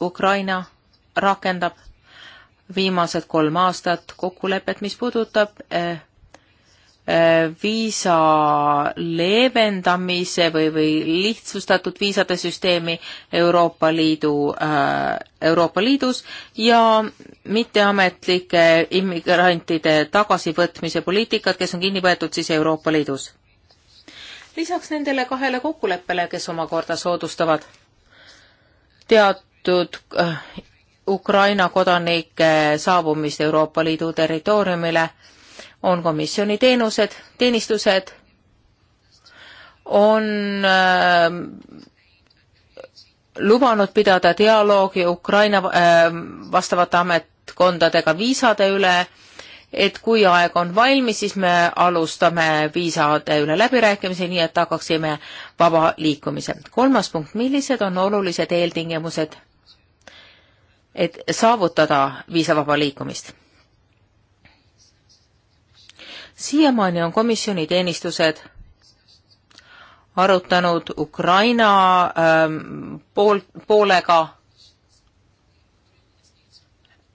Speaker 3: Ukraina rakendab viimased kolm aastat kokkulepet, mis puudutab eh, Äh, viisa leevendamise või, või lihtsustatud viisade süsteemi Euroopa Liidu, äh, Euroopa Liidus ja mitteametlike immigrantide tagasivõtmise poliitikat, kes on kinni võetud siis Euroopa Liidus. lisaks nendele kahele kokkuleppele, kes omakorda soodustavad teatud äh, Ukraina kodanike saabumist Euroopa Liidu territooriumile, on komisjoni teenused, teenistused, on äh, lubanud pidada dialoogi Ukraina äh, vastavate ametkondadega viisade üle, et kui aeg on valmis, siis me alustame viisade üle läbirääkimisi, nii et tagaksime vaba liikumise. kolmas punkt, millised on olulised eeltingimused, et saavutada viisavaba liikumist? siiamaani on komisjoni teenistused arutanud Ukraina ähm, pool, poolega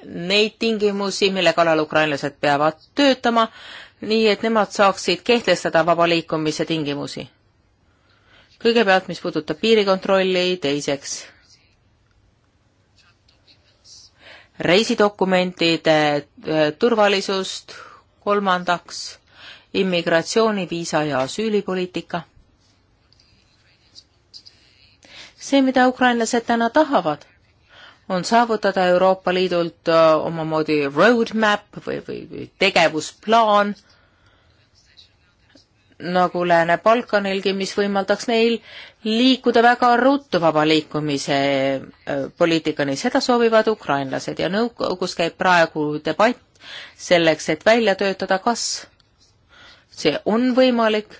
Speaker 3: neid tingimusi, mille kallal ukrainlased peavad töötama, nii et nemad saaksid kehtestada vaba liikumise tingimusi. kõigepealt, mis puudutab piirikontrolli, teiseks reisidokumentide äh, turvalisust, kolmandaks immigratsiooni, viisa ja asüülipoliitika. see, mida ukrainlased täna tahavad, on saavutada Euroopa Liidult äh, omamoodi roadmap või, või, või tegevusplaan nagu Lääne-Balkanilgi, mis võimaldaks neil liikuda väga ruttu vaba liikumise äh, poliitikani. seda soovivad ukrainlased ja nõukogus käib praegu debatt selleks, et välja töötada, kas see on võimalik,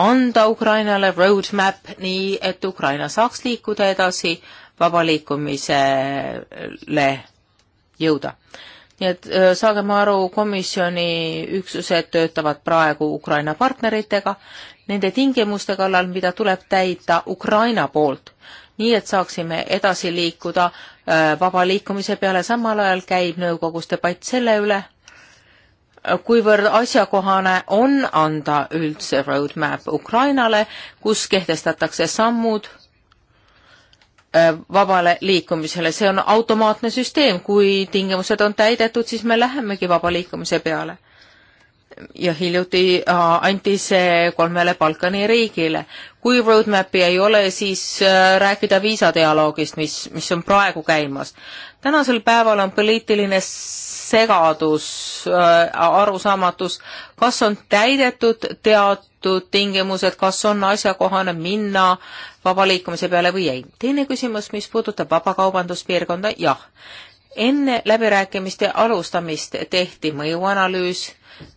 Speaker 3: anda Ukrainale roadmap nii, et Ukraina saaks liikuda edasi vaba liikumisele jõuda. nii et äh, saagem aru, komisjoni üksused töötavad praegu Ukraina partneritega nende tingimuste kallal, mida tuleb täita Ukraina poolt, nii et saaksime edasi liikuda äh, vaba liikumise peale, samal ajal käib nõukogus debatt selle üle kuivõrd asjakohane on anda üldse roadmap Ukrainale, kus kehtestatakse sammud äh, vabale liikumisele, see on automaatne süsteem, kui tingimused on täidetud, siis me lähemegi vaba liikumise peale. ja hiljuti äh, anti see kolmele Balkani riigile. kui roadmap'i ei ole, siis äh, rääkida viisadialoogist, mis, mis on praegu käimas tänasel päeval on poliitiline segadus äh,, arusaamatus, kas on täidetud teatud tingimused, kas on asjakohane minna vaba liikumise peale või ei. teine küsimus, mis puudutab vabakaubanduspiirkonda, jah. enne läbirääkimiste alustamist tehti mõjuanalüüs,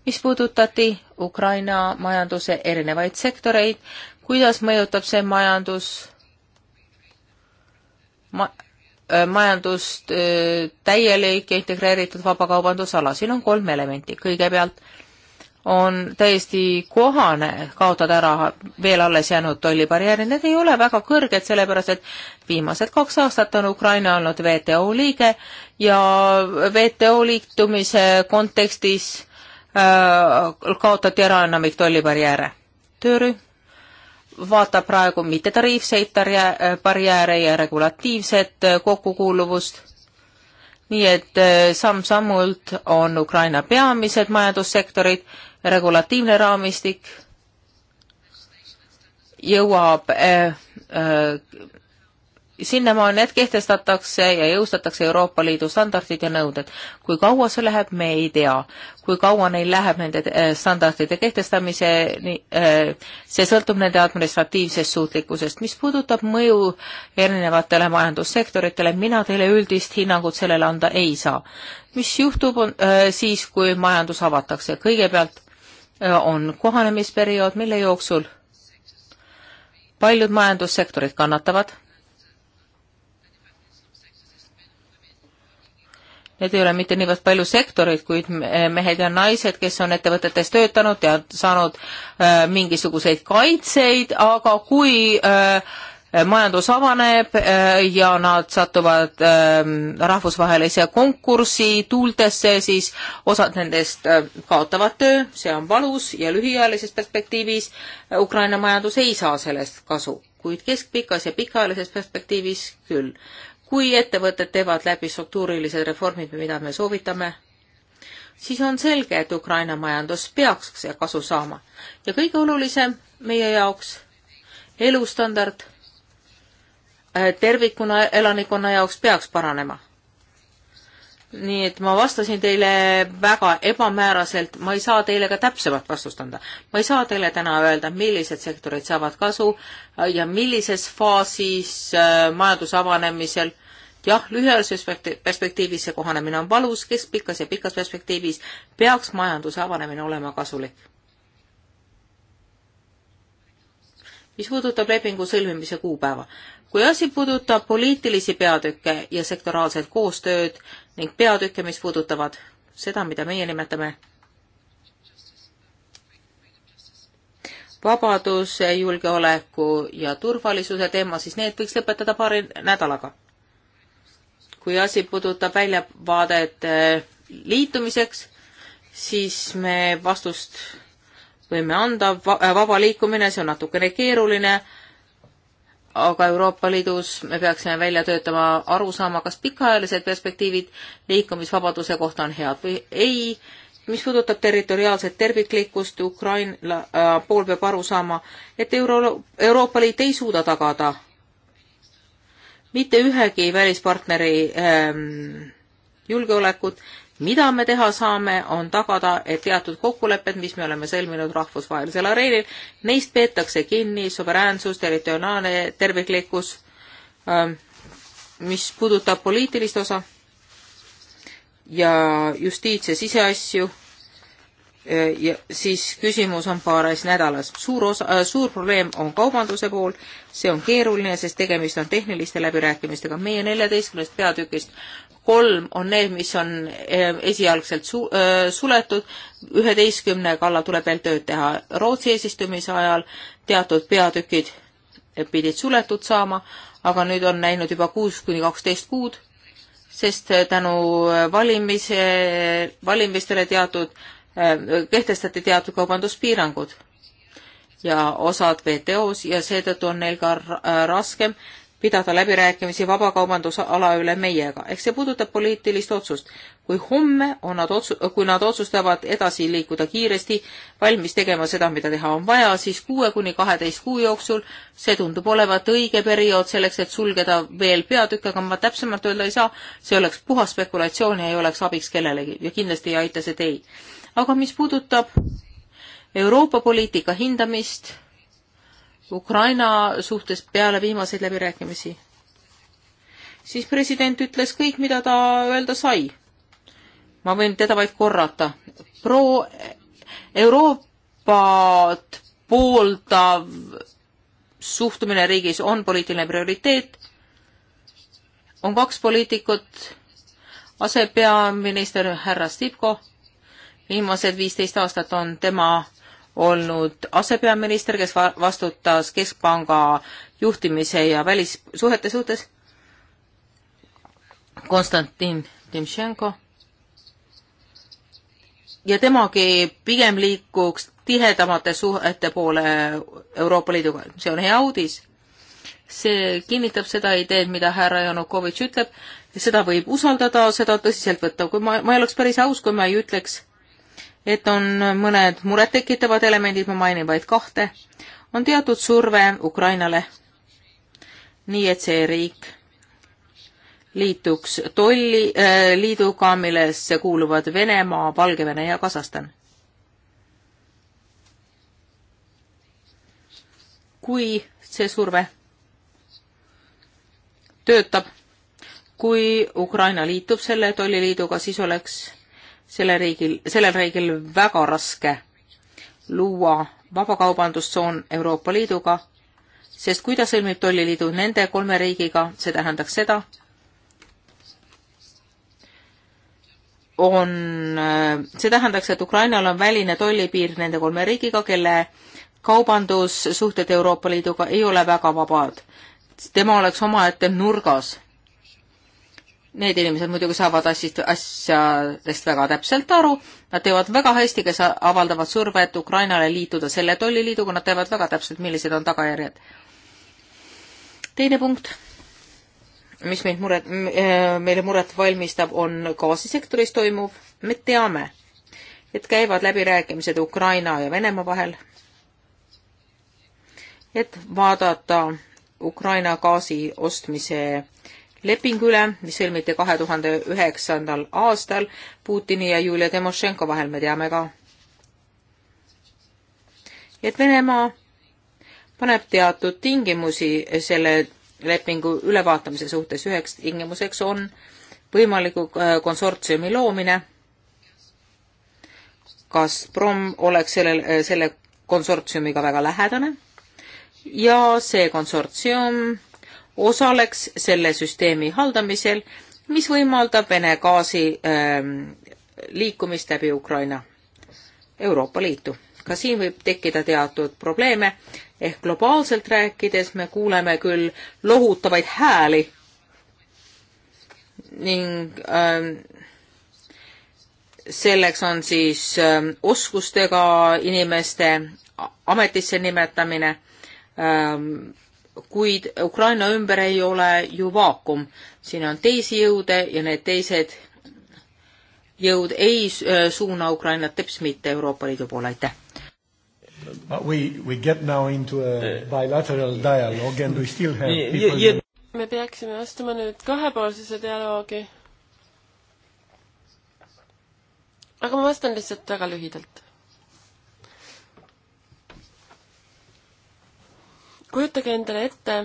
Speaker 3: mis puudutati Ukraina majanduse erinevaid sektoreid, kuidas mõjutab see majandus ma Äh, majandust äh, täielik ja integreeritud vabakaubandusala. siin on kolm elementi. kõigepealt on täiesti kohane kaotada ära veel alles jäänud tollibarjäärid, need ei ole väga kõrged, sellepärast et viimased kaks aastat on Ukraina olnud WTO liige ja WTO liitumise kontekstis äh, kaotati ära enamik tollibarjääre. töörühm vaatab praegu mittetariifseid äh, barjääre ja regulatiivset äh, kokkukuuluvust. nii et äh, samm-sammult on Ukraina peamised majandussektorid, regulatiivne raamistik jõuab äh, äh, sinnamaani, et kehtestatakse ja jõustatakse Euroopa Liidu standardid ja nõuded. kui kaua see läheb, me ei tea. kui kaua neil läheb nende eh, standardite kehtestamiseni, eh, see sõltub nende administratiivsest suutlikkusest. mis puudutab mõju erinevatele majandussektoritele, mina teile üldist hinnangut sellele anda ei saa. mis juhtub on, eh, siis, kui majandus avatakse? kõigepealt on kohanemisperiood, mille jooksul paljud majandussektorid kannatavad Need ei ole mitte niivõrd palju sektoreid, kuid eh, mehed ja naised, kes on ettevõtetes töötanud ja saanud äh, mingisuguseid kaitseid, aga kui äh, majandus avaneb ja nad satuvad rahvusvahelise konkursi tuultesse, siis osad nendest kaotavad töö, see on valus ja lühiajalises perspektiivis Ukraina majandus ei saa sellest kasu, kuid keskpikas ja pikaajalises perspektiivis küll kui ettevõtted teevad läbi struktuurilised reformid, mida me soovitame, siis on selge, et Ukraina majandus peaks kasu saama. ja kõige olulisem meie jaoks, elustandard äh, tervikuna elanikkonna jaoks peaks paranema. nii et ma vastasin teile väga ebamääraselt, ma ei saa teile ka täpsemat vastust anda. ma ei saa teile täna öelda, millised sektorid saavad kasu ja millises faasis äh, majanduse avanemisel jah, lühiajalises perspektiivis see kohanemine on valus, keskpikas ja pikas perspektiivis peaks majanduse avanemine olema kasulik. mis puudutab lepingu sõlmimise kuupäeva. kui asi puudutab poliitilisi peatükke ja sektoraalset koostööd ning peatükke, mis puudutavad seda, mida meie nimetame vabaduse, julgeoleku ja turvalisuse teema, siis need võiks lõpetada paari nädalaga kui asi puudutab väljavaadet eh, liitumiseks, siis me vastust võime anda, eh, vaba liikumine, see on natukene keeruline, aga Euroopa Liidus me peaksime välja töötama arusaama, kas pikaajalised perspektiivid liikumisvabaduse kohta on head või ei. mis puudutab territoriaalset terviklikkust, Ukraina äh, pool peab aru saama, et Euro-, Euroopa Liit ei suuda tagada mitte ühegi välispartneri ähm, julgeolekut. mida me teha saame, on tagada, et teatud kokkulepped, mis me oleme sõlminud rahvusvahelisel areenil, neist peetakse kinni, suveräänsus, territoriaalne terviklikkus ähm,, mis puudutab poliitilist osa ja justiits- ja siseasju Äh, ja siis küsimus on paares nädalas. suur osa, äh, suur probleem on kaubanduse pool, see on keeruline, sest tegemist on tehniliste läbirääkimistega. meie neljateistkümnest peatükist kolm on need, mis on äh, esialgselt su-, suletud, üheteistkümne kallal tuleb veel tööd teha. Rootsi eesistumise ajal teatud peatükid pidid suletud saama, aga nüüd on läinud juba kuus kuni kaksteist kuud, sest tänu valimise, valimistele teatud äh, Äh, kehtestati teatud kaubanduspiirangud ja osad WTO-s ja seetõttu on neil ka äh, raskem pidada läbirääkimisi vabakaubandusala üle meiega. ehk see puudutab poliitilist otsust. kui homme on nad otsu-, kui nad otsustavad edasi liikuda kiiresti, valmis tegema seda, mida teha on vaja, siis kuue kuni kaheteist kuu jooksul, see tundub olevat õige periood selleks, et sulgeda veel peatükk, aga ma täpsemalt öelda ei saa, see oleks puhas spekulatsioon ja ei oleks abiks kellelegi ja kindlasti ei aita see teid aga mis puudutab Euroopa poliitika hindamist Ukraina suhtes peale viimaseid läbirääkimisi, siis president ütles kõik, mida ta öelda sai. ma võin teda vaid korrata. pro-, Euroopat pooldav suhtumine riigis on poliitiline prioriteet, on kaks poliitikut, asepeaminister härra Stipko viimased viisteist aastat on tema olnud asepeaminister, kes vastutas Keskpanga juhtimise ja välissuhete suhtes. Konstantin Timšenko. ja temagi pigem liikuks tihedamate suhete poole Euroopa Liiduga, see on hea uudis. see kinnitab seda ideed, mida härra Janukovitš ütleb, seda võib usaldada, seda tõsiselt võtta, kui ma, ma ei oleks päris aus, kui ma ei ütleks et on mõned murettekitavad elemendid, ma mainin vaid kahte, on teatud surve Ukrainale, nii et see riik liituks tolliliiduga, äh, millesse kuuluvad Venemaa, Valgevene ja Kasahstan. kui see surve töötab, kui Ukraina liitub selle tolliliiduga, siis oleks selle riigil, sellel riigil väga raske luua vabakaubandustsoon Euroopa Liiduga, sest kui ta sõlmib tolliliidu nende kolme riigiga, see tähendaks seda, on, see tähendaks, et Ukrainal on väline tollipiir nende kolme riigiga, kelle kaubandussuhted Euroopa Liiduga ei ole väga vabad. tema oleks omaette nurgas Need inimesed muidugi saavad asjast, asjadest väga täpselt aru, nad teevad väga hästi, kes avaldavad survet Ukrainale liituda selle tolliliiduga, nad teavad väga täpselt, millised on tagajärjed. teine punkt, mis meid muret, meile muret valmistab, on gaasisektoris toimuv. me teame, et käivad läbirääkimised Ukraina ja Venemaa vahel, et vaadata Ukraina gaasi ostmise leping üle, mis sõlmiti kahe tuhande üheksandal aastal Putini ja Julia Timošenko vahel, me teame ka. et Venemaa paneb teatud tingimusi selle lepingu ülevaatamise suhtes, üheks tingimuseks on võimaliku äh, konsortsiumi loomine. Gazprom oleks sellel, äh, selle konsortsiumiga väga lähedane ja see konsortsium osaleks selle süsteemi haldamisel, mis võimaldab Vene gaasi ähm, liikumist läbi Ukraina Euroopa Liitu. ka siin võib tekkida teatud probleeme, ehk globaalselt rääkides me kuuleme küll lohutavaid hääli ning ähm, selleks on siis ähm, oskustega inimeste ametisse nimetamine ähm,, kuid Ukraina ümber ei ole ju vaakum. siin on teisi jõude ja need teised jõud ei äh, suuna Ukrainat teps mitte Euroopa Liidu poole, aitäh.
Speaker 1: We, we get now into a äh. bilateral dialogue and we still have people
Speaker 4: me peaksime astuma nüüd kahepoolsesse dialoogi. aga ma vastan lihtsalt väga lühidalt kujutage endale ette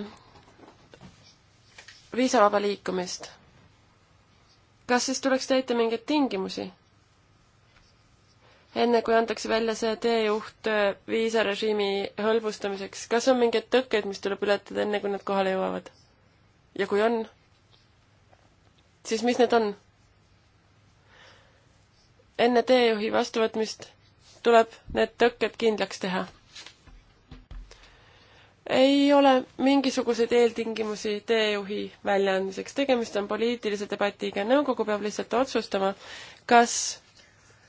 Speaker 4: viisavaba liikumist. kas siis tuleks täita mingeid tingimusi? enne kui antakse välja see teejuht äh, viisarežiimi hõlbustamiseks, kas on mingeid tõkkeid, mis tuleb ületada, enne kui nad kohale jõuavad? ja kui on, siis mis need on? enne teejuhi vastuvõtmist tuleb need tõkked kindlaks teha ei ole mingisuguseid eeltingimusi teejuhi väljaandmiseks, tegemist on poliitilise debatiga, nõukogu peab lihtsalt otsustama, kas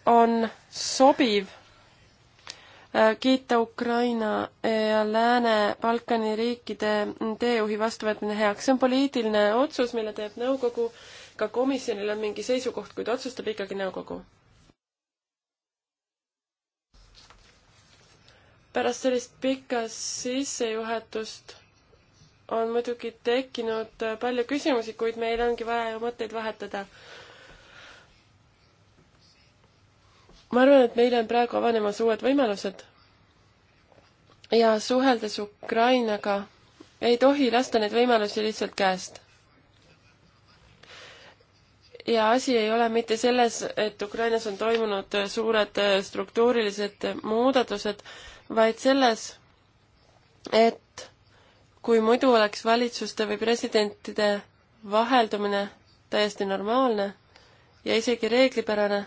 Speaker 4: on sobiv äh, kiita Ukraina ja Lääne-Balkani riikide teejuhi vastuvõtmine heaks, see on poliitiline otsus, mille teeb nõukogu, ka komisjonil on mingi seisukoht, kuid otsustab ikkagi nõukogu pärast sellist pikka sissejuhatust on muidugi tekkinud äh, palju küsimusi, kuid meil ongi vaja ju mõtteid vahetada. ma arvan, et meile on praegu avanemas uued võimalused ja suheldes Ukrainaga ei tohi lasta neid võimalusi lihtsalt käest. ja asi ei ole mitte selles, et Ukrainas on toimunud äh, suured äh, struktuurilised muudatused, vaid selles, et kui muidu oleks valitsuste või presidentide vaheldumine täiesti normaalne ja isegi reeglipärane,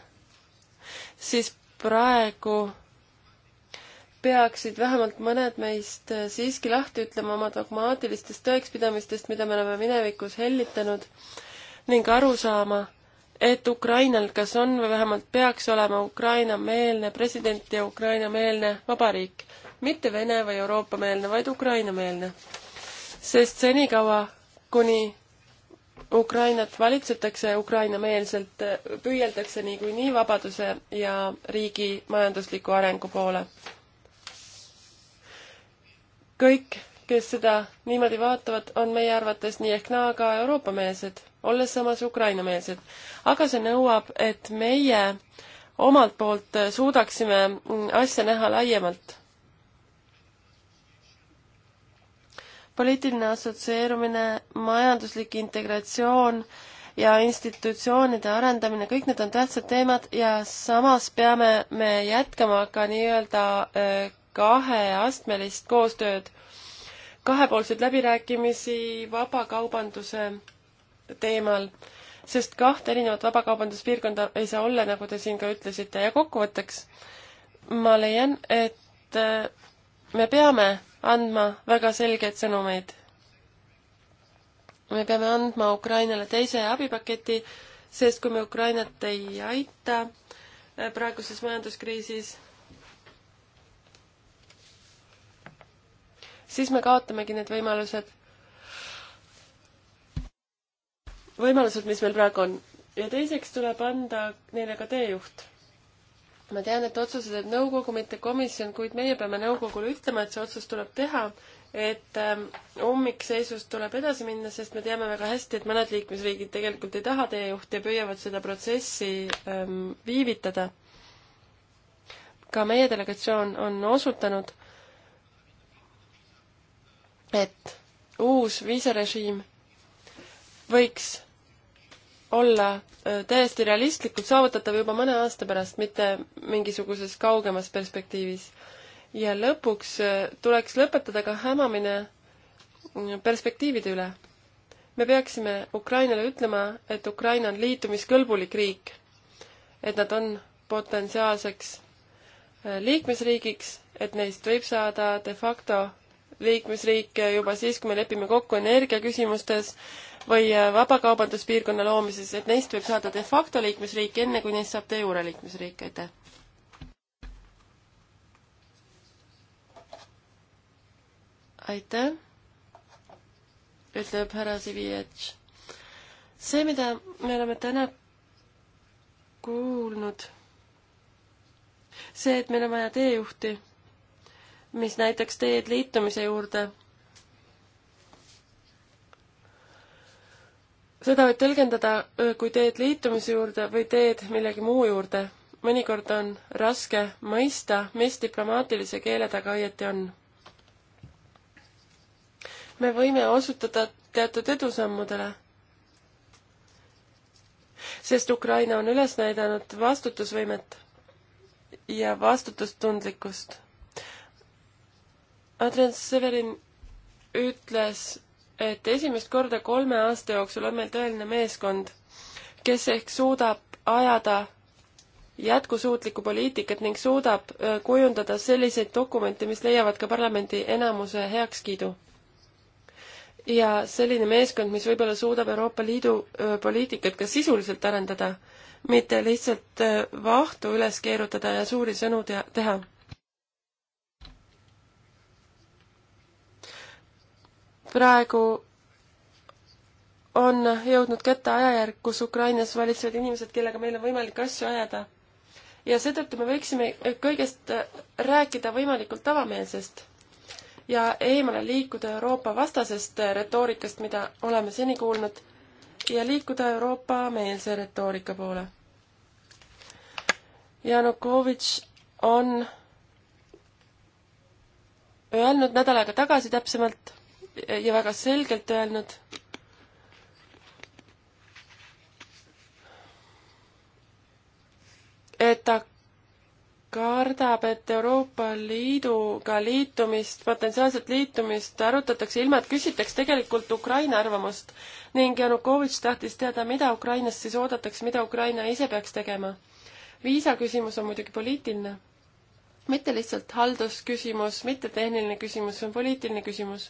Speaker 4: siis praegu peaksid vähemalt mõned meist siiski lahti ütlema oma dogmaatilistest tõekspidamistest, mida me oleme minevikus hellitanud ning aru saama, et Ukrainal kas on või vähemalt peaks olema Ukraina-meelne president ja Ukraina-meelne vabariik. mitte Vene või Euroopa-meelne, vaid Ukraina-meelne. sest senikaua, kuni Ukrainat valitsetakse Ukraina-meelselt, äh, püüeldakse niikuinii vabaduse ja riigi majandusliku arengu poole. kõik, kes seda niimoodi vaatavad, on meie arvates nii ehk naa ka Euroopa-meelsed olles samas ukrainameelsed. aga see nõuab, et meie omalt poolt suudaksime asja näha laiemalt. poliitiline assotsieerumine, majanduslik integratsioon ja institutsioonide arendamine, kõik need on tähtsad teemad ja samas peame me jätkama ka nii-öelda äh, kaheastmelist koostööd, kahepoolseid läbirääkimisi vabakaubanduse teemal, sest kahte erinevat vabakaubanduspiirkonda ei saa olla, nagu te siin ka ütlesite, ja kokkuvõtteks ma leian, et äh, me peame andma väga selgeid sõnumeid. me peame andma Ukrainale teise abipaketi, sest kui me Ukrainat ei aita äh, praeguses majanduskriisis, siis me kaotamegi need võimalused võimalused, mis meil praegu on. ja teiseks tuleb anda neile ka teejuht. ma tean, et otsused, et nõukogu, mitte komisjon, kuid meie peame nõukogule ütlema, et see otsus tuleb teha, et ähm, ummikseisust tuleb edasi minna, sest me teame väga hästi, et mõned liikmesriigid tegelikult ei taha teejuhti ja püüavad seda protsessi ähm, viivitada. ka meie delegatsioon on osutanud, et uus viisarežiim võiks olla äh, täiesti realistlikult saavutatav juba mõne aasta pärast, mitte mingisuguses kaugemas perspektiivis. ja lõpuks äh, tuleks lõpetada ka hämamine äh, perspektiivide üle. me peaksime Ukrainale ütlema, et Ukraina on liitumiskõlbulik riik, et nad on potentsiaalseks liikmesriigiks, et neist võib saada de facto liikmesriike juba siis, kui me lepime kokku energiaküsimustes või äh, vabakaubanduspiirkonna loomises, et neist võib saada de facto liikmesriik, enne kui neist saab de jure liikmesriik, aitäh! aitäh, ütleb härra Sivijatš. see, mida me oleme täna kuulnud, see, et meil on vaja teejuhti mis näiteks teed liitumise juurde. seda võib tõlgendada kui teed liitumise juurde või teed millegi muu juurde. mõnikord on raske mõista, mis diplomaatilise keele taga õieti on. me võime osutada teatud edusammudele, sest Ukraina on üles näidanud vastutusvõimet ja vastutustundlikkust Adrian Severin ütles, et esimest korda kolme aasta jooksul on meil tõeline meeskond, kes ehk suudab ajada jätkusuutlikku poliitikat ning suudab kujundada selliseid dokumente, mis leiavad ka parlamendi enamuse heakskiidu. ja selline meeskond, mis võib-olla suudab Euroopa Liidu poliitikat ka sisuliselt arendada, mitte lihtsalt vahtu üles keerutada ja suuri sõnu tea-, teha praegu on jõudnud kätte ajajärk, kus Ukrainas valitsevad inimesed, kellega meil on võimalik asju ajada. ja seetõttu me võiksime kõigest rääkida võimalikult avameelsest ja eemale liikuda Euroopa vastasest retoorikast, mida oleme seni kuulnud, ja liikuda Euroopa-meelse retoorika poole. Janukovitš on öelnud nädal aega tagasi täpsemalt ja väga selgelt öelnud, et ta kardab, et Euroopa Liiduga liitumist, potentsiaalset liitumist arutatakse ilma, et küsitaks tegelikult Ukraina arvamust ning Janukovitš tahtis teada, mida Ukrainast siis oodatakse, mida Ukraina ise peaks tegema. viisaküsimus on muidugi poliitiline, mitte lihtsalt haldusküsimus, mitte tehniline küsimus, see on poliitiline küsimus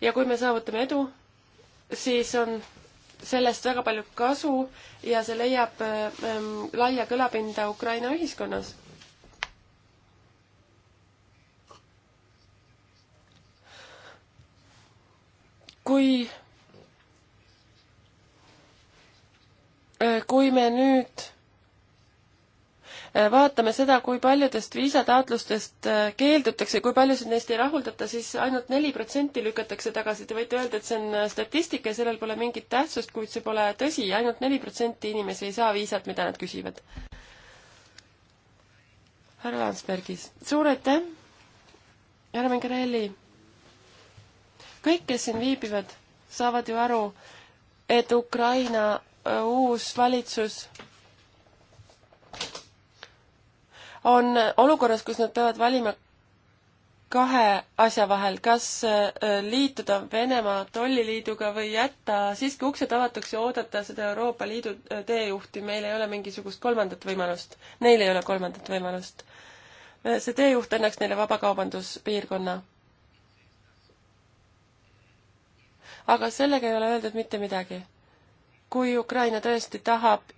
Speaker 4: ja kui me saavutame edu, siis on sellest väga palju kasu ja see leiab ähm, laia kõlapinda Ukraina ühiskonnas. kui, äh, kui me nüüd vaatame seda, kui paljudest viisataotlustest äh, keeldutakse, kui paljusid neist ei rahuldata, siis ainult neli protsenti lükatakse tagasi. Te võite öelda, et see on äh, statistika ja sellel pole mingit tähtsust, kuid see pole tõsi ainult, ainult neli protsenti inimesi ei saa viisat, mida nad küsivad. härra Landsbergis, suur aitäh! härra Mingarelli, kõik, kes siin viibivad, saavad ju aru, et Ukraina äh, uus valitsus on olukorras, kus nad peavad valima kahe asja vahel, kas äh, liituda Venemaa tolliliiduga või jätta siiski uksed avatuks ja oodata seda Euroopa Liidu äh, teejuhti, meil ei ole mingisugust kolmandat võimalust. Neil ei ole kolmandat võimalust. Äh, see teejuht annaks neile vabakaubanduspiirkonna. aga sellega ei ole öeldud mitte midagi. kui Ukraina tõesti tahab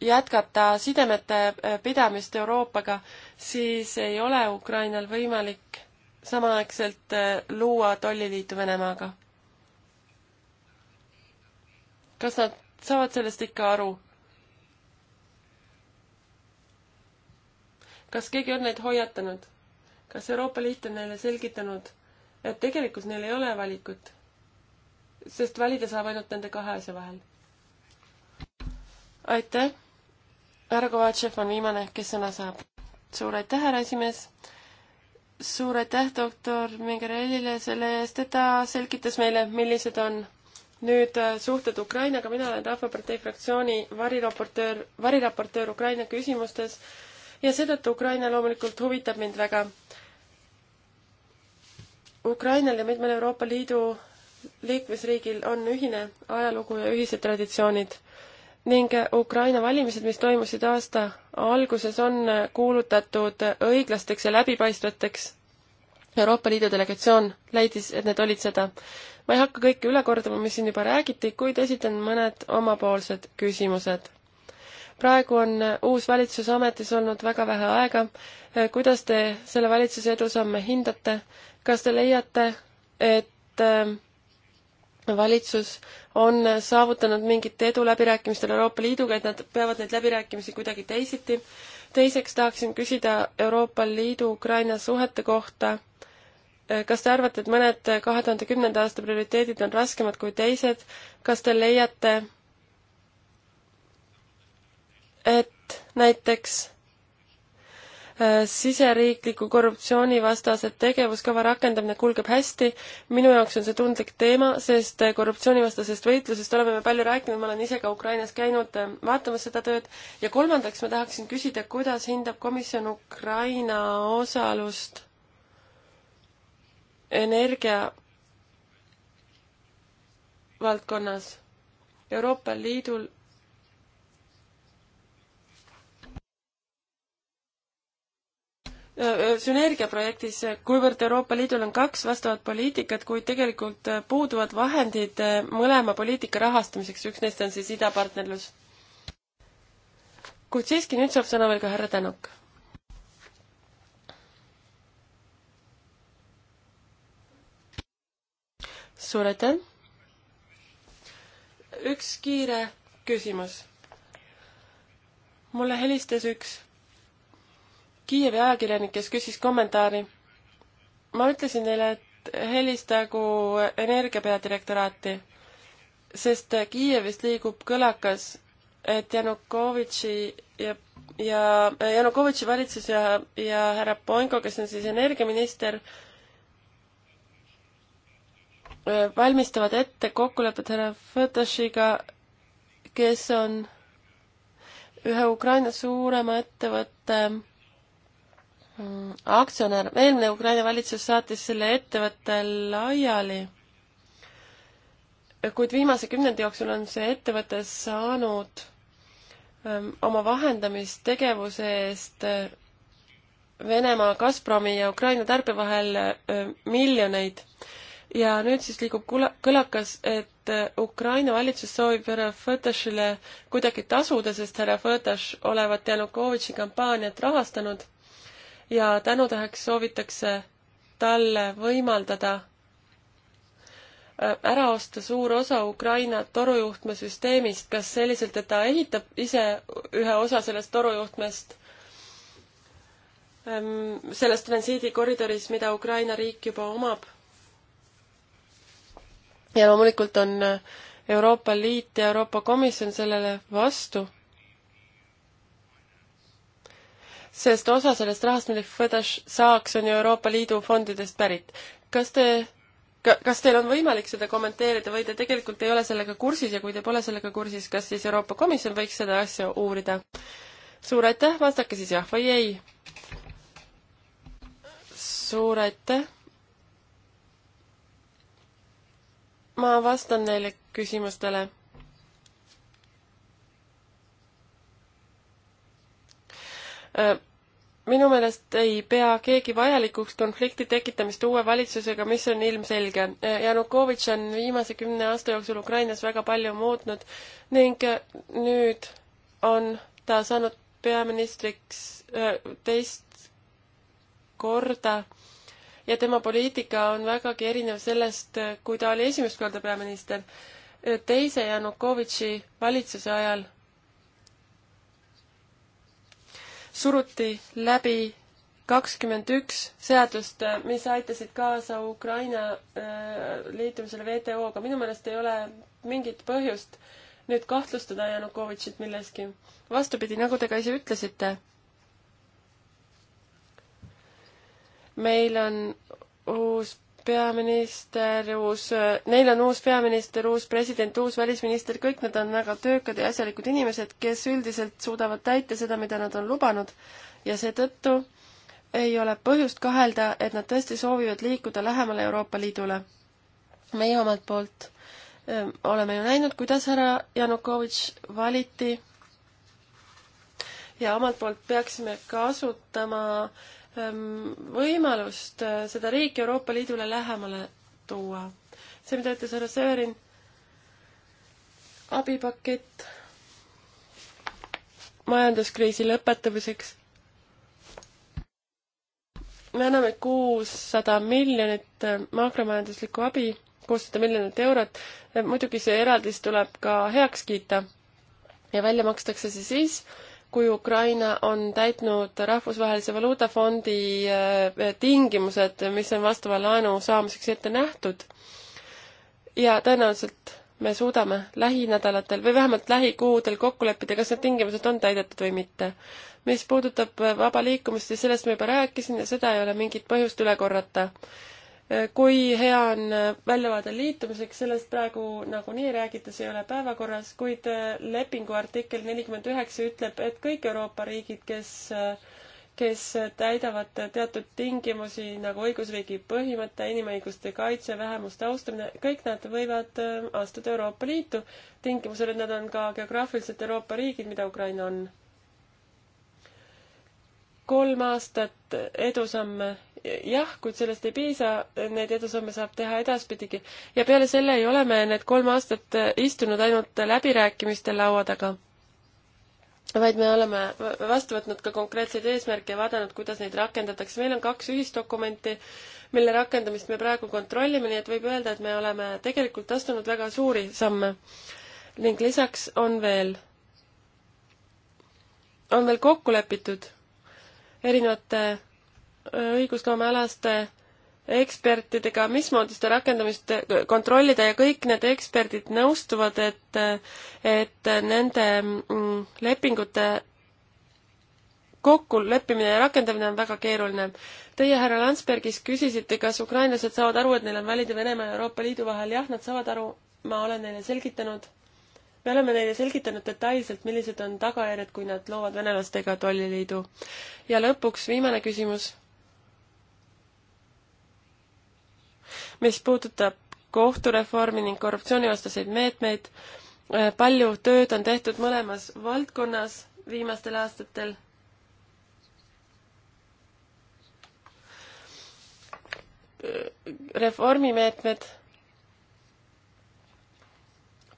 Speaker 4: jätkab ta sidemete äh, pidamist Euroopaga, siis ei ole Ukrainal võimalik samaaegselt äh, luua tolliliitu Venemaaga. kas nad saavad sellest ikka aru? kas keegi on neid hoiatanud? kas Euroopa Liit on neile selgitanud, et tegelikult neil ei ole valikut? sest valida saab ainult nende kahe asja vahel. aitäh! härra Kovatšev on viimane, kes sõna saab. suur aitäh, härra esimees! suur aitäh doktor Mingerellile selle eest, et ta selgitas meile, millised on nüüd äh, suhted Ukrainaga, mina olen Rahvapartei fraktsiooni variraportöör, variraportöör Ukraina küsimustes ja seetõttu Ukraina loomulikult huvitab mind väga. Ukrainal ja mitmel Euroopa Liidu liikmesriigil on ühine ajalugu ja ühised traditsioonid ning Ukraina valimised, mis toimusid aasta alguses, on kuulutatud õiglasteks ja läbipaistvateks. Euroopa Liidu delegatsioon leidis, et need olid seda. ma ei hakka kõike üle kordama, mis siin juba räägiti, kuid esitan mõned omapoolsed küsimused. praegu on uus valitsus ametis olnud väga vähe aega. kuidas te selle valitsuse edusamme hindate? kas te leiate, et äh, valitsus on saavutanud mingit edu läbirääkimistel Euroopa Liiduga, et nad peavad neid läbirääkimisi kuidagi teisiti. teiseks tahaksin küsida Euroopa Liidu-Ukraina suhete kohta. kas te arvate, et mõned kahe tuhande kümnenda aasta prioriteedid on raskemad kui teised? kas te leiate, et näiteks Äh, siseriikliku korruptsioonivastase tegevuskava rakendamine kulgeb hästi. minu jaoks on see tundlik teema, sest äh, korruptsioonivastasest võitlusest oleme me palju rääkinud, ma olen ise ka Ukrainas käinud äh, vaatamas seda tööd. ja kolmandaks ma tahaksin küsida, kuidas hindab komisjon Ukraina osalust energia valdkonnas. Euroopa Liidul sünergiaprojektis, kuivõrd Euroopa Liidul on kaks vastavat poliitikat, kuid tegelikult puuduvad vahendid mõlema poliitika rahastamiseks, üks neist on siis idapartnerlus. kuid siiski nüüd saab sõna veel ka härra Tänok. suur aitäh! üks kiire küsimus. mulle helistas üks Kiievi ajakirjanik, kes küsis kommentaari. ma ütlesin neile, et helistagu Energia peadirektoraati, sest Kiievist liigub kõlakas, et Janukovitši ja, ja Janukovitši valitsus ja, ja härra Poinko, kes on siis energiaminister, valmistavad ette kokkulepet härra Fõtašiga, kes on ühe Ukraina suurema ettevõtte aktsionär. eelmine Ukraina valitsus saatis selle ettevõtte laiali, kuid viimase kümnendi jooksul on see ettevõte saanud ähm, oma vahendamistegevuse eest äh, Venemaa Gazpromi ja Ukraina tarbe vahel äh, miljoneid. ja nüüd siis liigub kula-, kõlakas, et äh, Ukraina valitsus soovib härra Fõtašile kuidagi tasuda, sest härra Fõtaš olevat Janukovitši kampaaniat rahastanud ja tänutäheks soovitakse talle võimaldada äh, ära osta suur osa Ukraina torujuhtmesüsteemist, kas selliselt, et ta ehitab ise ühe osa sellest torujuhtmest, ähm, selles transiidikoridoris, mida Ukraina riik juba omab. ja loomulikult on äh, Euroopa Liit ja Euroopa Komisjon sellele vastu sest osa sellest rahast, milleks FEDASH saaks, on ju Euroopa Liidu fondidest pärit. kas te ka, kas teil on võimalik seda kommenteerida või te tegelikult ei ole sellega kursis ja kui te pole sellega kursis, kas siis Euroopa Komisjon võiks seda asja uurida? suur aitäh, vastake siis jah või ei. suur aitäh. ma vastan neile küsimustele. Uh, minu meelest ei pea keegi vajalikuks konflikti tekitamist uue valitsusega, mis on ilmselge. Janukovitš on viimase kümne aasta jooksul Ukrainas väga palju muutnud ning nüüd on ta saanud peaministriks äh, teist korda ja tema poliitika on vägagi erinev sellest, kui ta oli esimest korda peaminister. teise Janukovitši valitsuse ajal suruti läbi kakskümmend üks seadust, äh, mis aitasid kaasa Ukraina äh, liitumisele WTO-ga. minu meelest ei ole mingit põhjust nüüd kahtlustada Janukovitšit milleski. vastupidi, nagu te ka ise ütlesite, meil on uus peaminister, uus, neil on uus peaminister, uus president, uus välisminister, kõik nad on väga töökad ja asjalikud inimesed, kes üldiselt suudavad täita seda, mida nad on lubanud ja seetõttu ei ole põhjust kahelda, et nad tõesti soovivad liikuda lähemale Euroopa Liidule. meie omalt poolt öö, oleme ju näinud, kuidas härra Janukovitš valiti ja omalt poolt peaksime kasutama ka Ähm, võimalust äh, seda riiki Euroopa Liidule lähemale tuua. see, mida ütles härra Sõõrin, abipakett majanduskriisi lõpetamiseks. me anname kuussada miljonit äh, makromajanduslikku abi, kuussada miljonit eurot, äh, muidugi see eraldis tuleb ka heaks kiita ja välja makstakse see siis, siis, kui Ukraina on täitnud Rahvusvahelise Valuutafondi äh, tingimused, mis on vastava laenu saamiseks ette nähtud. ja tõenäoliselt me suudame lähinädalatel või vähemalt lähikuudel kokku leppida, kas need tingimused on täidetud või mitte. mis puudutab vaba liikumist, siis sellest ma juba rääkisin ja seda ei ole mingit põhjust üle korrata Äh, kui hea on äh, väljavaade liitumiseks, sellest praegu nagunii räägitud, see ei ole päevakorras, kuid äh, lepingu artikkel nelikümmend üheksa ütleb, et kõik Euroopa riigid, kes, kes täidavad teatud tingimusi nagu õigusriigi põhimõte, inimõiguste kaitse, vähemuste austamine, kõik nad võivad astuda Euroopa Liitu, tingimusel, et nad on ka geograafiliselt Euroopa riigid, mida Ukraina on. kolm aastat edusamme jah, kuid sellest ei piisa, neid edusamme saab teha edaspidigi. ja peale selle ei ole me need kolm aastat äh, istunud ainult läbirääkimistel laua taga, vaid me oleme vastu võtnud ka konkreetseid eesmärke ja vaadanud, kuidas neid rakendatakse. meil on kaks ühisdokumenti, mille rakendamist me praegu kontrollime, nii et võib öelda, et me oleme tegelikult astunud väga suuri samme. ning lisaks on veel, on veel kokku lepitud erinevate õigusloomealaste ekspertidega, mismoodi seda rakendamist kontrollida ja kõik need eksperdid nõustuvad, et, et nende mm, lepingute kokkuleppimine ja rakendamine on väga keeruline. Teie, härra Landsbergis, küsisite, kas ukrainlased saavad aru, et neil on valida Venemaa ja Euroopa Liidu vahel. jah, nad saavad aru, ma olen neile selgitanud. me oleme neile selgitanud detailselt, millised on tagajärjed, kui nad loovad venelastega tolliliidu. ja lõpuks viimane küsimus mis puudutab kohtureformi ning korruptsioonivastaseid meetmeid, äh, palju tööd on tehtud mõlemas valdkonnas viimastel aastatel. Äh, reformimeetmed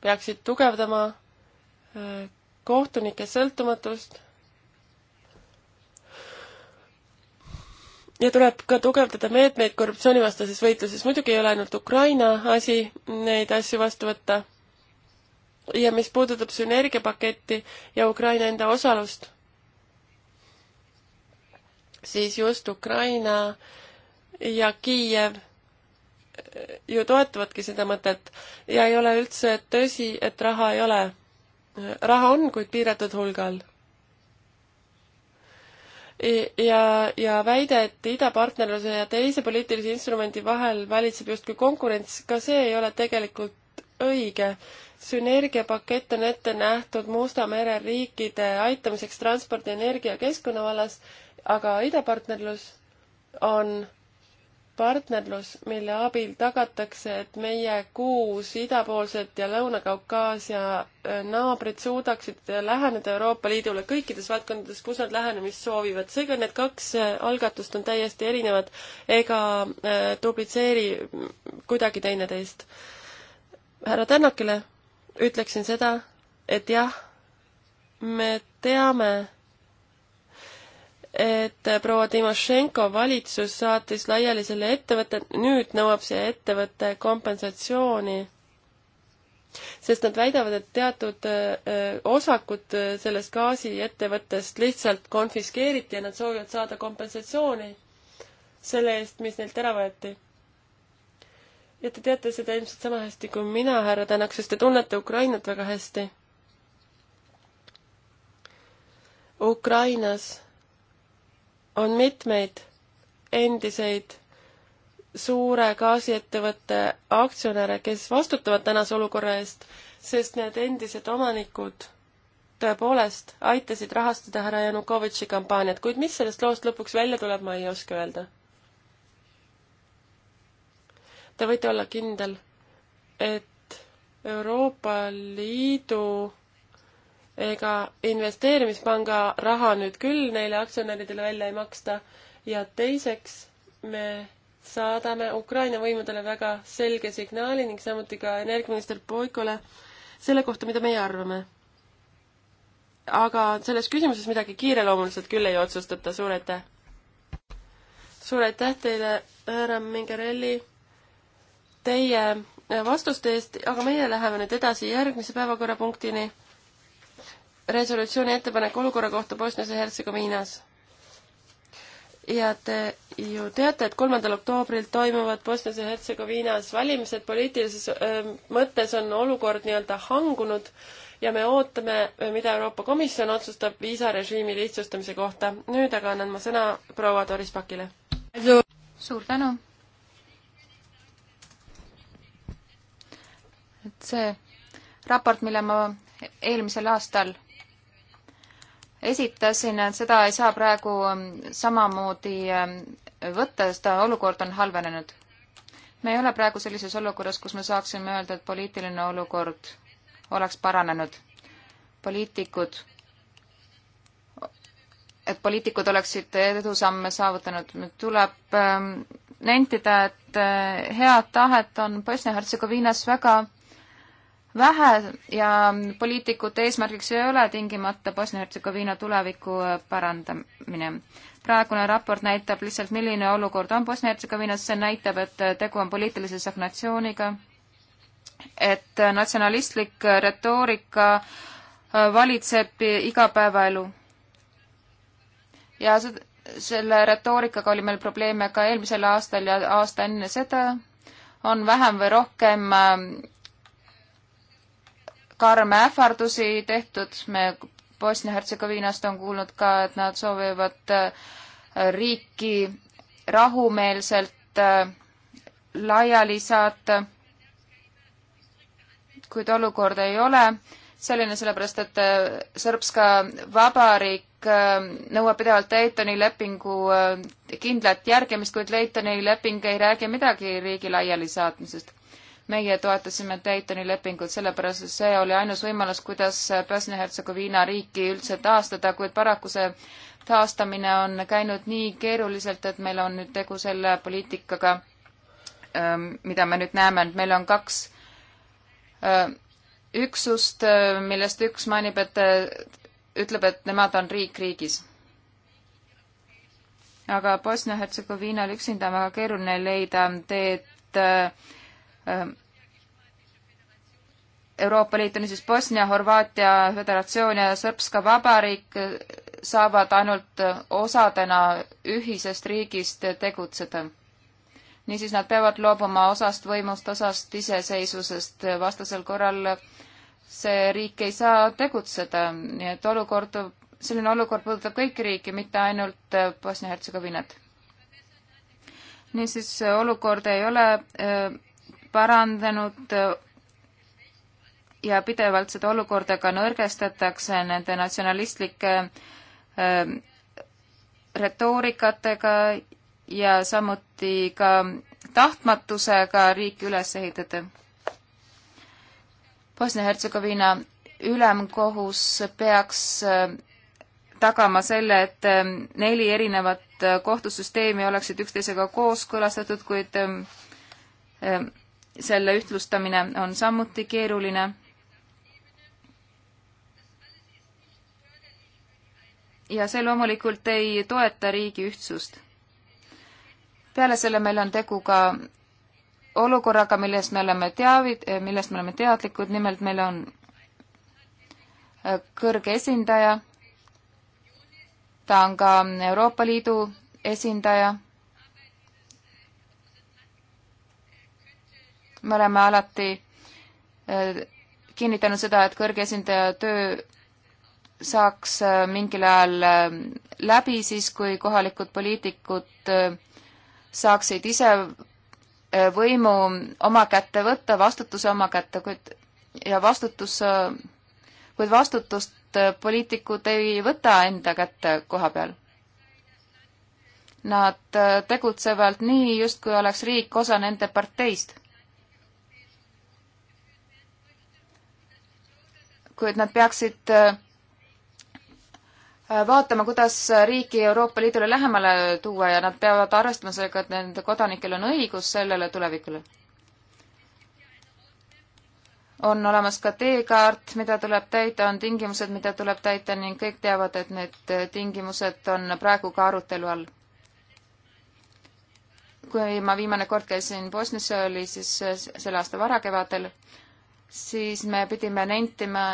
Speaker 4: peaksid tugevdama äh, kohtunike sõltumatust ja tuleb ka tugevdada meetmeid korruptsioonivastases võitluses. muidugi ei ole ainult Ukraina asi neid asju vastu võtta. ja mis puudutab sünergiapaketti ja Ukraina enda osalust, siis just Ukraina ja Kiiev ju toetavadki seda mõtet ja ei ole üldse tõsi, et raha ei ole. raha on, kuid piiratud hulgal ja, ja väide, et idapartnerluse ja teise poliitilise instrumendi vahel valitseb justkui konkurents, ka see ei ole tegelikult õige. sünergiapakett on ette nähtud Musta mere riikide aitamiseks transpordi, energia, keskkonna vallas, aga idapartnerlus on partnerlus, mille abil tagatakse, et meie kuus idapoolset ja Lõuna-Kaukaasia äh, naabrid suudaksid läheneda Euroopa Liidule kõikides valdkondades, kus nad lähenemist soovivad. seega need kaks äh, algatust on täiesti erinevad ega äh, duplitseeri kuidagi teineteist. härra Tännakile ütleksin seda, et jah, me teame, et proua Timošenko valitsus saatis laiali selle ettevõtte, nüüd nõuab see ettevõte kompensatsiooni. sest nad väidavad, et teatud osakud sellest gaasiettevõttest lihtsalt konfiskeeriti ja nad soovivad saada kompensatsiooni selle eest, mis neilt ära võeti. ja te teate seda ilmselt sama hästi kui mina, härra Tänak, sest te tunnete Ukrainat väga hästi. Ukrainas on mitmeid endiseid suure gaasiettevõtte aktsionäre, kes vastutavad tänase olukorra eest, sest need endised omanikud tõepoolest aitasid rahastada härra Janukovitši kampaaniat, kuid mis sellest loost lõpuks välja tuleb, ma ei oska öelda. Te võite olla kindel, et Euroopa Liidu ega investeerimispanga raha nüüd küll neile aktsionäridele välja ei maksta ja teiseks me saadame Ukraina võimudele väga selge signaali ning samuti ka energiaminister Boikole selle kohta, mida meie arvame. aga selles küsimuses midagi kiireloomuliselt küll ei otsustata, suur aitäh! suur aitäh teile, härra Mingarelli, teie vastuste eest, aga meie läheme nüüd edasi järgmise päevakorrapunktini resolutsiooni ettepanek olukorra kohta Bosnias ja Hertsegoviinas. ja te ju teate, et kolmandal oktoobril toimuvad Bosnias ja Hertsegoviinas valimised, poliitilises mõttes on olukord nii-öelda hangunud ja me ootame, mida Euroopa Komisjon otsustab viisarežiimi lihtsustamise kohta. nüüd aga annan ma sõna proua Doris Pakile.
Speaker 2: suur tänu. et see raport, mille ma eelmisel aastal esitasin, et seda ei saa praegu ähm, samamoodi ähm, võtta, sest olukord on halvenenud. me ei ole praegu sellises olukorras, kus me saaksime öelda, et poliitiline olukord oleks paranenud. poliitikud, et poliitikud oleksid edusamme saavutanud, nüüd tuleb ähm, nentida, et äh, head tahet on Bosnia-Hertsegoviinas väga vähe ja poliitikute eesmärgiks ei ole tingimata Bosnia-Hertsegoviina tuleviku parandamine. praegune raport näitab lihtsalt, milline olukord on Bosnia-Hertsegoviinas, see näitab, et tegu on poliitilise stagnatsiooniga, et natsionalistlik retoorika valitseb igapäevaelu. ja seda, selle retoorikaga oli meil probleeme ka eelmisel aastal ja aasta enne seda, on vähem või rohkem karme ähvardusi tehtud, me Bosnia-Hertsegoviinast on kuulnud ka, et nad soovivad äh, riiki rahumeelselt äh, laiali saata, kuid olukorda ei ole selline, sellepärast et äh, Sõrbska vabariik nõuab pidevalt Daytoni lepingu kindlat järgimist, kuid Daytoni leping ei räägi midagi riigi laialisaatmisest meie toetasime Daytoni lepingut, sellepärast et see oli ainus võimalus, kuidas Bosnia-Hertsegoviina riiki üldse taastada, kuid paraku see taastamine on käinud nii keeruliselt, et meil on nüüd tegu selle poliitikaga, ähm, mida me nüüd näeme, et meil on kaks äh, üksust, äh, millest üks mainib, et äh, ütleb, et nemad on riik riigis. aga Bosnia-Hertsegoviinal üksinda on väga keeruline leida teed Ähm, Euroopa Liit on siis Bosnia, Horvaatia Föderatsioon ja Sõrpska Vabariik äh, saavad ainult äh, osadena ühisest riigist äh, tegutseda. niisiis nad peavad loobuma osast võimust, osast iseseisvusest, vastasel korral see riik ei saa tegutseda, nii et olukord, selline olukord puudutab kõiki riike, mitte ainult Bosnia-Hertsegoviinat. niisiis olukord ei ole öö, parandanud äh, ja pidevalt seda olukorda ka nõrgestatakse nende natsionalistlike äh, retoorikatega ja samuti ka tahtmatusega riiki üles ehitada. Bosnia-Hertsegoviina ülemkohus peaks äh, tagama selle, et neli erinevat kohtusüsteemi oleksid üksteisega kooskõlastatud, kuid selle ühtlustamine on samuti keeruline. ja see loomulikult ei toeta riigi ühtsust. peale selle meil on tegu ka olukorraga, millest me oleme teavid-, millest me oleme teadlikud, nimelt meil on äh, kõrge esindaja, ta on ka Euroopa Liidu esindaja me oleme alati äh, kinnitanud seda, et kõrge esindaja töö saaks äh, mingil ajal äh, läbi siis, kui kohalikud poliitikud saaksid ise võimu oma kätte võtta, vastutuse oma kätte, kuid ja vastutus, kuid vastutust poliitikud ei võta enda kätte koha peal. Nad tegutsevad nii, justkui oleks riik osa nende parteist kuid nad peaksid äh, äh, vaatama, kuidas riiki Euroopa Liidule lähemale tuua ja nad peavad arvestama sellega, et nende kodanikel on õigus sellele tulevikule. on olemas ka teekaart, mida tuleb täita, on tingimused, mida tuleb täita ning kõik teavad, et need tingimused on praegu ka arutelu all kui ma viimane kord käisin Bosnias, see oli siis äh, selle aasta varakevadel siis me pidime nentima,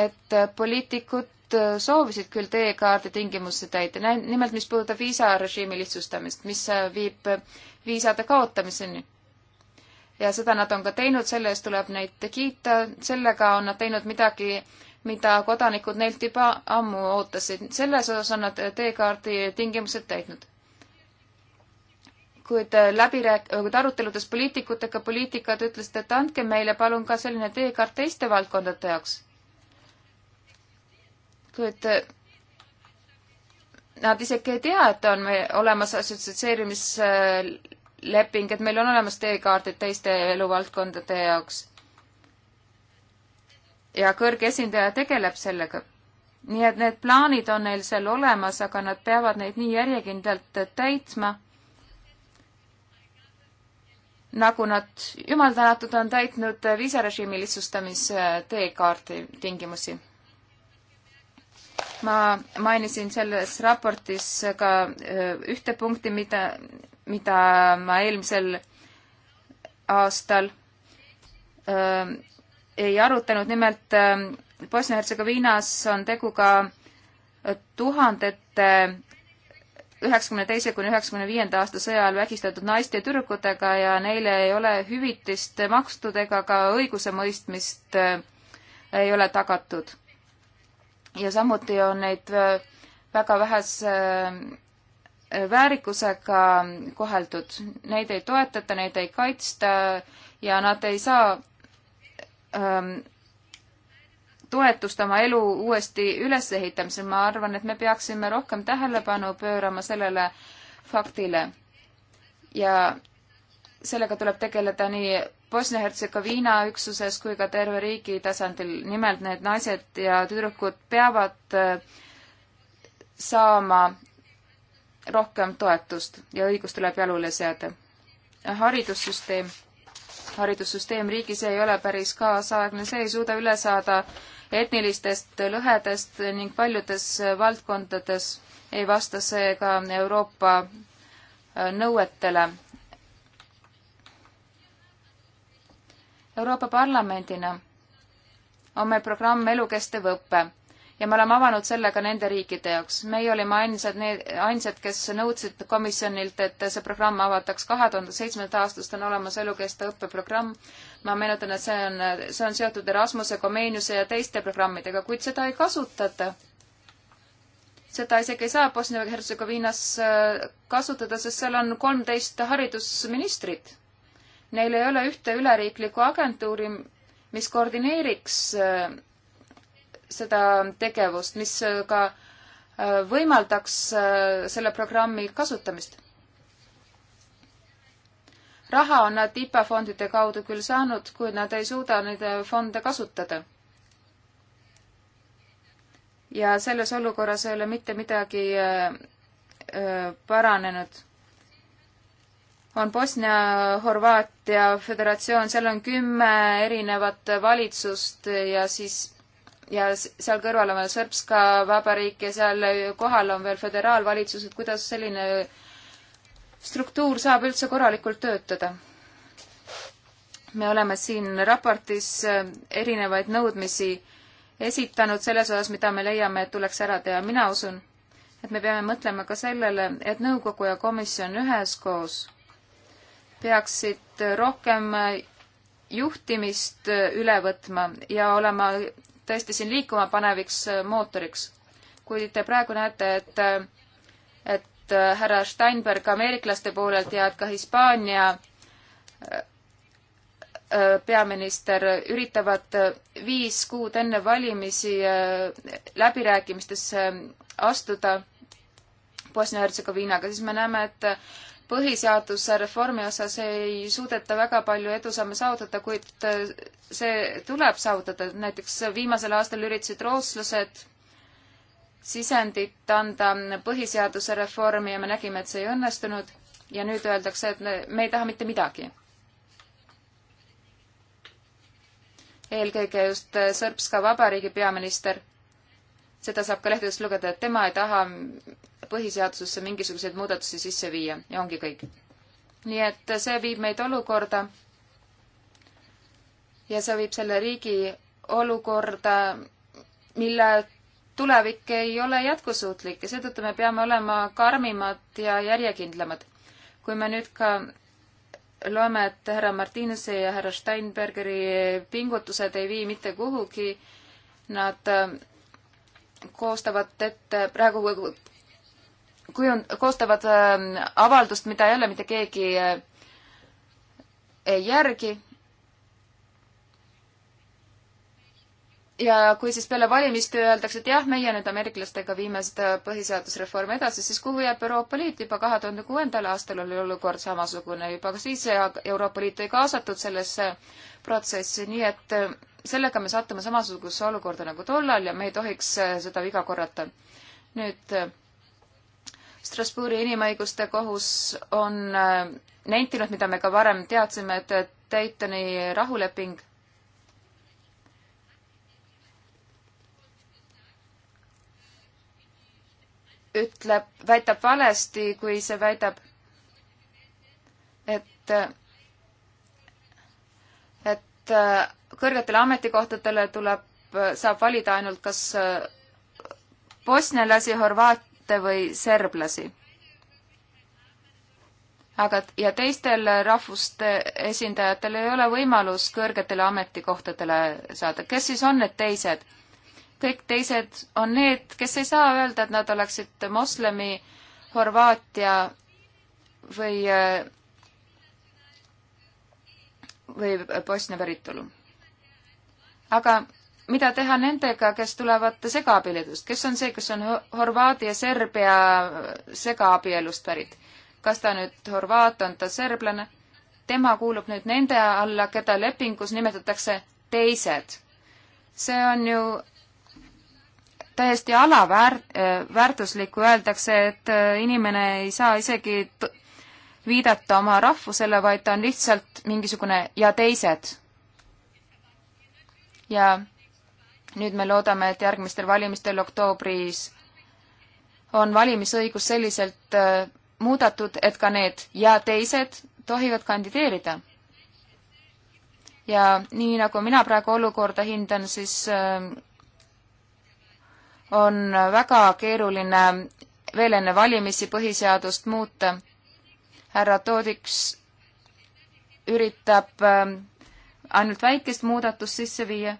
Speaker 2: et poliitikud soovisid küll teekaardi tingimusi täita, nimelt mis puudutab viisarežiimi lihtsustamist, mis viib viisade kaotamiseni. ja seda nad on ka teinud, selle eest tuleb neid kiita, sellega on nad teinud midagi, mida kodanikud neilt juba ammu ootasid. selles osas on nad teekaardi tingimused täitnud kuid läbirääk-, äh, kuid aruteludes poliitikutega poliitikad ütlesid, et andke meile palun ka selline teekaart teiste valdkondade jaoks. kuid äh, nad isegi ei tea, et on olemas assotsieerimisleping, et meil on olemas teekaardid teiste eluvaldkondade jaoks. ja kõrge esindaja tegeleb sellega nii et need plaanid on neil seal olemas, aga nad peavad neid nii järjekindlalt täitma nagu nad jumal tänatud on täitnud viisarežiimi lihtsustamise teekaarti tingimusi. ma mainisin selles raportis ka äh, ühte punkti, mida, mida ma eelmisel aastal äh, ei arutanud, nimelt äh, Bosnia-Hertsegoviinas on tegu ka tuhandete üheksakümne teise kuni üheksakümne viienda aasta sõja ajal vägistatud naiste ja tüdrukutega ja neile ei ole hüvitist makstud ega ka õigusemõistmist äh, ei ole tagatud. ja samuti on neid äh, väga vähese äh, väärikusega koheldud, neid ei toetata, neid ei kaitsta ja nad ei saa ähm, toetust oma elu uuesti ülesehitamisel, ma arvan, et me peaksime rohkem tähelepanu pöörama sellele faktile. ja sellega tuleb tegeleda nii Bosnia-Hertsegoviina üksuses kui ka terve riigi tasandil. nimelt need naised ja tüdrukud peavad äh, saama rohkem toetust ja õigus tuleb jalule seada. haridussüsteem haridussüsteem riigis ei ole päris kaasaegne, see ei suuda üle saada etnilistest lõhedest ning paljudes valdkondades ei vasta see ka Euroopa äh, nõuetele. Euroopa Parlamendina on meil programm Elukestev õpe ja me oleme avanud selle ka nende riikide jaoks. meie olime ainsad, ainsad, kes nõudsid komisjonilt, et see programm avataks kahe tuhande seitsmenda aastast on olemas elukestev õppeprogramm ma meenutan, et see on, see on seotud Erasmuse, Komeeniuse ja teiste programmidega, kuid seda ei kasutata. seda isegi ei saa Bosnia-Hertsegoviinas äh, kasutada, sest seal on kolmteist haridusministrit. Neil ei ole ühte üleriiklikku agentuuri, mis koordineeriks äh, seda tegevust, mis ka äh, võimaldaks selle programmi kasutamist raha on nad IPA fondide kaudu küll saanud, kuid nad ei suuda neid äh, fonde kasutada. ja selles olukorras ei ole mitte midagi äh, äh, paranenud on Bosnia-Horvaatia Föderatsioon, seal on kümme erinevat valitsust ja siis ja seal kõrval on veel Sõrpska vabariik ja seal kohal on veel föderaalvalitsus, et kuidas selline struktuur saab üldse korralikult töötada. me oleme siin raportis äh, erinevaid nõudmisi esitanud selles osas, mida me leiame, et tuleks ära teha. mina usun, et me peame mõtlema ka sellele, et nõukogu ja komisjon üheskoos peaksid rohkem juhtimist äh, üle võtma ja olema tõesti siin liikuma paneviks äh, mootoriks. kuid te praegu näete, et poolt, äh, härra Steinberg ameeriklaste poolelt ja et ka Hispaania äh, äh, peaminister üritavad viis kuud enne valimisi läbirääkimistesse astuda Bosnia-Hertsegoviinaga, siis me näeme, et põhiseaduse reformi osas ei suudeta väga palju edusamme saavutada, kuid see tuleb saavutada, näiteks viimasel aastal üritasid rootslased sisendit anda põhiseaduse reformi ja me nägime, et see ei õnnestunud ja nüüd öeldakse, et me ei taha mitte midagi. eelkõige just Sõrbska vabariigi peaminister, seda saab ka lehtedest lugeda, et tema ei taha põhiseadusesse mingisuguseid muudatusi sisse viia ja ongi kõik. nii et see viib meid olukorda ja see viib selle riigi olukorda, mille tulevik ei ole jätkusuutlik ja seetõttu me peame olema karmimad ja järjekindlamad. kui me nüüd ka loeme, et härra Martinuse ja härra Steinbergeri pingutused ei vii mitte kuhugi, nad äh, koostavad ette praegu, kui on, koostavad äh, avaldust, mida ei ole mitte keegi äh, ei järgi ja kui siis peale valimist öeldakse, et jah, meie nüüd ameeriklastega viime seda põhiseadusreformi edasi, siis kuhu jääb Euroopa Liit? juba kahe tuhande kuuendal aastal oli olukord samasugune, juba ka siis Euroopa Liit ei kaasatud sellesse protsessi, nii et äh, sellega me sattume samasugusesse olukorda nagu tollal ja me ei tohiks äh, seda viga korrata. nüüd äh, Strasbourgi inimõiguste kohus on nentinud, mida me ka varem teadsime, et Daytoni rahuleping ütleb, väidab valesti, kui see väidab, et, et äh, kõrgetele ametikohtadele tuleb, äh, saab valida ainult kas äh, bosnialasi, horvaate või serblasi aga, ja teistel rahvuste esindajatel ei ole võimalus kõrgetele ametikohtadele saada. kes siis on need teised? kõik teised on need, kes ei saa öelda, et nad oleksid moslemi, Horvaatia või, või Bosnia päritolu. aga mida teha nendega, kes tulevad segaabieludest, kes on see, kes on Horvaadi ja Serbia segaabielust pärit? kas ta nüüd horvaat, on ta serblane? tema kuulub nüüd nende alla, keda lepingus nimetatakse teised. see on ju täiesti alaväärtuslik, kui öeldakse, et äh, inimene ei saa isegi viidata oma rahvusele, vaid ta on lihtsalt mingisugune ja teised. ja nüüd me loodame, et järgmistel valimistel oktoobris on valimisõigus selliselt äh, muudatud, et ka need ja teised tohivad kandideerida. ja nii, nagu mina praegu olukorda hindan, siis äh, on väga keeruline veel enne valimisi põhiseadust muuta. härra Toodiks üritab ähm, ainult väikest muudatust sisse viia.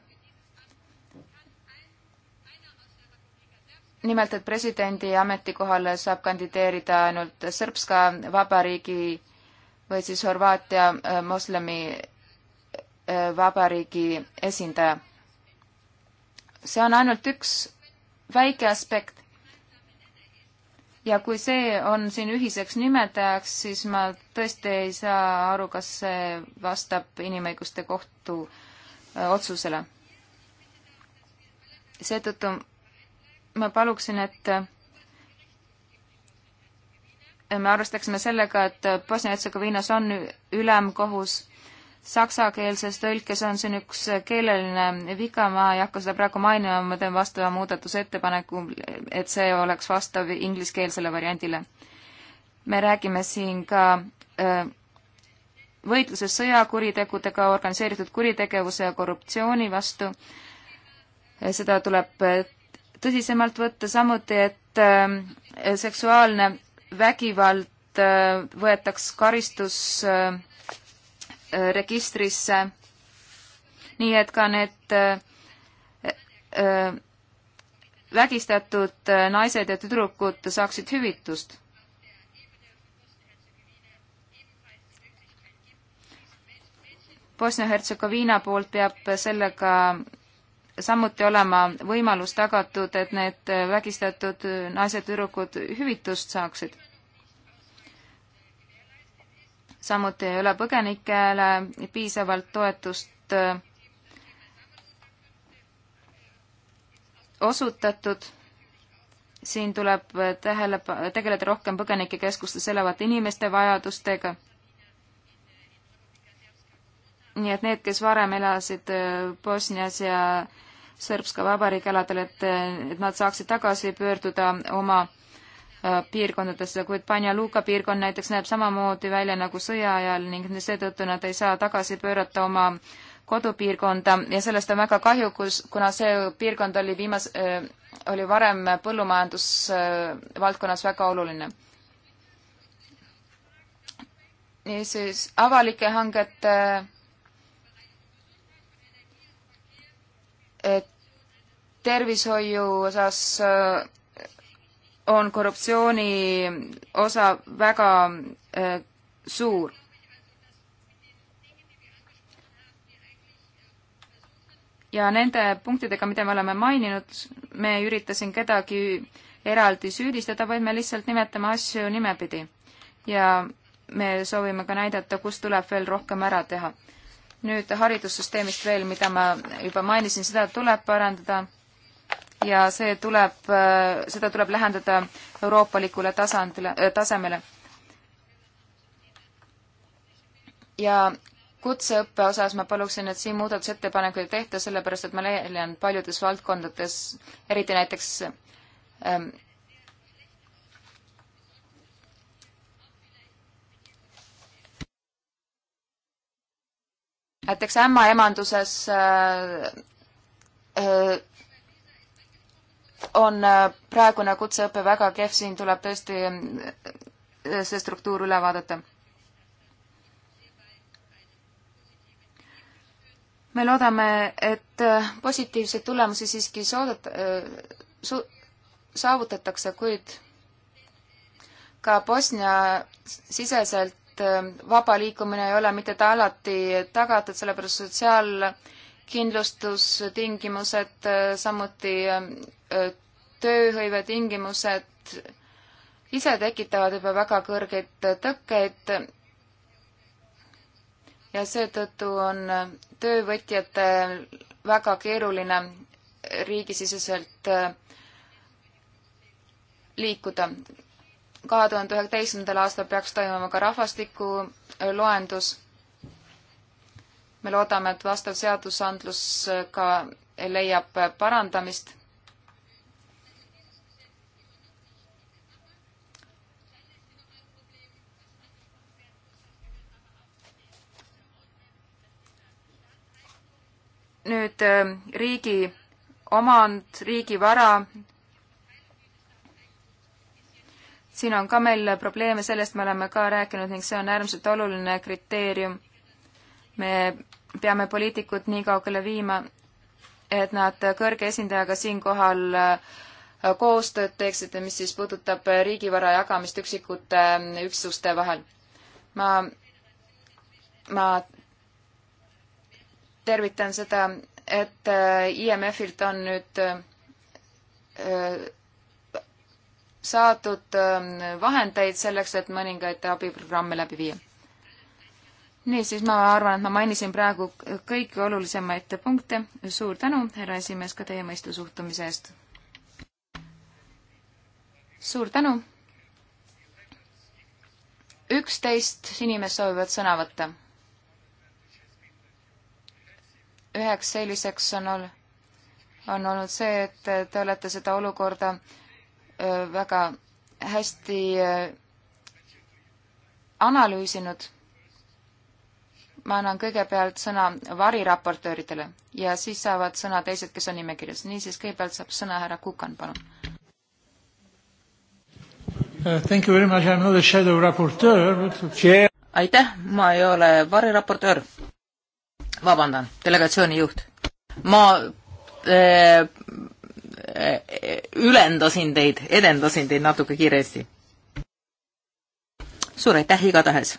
Speaker 2: nimelt, et presidendi ametikohale saab kandideerida ainult Sõrbska vabariigi või siis Horvaatia äh, moslemi äh, vabariigi esindaja. see on ainult üks väike aspekt. ja kui see on siin ühiseks nimetajaks, siis ma tõesti ei saa aru, kas see vastab Inimõiguste Kohtu äh, otsusele. seetõttu ma paluksin, et äh, me arvestaksime sellega, et Bosnia-Hertsegoviinas on ülemkohus saksakeelses tõlkes on siin üks keeleline viga, ma ei hakka seda praegu mainima, ma teen vastava muudatusettepaneku, et see oleks vastav ingliskeelsele variandile. me räägime siin ka äh, võitluses sõjakuritegudega, organiseeritud kuritegevuse ja korruptsiooni vastu, seda tuleb äh, tõsisemalt võtta, samuti et äh, seksuaalne vägivald võetaks karistus äh, Äh, registrisse, nii et ka need äh, äh, vägistatud naised ja tüdrukud saaksid hüvitust. Bosnia-Hertsegoviina poolt peab sellega samuti olema võimalus tagatud, et need vägistatud naised-tüdrukud hüvitust saaksid samuti ei ole põgenikele piisavalt toetust äh, osutatud. siin tuleb tähele, tegeleda rohkem põgenikekeskustes elavate inimeste vajadustega. nii et need, kes varem elasid äh, Bosnias ja Sõrbska vabariigi aladel, et, äh, et nad saaksid tagasi pöörduda oma Äh, piirkondades, kuid Banja-Luka piirkond näiteks näeb samamoodi välja nagu sõja ajal ning seetõttu nad ei saa tagasi pöörata oma kodupiirkonda ja sellest on väga kahju, kus, kuna see piirkond oli viimas- äh,, oli varem põllumajandusvaldkonnas äh, väga oluline. niisiis, avalike hangete äh, tervishoiu osas äh, on korruptsiooni osa väga äh, suur. ja nende punktidega, mida me oleme maininud, me ei ürita siin kedagi eraldi süüdistada, vaid me lihtsalt nimetame asju nimepidi. ja me soovime ka näidata, kus tuleb veel rohkem ära teha. nüüd haridussüsteemist veel, mida ma juba mainisin, seda tuleb parandada ja see tuleb, seda tuleb lähendada euroopalikule tasandile, äh, tasemele. ja kutseõppe osas ma paluksin, et siin muudatusettepanekuid ei tehta, sellepärast et ma leian paljudes valdkondades, eriti näiteks ähm, näiteks ämmaemanduses äh, äh, on äh, praegune kutseõpe väga kehv, siin tuleb tõesti äh, see struktuur üle vaadata. me loodame, et äh, positiivseid tulemusi siiski soodata, su-, saavutatakse, kuid ka Bosnia-siseselt vaba liikumine ei ole mitte ta alati tagatud, sellepärast sotsiaalkindlustustingimused, samuti tööhõivetingimused ise tekitavad juba väga kõrgeid tõkkeid ja seetõttu on töövõtjatel väga keeruline riigisiseselt liikuda. kahe tuhande üheksateistkümnendal aastal peaks toimuma ka rahvastikuloendus. me loodame, et vastav seadusandlus ka leiab parandamist nüüd äh, riigi omand, riigi vara, siin on ka meil probleeme, sellest me oleme ka rääkinud ning see on äärmiselt oluline kriteerium. me peame poliitikud nii kaugele viima, et nad kõrge esindajaga siinkohal äh, koostööd teeksid, mis siis puudutab riigivara jagamist üksikute äh, üksuste vahel. ma, ma tervitan seda, et äh, IMF-ilt on nüüd äh, saadud ähm, vahendeid selleks, et mõningaid abiprogramme läbi viia. nii, siis ma arvan, et ma mainisin praegu kõiki olulisemaid punkte. suur tänu, härra esimees, ka teie mõistu suhtumise eest. suur tänu. üksteist inimest soovivad sõna võtta üheks selliseks on ol-, on olnud see, et te olete seda olukorda väga hästi analüüsinud. ma annan kõigepealt sõna variraportööridele ja siis saavad sõna teised, kes on nimekirjas. niisiis, kõigepealt saab sõna härra Kukan, palun.
Speaker 1: Uh, thank you very much, I am not a shadow raportöör but....
Speaker 3: aitäh, ma ei ole variraportöör vabandan, delegatsiooni juht. ma äh, ülendasin teid, edendasin teid natuke kiiresti. suur aitäh igatahes.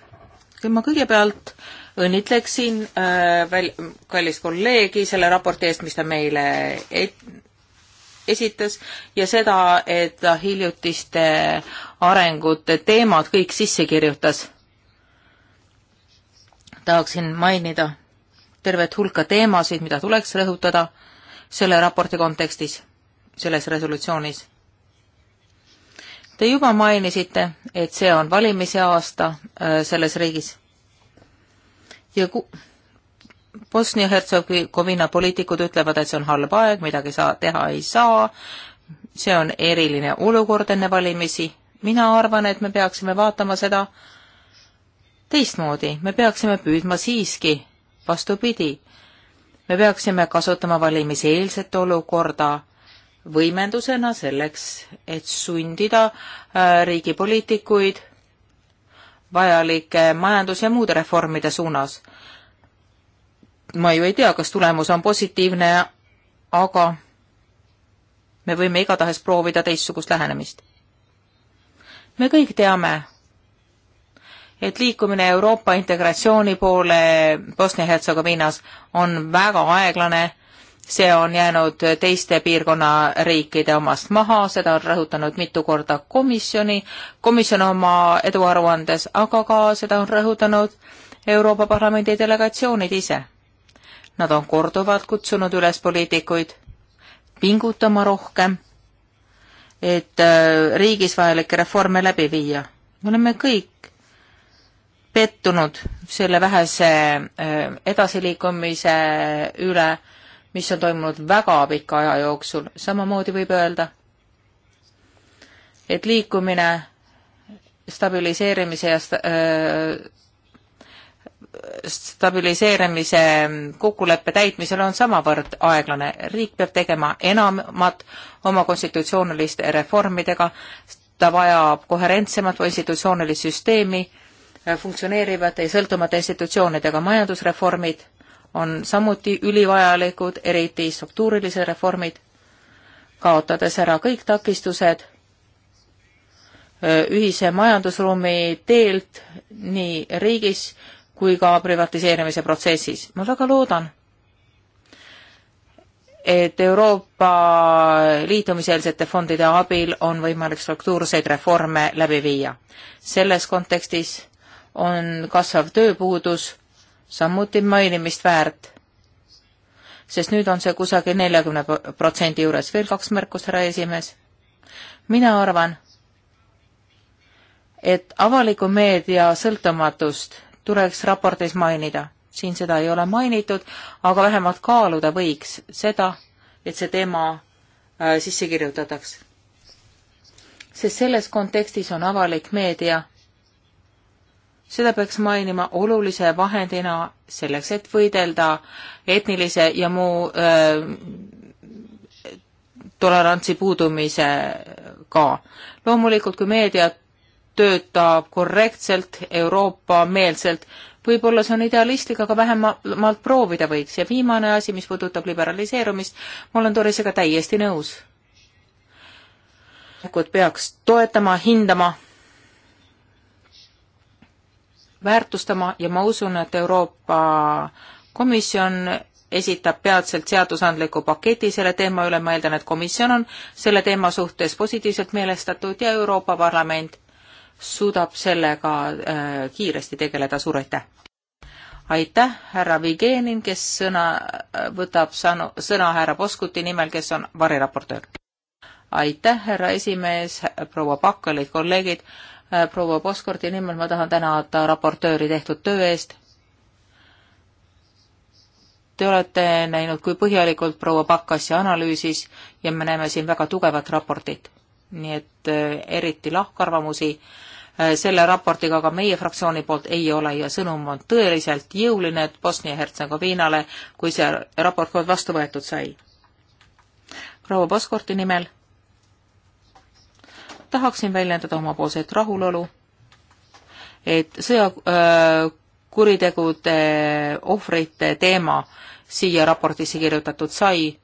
Speaker 3: ma kõigepealt õnnitleksin äh, väl-, kallist kolleegi selle raporti eest, mis ta meile et-, esitas ja seda, et ta hiljutiste arengute teemad kõik sisse kirjutas. tahaksin mainida tervet hulka teemasid, mida tuleks rõhutada selle raporti kontekstis, selles resolutsioonis. Te juba mainisite, et see on valimise aasta äh, selles riigis ja ku-, Bosnia-Hertsegovina poliitikud ütlevad, et see on halb aeg, midagi saa-, teha ei saa, see on eriline olukord enne valimisi, mina arvan, et me peaksime vaatama seda teistmoodi, me peaksime püüdma siiski vastupidi, me peaksime kasutama valimiseelset olukorda võimendusena selleks, et sundida äh, riigi poliitikuid vajalike majandus- ja muude reformide suunas. ma ju ei tea, kas tulemus on positiivne, aga me võime igatahes proovida teistsugust lähenemist. me kõik teame, et liikumine Euroopa integratsiooni poole Bosnia-Hertsegoviinas on väga aeglane, see on jäänud teiste piirkonna riikide omast maha, seda on rõhutanud mitu korda komisjoni, komisjon oma eduaruandes, aga ka seda on rõhutanud Euroopa Parlamendi delegatsioonid ise. Nad on korduvalt kutsunud üles poliitikuid pingutama rohkem, et äh, riigis vajalikke reforme läbi viia. me oleme kõik pettunud selle vähese äh, edasiliikumise üle, mis on toimunud väga pika aja jooksul. samamoodi võib öelda, et liikumine stabiliseerimise ja sta, äh, stabiliseerimise kokkuleppe täitmisel on samavõrd aeglane. riik peab tegema enamat oma konstitutsiooniliste reformidega, ta vajab koherentsemat institutsioonilist süsteemi äh,, Äh, funktsioneerivate ja sõltumata institutsioonidega. majandusreformid on samuti ülivajalikud, eriti struktuurilised reformid, kaotades ära kõik takistused äh, ühise majandusruumi teelt nii riigis kui ka privatiseerimise protsessis. ma väga loodan, et Euroopa liitumiseelsete fondide abil on võimalik struktuurseid reforme läbi viia. selles kontekstis on kasvav tööpuudus samuti mainimist väärt, sest nüüd on see kusagil neljakümne protsendi juures. veel kaks märkust, härra esimees. mina arvan, et avaliku meedia sõltumatust tuleks raportis mainida. siin seda ei ole mainitud, aga vähemalt kaaluda võiks seda, et see teema äh, sisse kirjutataks. sest selles kontekstis on avalik meedia seda peaks mainima olulise vahendina selleks, et võidelda etnilise ja muu öö, äh, tolerantsi puudumisega. loomulikult, kui meedia töötab korrektselt, Euroopa-meelselt, võib-olla see on idealistlik, aga vähemalt proovida võiks ja viimane asi, mis puudutab liberaliseerumist, ma olen Dorisega täiesti nõus. peaks toetama, hindama väärtustama ja ma usun, et Euroopa Komisjon esitab peatselt seadusandliku paketi selle teema üle, ma eeldan, et komisjon on selle teema suhtes positiivselt meelestatud ja Euroopa Parlament suudab sellega äh, kiiresti tegeleda, suur aitäh! aitäh, härra Vigenin, kes sõna äh, võtab sõnu, sõna härra Poskuti nimel, kes on variraportöör. aitäh, härra esimees, proua Pakk, olid kolleegid, Äh, proua Poskordi nimel ma tahan tänada raportööri tehtud töö eest. Te olete näinud, kui põhjalikult proua Pakk asja analüüsis ja me näeme siin väga tugevat raportit. nii et äh, eriti lahkarvamusi äh, selle raportiga ka meie fraktsiooni poolt ei ole ja sõnum on tõeliselt jõuline Bosnia-Hertsegoviinale, kui see raport kord vastu võetud sai. proua Poskordi nimel tahaksin väljendada omapoolset rahulolu, et sõjakuritegude äh, ohvrite teema siia raportisse kirjutatud sai,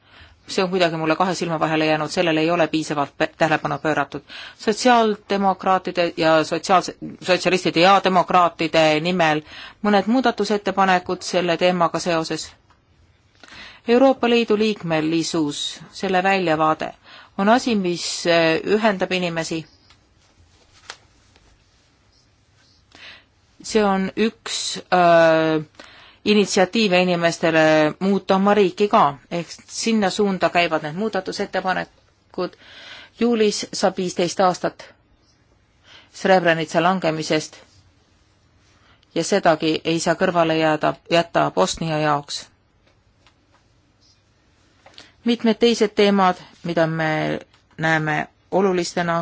Speaker 3: see on kuidagi mulle kahe silma vahele jäänud, sellele ei ole piisavalt tähelepanu pööratud. sotsiaaldemokraatide ja sotsiaalse, sotsialistide ja demokraatide nimel mõned muudatusettepanekud selle teemaga seoses Euroopa Liidu liikmelisus, selle väljavaade on asi, mis äh, ühendab inimesi. see on üks öö, äh, initsiatiive inimestele muuta oma riiki ka, ehk sinna suunda käivad need muudatusettepanekud. juulis saab viisteist aastat Srebrenica langemisest ja sedagi ei saa kõrvale jääda, jätta Bosnia jaoks mitmed teised teemad, mida me näeme olulistena,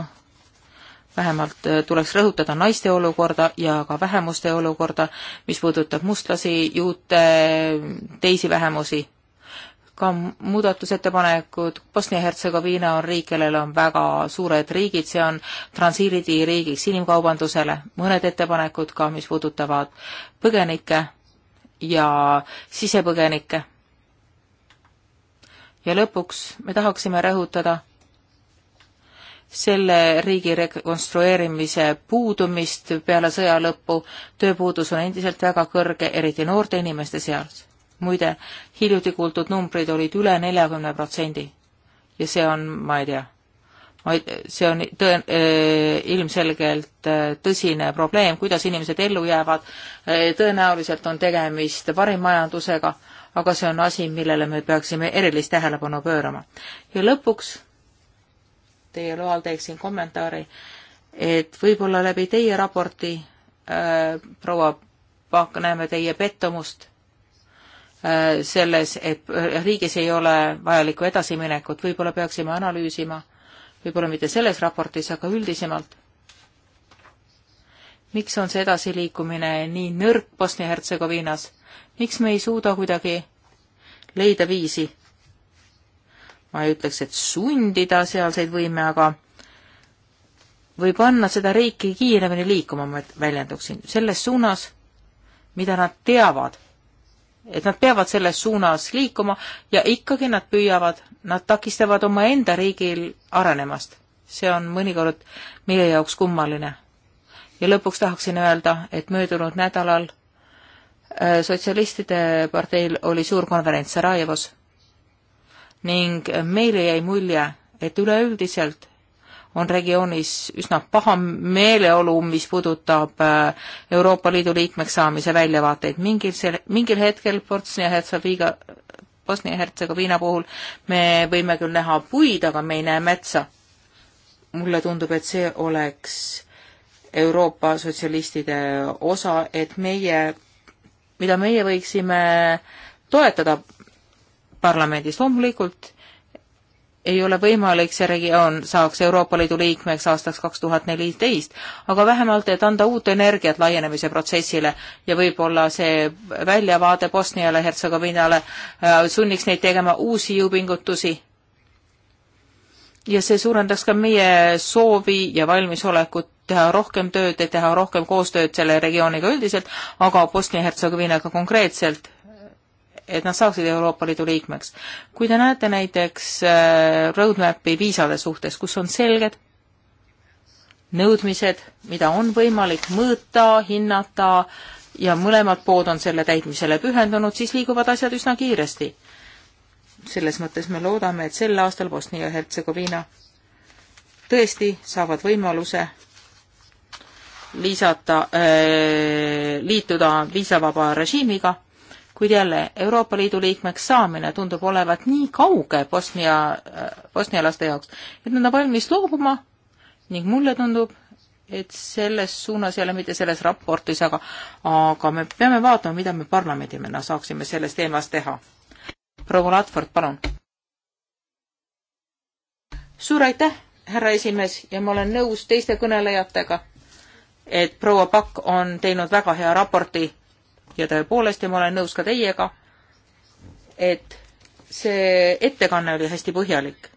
Speaker 3: vähemalt äh, tuleks rõhutada naiste olukorda ja ka vähemuste olukorda, mis puudutab mustlasi, juute, teisi vähemusi. ka muudatusettepanekud, Bosnia-Hertsegoviina on riik, kellel on väga suured riigid, see on transiidiriigiks inimkaubandusele, mõned ettepanekud ka, mis puudutavad põgenikke ja sisepõgenikke ja lõpuks me tahaksime rõhutada selle riigi rekonstrueerimise puudumist peale sõja lõppu. tööpuudus on endiselt väga kõrge, eriti noorte inimeste seas. muide, hiljuti kuuldud numbrid olid üle neljakümne protsendi ja see on, ma ei tea, ma ei, see on tõen-, äh, ilmselgelt äh, tõsine probleem, kuidas inimesed ellu jäävad, äh, tõenäoliselt on tegemist varimajandusega aga see on asi, millele me peaksime erilist tähelepanu pöörama. ja lõpuks teie loal teeksin kommentaari, et võib-olla läbi teie raporti äh,, proua Pakk, näeme teie pettumust äh, selles, et äh, riigis ei ole vajalikku edasiminekut, võib-olla peaksime analüüsima, võib-olla mitte selles raportis, aga üldisemalt miks on see edasiliikumine nii nõrk Bosnia-Hertsegoviinas miks me ei suuda kuidagi leida viisi? ma ei ütleks, et sundida sealseid võime, aga või panna seda riiki kiiremini liikuma, ma väljenduksin, selles suunas, mida nad teavad. et nad peavad selles suunas liikuma ja ikkagi nad püüavad, nad takistavad omaenda riigil arenemast. see on mõnikord meie jaoks kummaline. ja lõpuks tahaksin öelda, et möödunud nädalal Äh, sotsialistide parteil oli suur konverents Sarajevos ning äh, meile jäi mulje, et üleüldiselt on regioonis üsna paha meeleolu, mis puudutab äh, Euroopa Liidu liikmeks saamise väljavaateid. mingil sel-, mingil hetkel Bosnia-Hertsegoviina, Bosnia-Hertsegoviina puhul me võime küll näha puid, aga me ei näe metsa. mulle tundub, et see oleks Euroopa sotsialistide osa, et meie mida meie võiksime toetada parlamendis. loomulikult ei ole võimalik, see regioon saaks Euroopa Liidu liikmeks aastaks kaks tuhat neliteist, aga vähemalt, et anda uut energiat laienemise protsessile ja võib-olla see väljavaade Bosniale, Hertsegoviinale äh, sunniks neid tegema uusi jõupingutusi ja see suurendaks ka meie soovi ja valmisolekut teha rohkem tööd ja teha rohkem koostööd selle regiooniga üldiselt, aga Bosnia-Hertsegoviinaga konkreetselt, et nad saaksid Euroopa Liidu liikmeks. kui te näete näiteks äh, roadmap'i viisade suhtes, kus on selged nõudmised, mida on võimalik mõõta, hinnata ja mõlemad pood on selle täitmisele pühendunud, siis liiguvad asjad üsna kiiresti selles mõttes me loodame, et sel aastal Bosnia ja Hertsegoviina tõesti saavad võimaluse lisata, äh, liituda viisavaba režiimiga, kuid jälle Euroopa Liidu liikmeks saamine tundub olevat nii kauge Bosnia, äh, bosnialaste jaoks, et nad on valmis loobuma ning mulle tundub, et selles suunas ei ole mitte selles raportis, aga, aga me peame vaatama, mida me parlamendina saaksime selles teemas teha proua Latford, palun. suur aitäh, härra esimees ja ma olen nõus teiste kõnelejatega, et proua Pakk on teinud väga hea raporti ja tõepoolest ja ma olen nõus ka teiega, et see ettekanne oli hästi põhjalik.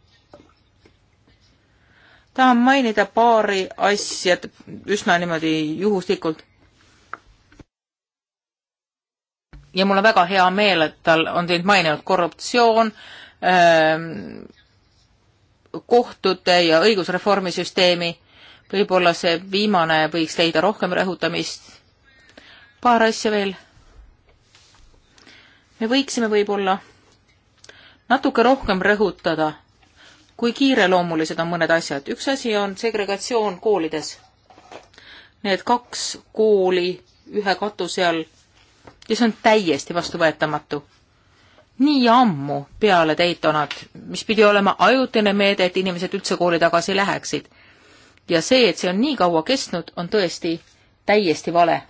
Speaker 3: tahan mainida paari asja üsna niimoodi juhuslikult ja mul on väga hea meel, et tal on teid maininud korruptsioon, ähm, kohtute ja õigusreformi süsteemi. võib-olla see viimane võiks leida rohkem rõhutamist. paar asja veel. me võiksime võib-olla natuke rohkem rõhutada, kui kiireloomulised on mõned asjad. üks asi on segregatsioon koolides. Need kaks kooli ühe katuse all ja see on täiesti vastuvõetamatu. nii ammu peale Daytonat, mis pidi olema ajutine meede, et inimesed üldse kooli tagasi läheksid. ja see, et see on nii kaua kestnud, on tõesti täiesti vale.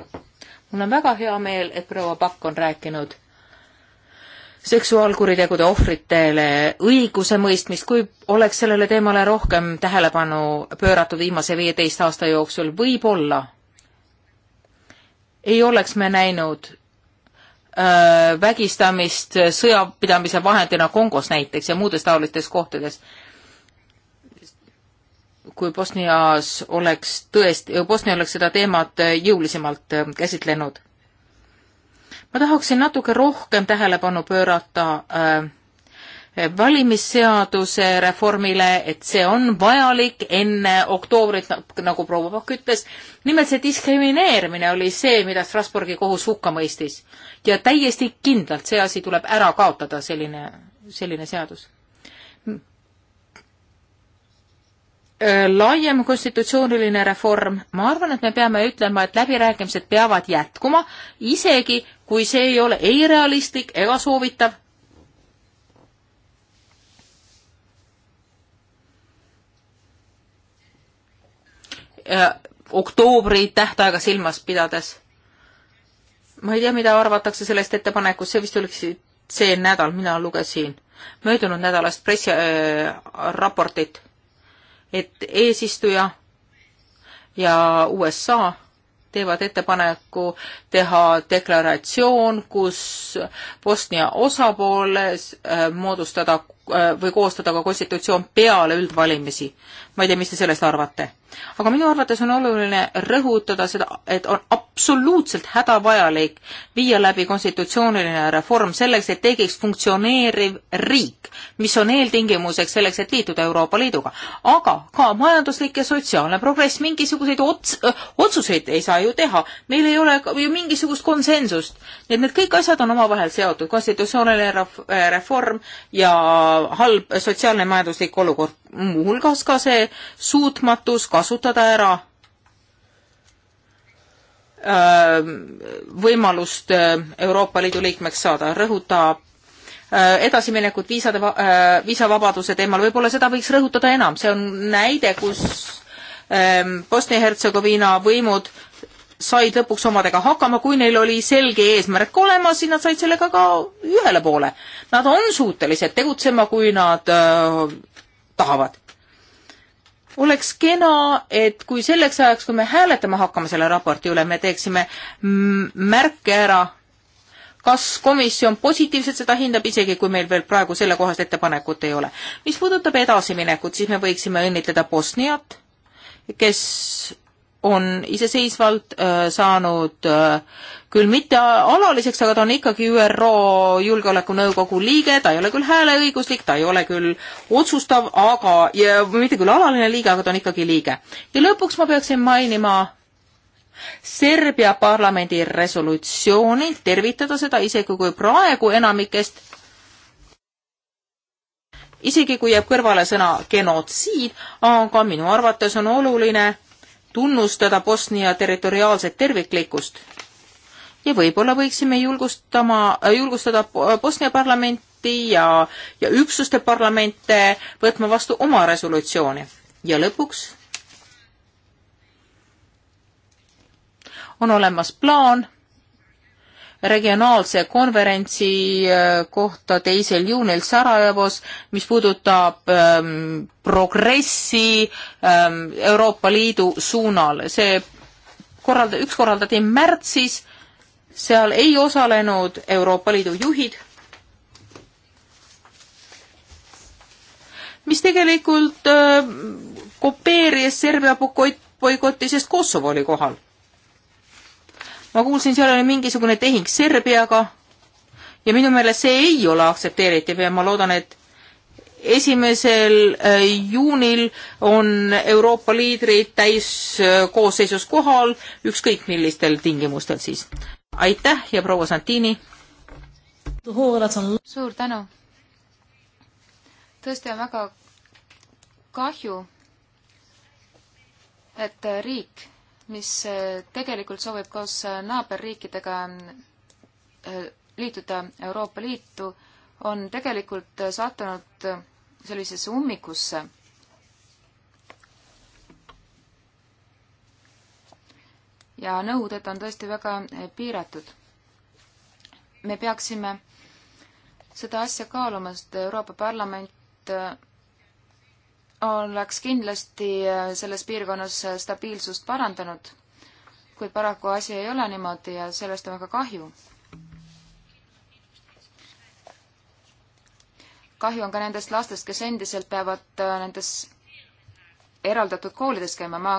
Speaker 3: mul on väga hea meel, et proua Pakk on rääkinud seksuaalkuritegude ohvritele õigusemõistmist, kui oleks sellele teemale rohkem tähelepanu pööratud viimase viieteist aasta jooksul, võib-olla ei oleks me näinud Äh, vägistamist sõjapidamise vahendina Kongos näiteks ja muudes taolistes kohtades. kui Bosnias oleks tõesti, Bosnia oleks seda teemat jõulisemalt äh, käsitlenud. ma tahaksin natuke rohkem tähelepanu pöörata äh, valimisseaduse reformile, et see on vajalik enne oktoobrit, nagu proua Pakk ütles. nimelt see diskrimineerimine oli see, mida Strasbourgi kohus hukka mõistis. ja täiesti kindlalt see asi tuleb ära kaotada, selline, selline seadus. laiem konstitutsiooniline reform, ma arvan, et me peame ütlema, et läbirääkimised peavad jätkuma, isegi kui see ei ole ei realistlik ega soovitav Äh, oktoobri tähtaega silmas pidades. ma ei tea, mida arvatakse sellest ettepanekust, see vist oleks see nädal, mina lugesin möödunud nädalast pressiraportit äh,, et eesistuja ja USA teevad ettepaneku teha deklaratsioon, kus Bosnia osapooles äh, moodustada Äh, või koostada ka konstitutsioon peale üldvalimisi. ma ei tea, mis te sellest arvate. aga minu arvates on oluline rõhutada seda, et on absoluutselt hädavajalik viia läbi konstitutsiooniline reform selleks, et tekiks funktsioneeriv riik, mis on eeltingimuseks selleks, et liituda Euroopa Liiduga. aga ka majanduslik ja sotsiaalne progress, mingisuguseid ots-, otsuseid ei saa ju teha, meil ei ole ju mingisugust konsensust. nii et need kõik asjad on omavahel seotud, konstitutsiooniline reform ja halb sotsiaalne majanduslik olukord, muuhulgas ka see suutmatus kasutada ära ähm, võimalust äh, Euroopa Liidu liikmeks saada, rõhutab äh, edasiminekut viisade, äh, viisavabaduse teemal, võib-olla seda võiks rõhutada enam, see on näide, kus ähm, Bosnia-Hertsegoviina võimud said lõpuks omadega hakkama, kui neil oli selge eesmärk olemas, siis nad said sellega ka ühele poole. Nad on suutelised tegutsema, kui nad äh, tahavad. oleks kena, et kui selleks ajaks, kui me hääletama hakkame selle raporti üle, me teeksime märke ära, kas komisjon positiivselt seda hindab, isegi kui meil veel praegu sellekohast ettepanekut ei ole. mis puudutab edasiminekut, siis me võiksime õnnitleda Bosniat, kes on iseseisvalt äh, saanud äh, küll mitte alaliseks, aga ta on ikkagi ÜRO Julgeolekunõukogu liige, ta ei ole küll hääleõiguslik, ta ei ole küll otsustav, aga, ja mitte küll alaline liige, aga ta on ikkagi liige. ja lõpuks ma peaksin mainima Serbia parlamendi resolutsiooni, tervitada seda isegi kui praegu enamikest isegi kui jääb kõrvale sõna genotsiid, aga minu arvates on oluline tunnustada Bosnia territoriaalset terviklikkust ja võib-olla võiksime julgustama, äh, julgustada Bosnia parlamenti ja, ja üksuste parlamente võtma vastu oma resolutsioone. ja lõpuks on olemas plaan regionaalse konverentsi äh, kohta teisel juunil Sarajevos, mis puudutab ähm, progressi ähm, Euroopa Liidu suunal. see korralda-, üks korraldati märtsis, seal ei osalenud Euroopa Liidu juhid, mis tegelikult äh, kopeeris Serbia boikoti, sest Kosovo oli kohal ma kuulsin, seal oli mingisugune tehing Serbiaga ja minu meelest see ei ole aktsepteeritav ja ma loodan, et esimesel äh, juunil on Euroopa liidrid täiskoosseisus äh, kohal, ükskõik millistel tingimustel siis. aitäh ja proua Santini!
Speaker 2: suur tänu! tõesti on väga kahju, et riik mis eh, tegelikult soovib koos eh, naaberriikidega eh, liituda Euroopa Liitu, on tegelikult sattunud sellisesse ummikusse. ja nõuded on tõesti väga piiratud. me peaksime seda asja kaaluma, sest Euroopa Parlament oleks kindlasti äh, selles piirkonnas äh, stabiilsust parandanud, kuid paraku asi ei ole niimoodi ja sellest on väga kahju. kahju on ka nendest lastest, kes endiselt peavad äh, nendes eraldatud koolides käima. ma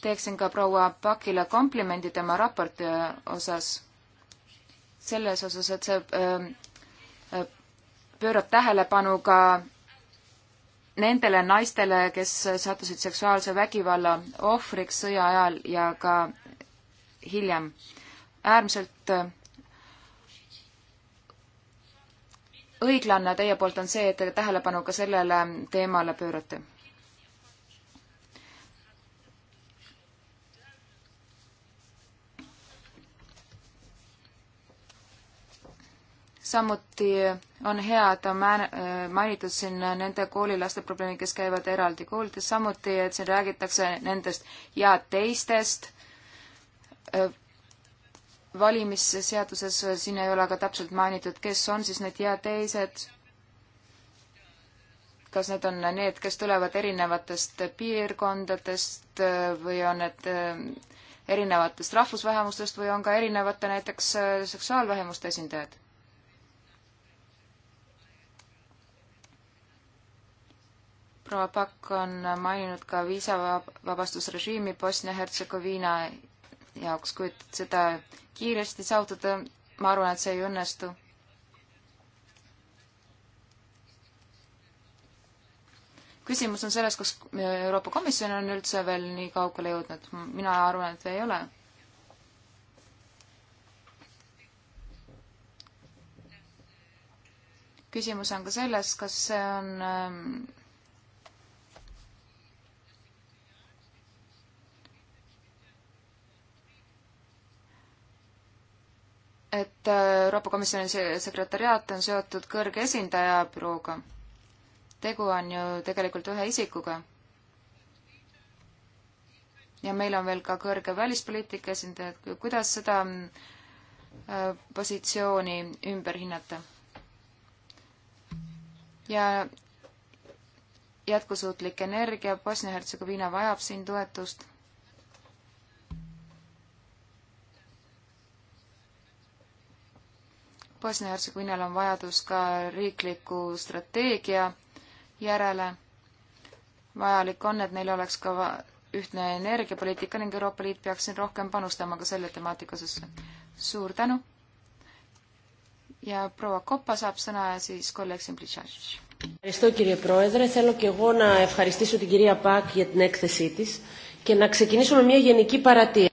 Speaker 2: teeksin ka proua Pakile komplimendi tema raporti osas, selles osas, et see pöörab tähelepanu ka nendele naistele, kes sattusid seksuaalse vägivalla ohvriks sõja ajal ja ka hiljem. äärmiselt äh, õiglane teie poolt on see, et te tähelepanu ka sellele teemale pöörate. samuti on hea, et on äh, mainitud siin nende koolilaste probleemi, kes käivad eraldi koolides, samuti, et siin räägitakse nendest ja teistest. Äh, valimisseaduses äh, siin ei ole ka täpselt mainitud, kes on siis need ja teised. kas need on need, kes tulevad erinevatest piirkondadest või on need erinevatest rahvusvähemustest või on ka erinevate näiteks seksuaalvähemuste esindajad? proua Pakk on maininud ka viisavabastusrežiimi Bosnia-Hertsegoviina jaoks, kuid seda kiiresti saavutada, ma arvan, et see ei õnnestu. küsimus on selles, kas Euroopa Komisjon on üldse veel nii kaugele jõudnud, mina arvan, et ei ole küsimus on ka selles, kas see on ähm, et äh, Euroopa Komisjoni sekretariaat on seotud kõrge esindaja bürooga. tegu on ju tegelikult ühe isikuga. ja meil on veel ka kõrge välispoliitika esindaja, et kuidas seda äh, positsiooni ümber hinnata. ja jätkusuutlik energia, Bosnia-Hertsegoviina vajab siin toetust Bosnia-Hertsegoviinal on vajadus ka riikliku strateegia järele. vajalik on, et neil oleks ka ühtne energiapoliitika ning Euroopa Liit peaks siin rohkem panustama ka selle temaatika osas. suur tänu! ja proua Koppa saab sõna ja siis kolleeg Simplitšaš.
Speaker 3: Ευχαριστώ κύριε Πρόεδρε. Θέλω και εγώ να ευχαριστήσω την κυρία Πακ για την έκθεσή της και να ξεκινήσω με μια γενική παρατήρηση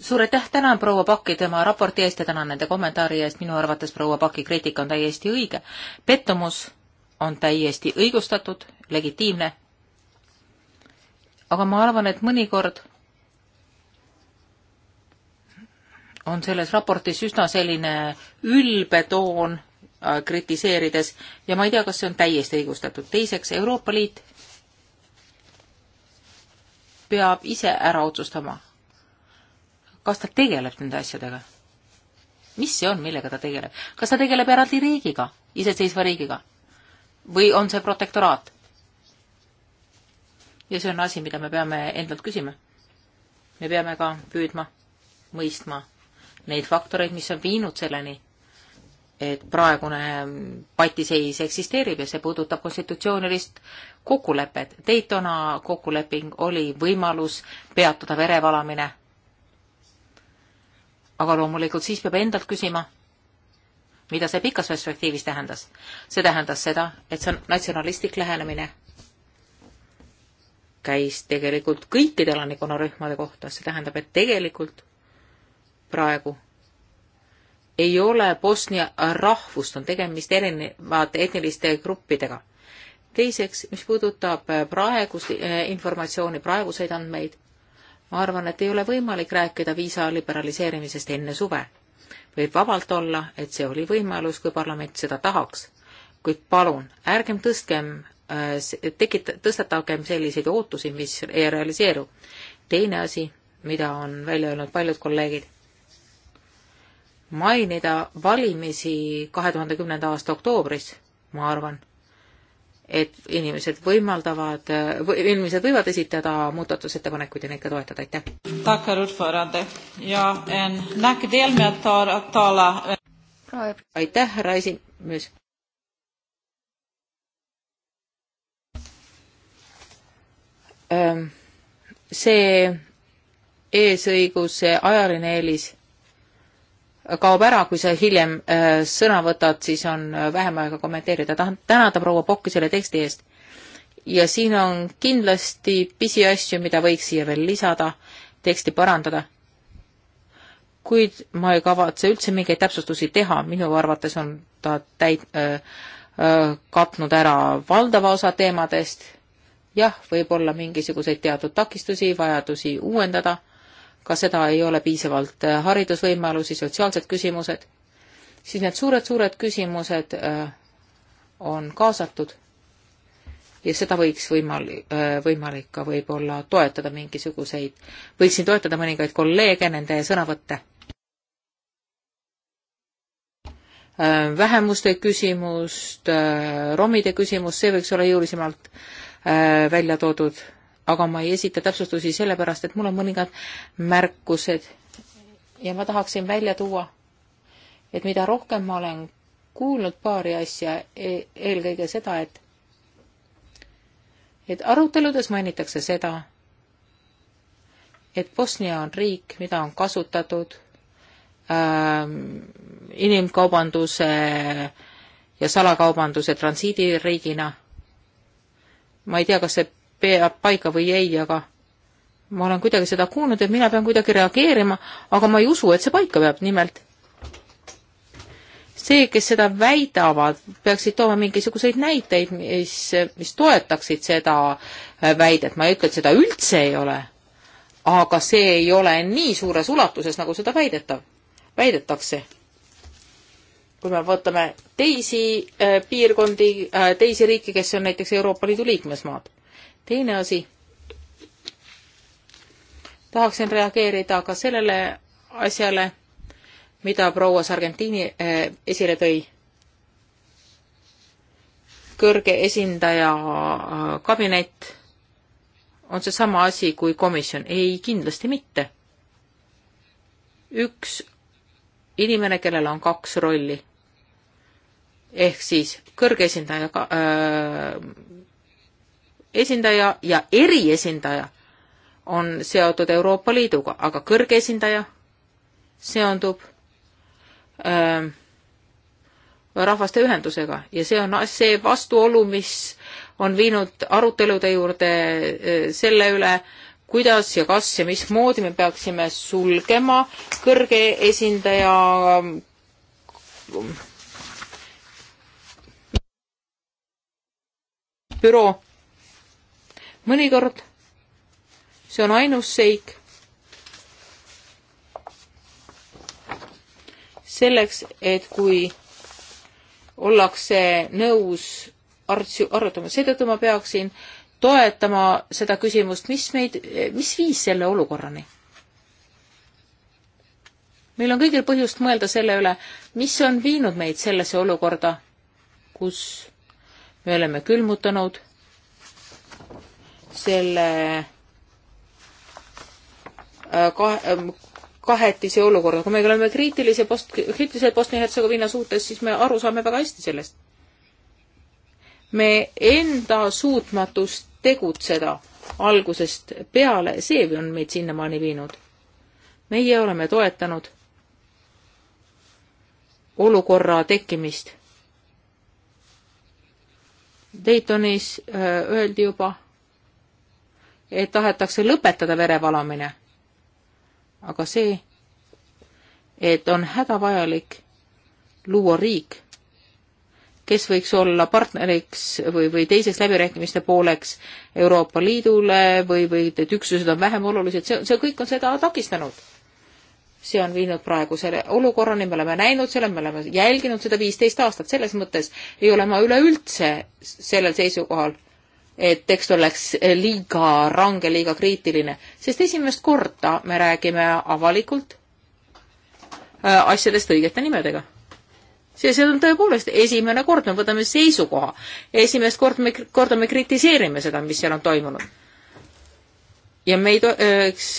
Speaker 3: suur aitäh, tänan proua Pakki tema raporti eest ja tänan nende kommentaari eest, minu arvates proua Paki kriitika on täiesti õige. pettumus on täiesti õigustatud, legitiimne. aga ma arvan, et mõnikord on selles raportis üsna selline ülbe toon äh, kritiseerides ja ma ei tea, kas see on täiesti õigustatud. teiseks, Euroopa Liit peab ise ära otsustama, kas ta tegeleb nende asjadega. mis see on, millega ta tegeleb? kas ta tegeleb eraldi riigiga, iseseisva riigiga? või on see protektoraat? ja see on asi, mida me peame endalt küsima. me peame ka püüdma mõistma neid faktoreid, mis on viinud selleni et praegune patiseis eksisteerib ja see puudutab konstitutsioonilist kokkulepet. Daytona kokkuleping oli võimalus peatada verevalamine. aga loomulikult siis peab endalt küsima, mida see pikas perspektiivis tähendas. see tähendas seda, et see on natsionalistlik lähenemine käis tegelikult kõikide elanikkonnarühmade kohta, see tähendab, et tegelikult praegu ei ole Bosnia rahvust, on tegemist erinevate etniliste gruppidega. teiseks, mis puudutab praegust eh, informatsiooni, praeguseid andmeid, ma arvan, et ei ole võimalik rääkida viisa liberaliseerimisest enne suve. võib vabalt olla, et see oli võimalus, kui parlament seda tahaks. kuid palun, ärgem tõstkem, eh, tekit-, tõstatagem selliseid ootusi, mis ei realiseeru. teine asi, mida on välja öelnud paljud kolleegid mainida valimisi kahe tuhande kümnenda aasta oktoobris, ma arvan, et inimesed võimaldavad või,, inimesed võivad esitada muudatusettepanekuid ja neid ka toetada, aitäh. aitäh, härra esimees. see eesõiguse ajaline eelis kaob ära, kui sa hiljem äh, sõna võtad, siis on äh, vähem aega kommenteerida. tahan tänada proua Pokki selle teksti eest. ja siin on kindlasti pisiasju, mida võiks siia veel lisada, teksti parandada. kuid ma ei kavatse üldse mingeid täpsustusi teha, minu arvates on ta täit- äh,, äh, katnud ära valdava osa teemadest, jah, võib olla mingisuguseid teatud takistusi, vajadusi uuendada ka seda ei ole piisavalt, äh, haridusvõimalusi, sotsiaalsed küsimused, siis need suured-suured küsimused äh, on kaasatud ja seda võiks võimal-, äh, võimalik ka võib-olla toetada mingisuguseid, võiksin toetada mõningaid kolleege, nende sõnavõtte. vähemuste küsimust, romide küsimust, see võiks olla jõulisemalt välja toodud aga ma ei esita täpsustusi sellepärast, et mul on mõningad märkused ja ma tahaksin välja tuua, et mida rohkem ma olen kuulnud paari asja e, eelkõige seda, et et aruteludes mainitakse seda, et Bosnia on riik, mida on kasutatud ähm, inimkaubanduse ja salakaubanduse transiidiriigina. ma ei tea, kas see peab paika või ei, aga ma olen kuidagi seda kuulnud, et mina pean kuidagi reageerima, aga ma ei usu, et see paika peab, nimelt. see, kes seda väidavad, peaksid tooma mingisuguseid näiteid, mis, mis toetaksid seda äh, väidet, ma ei ütle, et seda üldse ei ole, aga see ei ole nii suures ulatuses, nagu seda väidetav, väidetakse. kui me vaatame teisi äh, piirkondi äh,, teisi riike, kes on näiteks Euroopa Liidu liikmesmaad teine asi, tahaksin reageerida ka sellele asjale, mida proua Sargentini eh, esile tõi. kõrge esindaja eh, kabinet on seesama asi kui komisjon? ei, kindlasti mitte. üks inimene, kellel on kaks rolli ehk siis kõrge esindaja äh, esindaja ja eriesindaja on seotud Euroopa Liiduga, aga kõrge esindaja seondub öö, ähm, rahvaste ühendusega ja see on see vastuolu, mis on viinud arutelude juurde äh, selle üle, kuidas ja kas ja mismoodi me peaksime sulgema kõrge esindaja ähm, büroo mõnikord see on ainus seik selleks, et kui ollakse nõus arutsi, arutama, seetõttu ma peaksin toetama seda küsimust, mis meid, mis viis selle olukorrani? meil on kõigil põhjust mõelda selle üle, mis on viinud meid sellesse olukorda, kus me oleme külmutanud selle äh, kahe, ähm, kahetise olukorraga, kui me oleme kriitilise post, kriitilise Bosnia-Hertsegoviina suhtes, siis me aru saame väga hästi sellest. me enda suutmatust tegutseda algusest peale, see on meid sinnamaani viinud. meie oleme toetanud olukorra tekkimist. Daytonis öö, äh, öeldi juba, et tahetakse lõpetada verevalamine. aga see, et on hädavajalik luua riik, kes võiks olla partneriks või, või teiseks läbirääkimiste pooleks Euroopa Liidule või, või et üksused on vähem olulised, see, see kõik on seda takistanud. see on viinud praegusele olukorrani, me oleme näinud selle, me oleme jälginud seda viisteist aastat, selles mõttes ei ole ma üleüldse sellel seisukohal et tekst oleks liiga range, liiga kriitiline, sest esimest korda me räägime avalikult äh, asjadest õigete nimedega. see, see on tõepoolest esimene kord, me võtame seisukoha. esimest korda me, korda me kritiseerime seda, mis seal on toimunud. ja me ei tohiks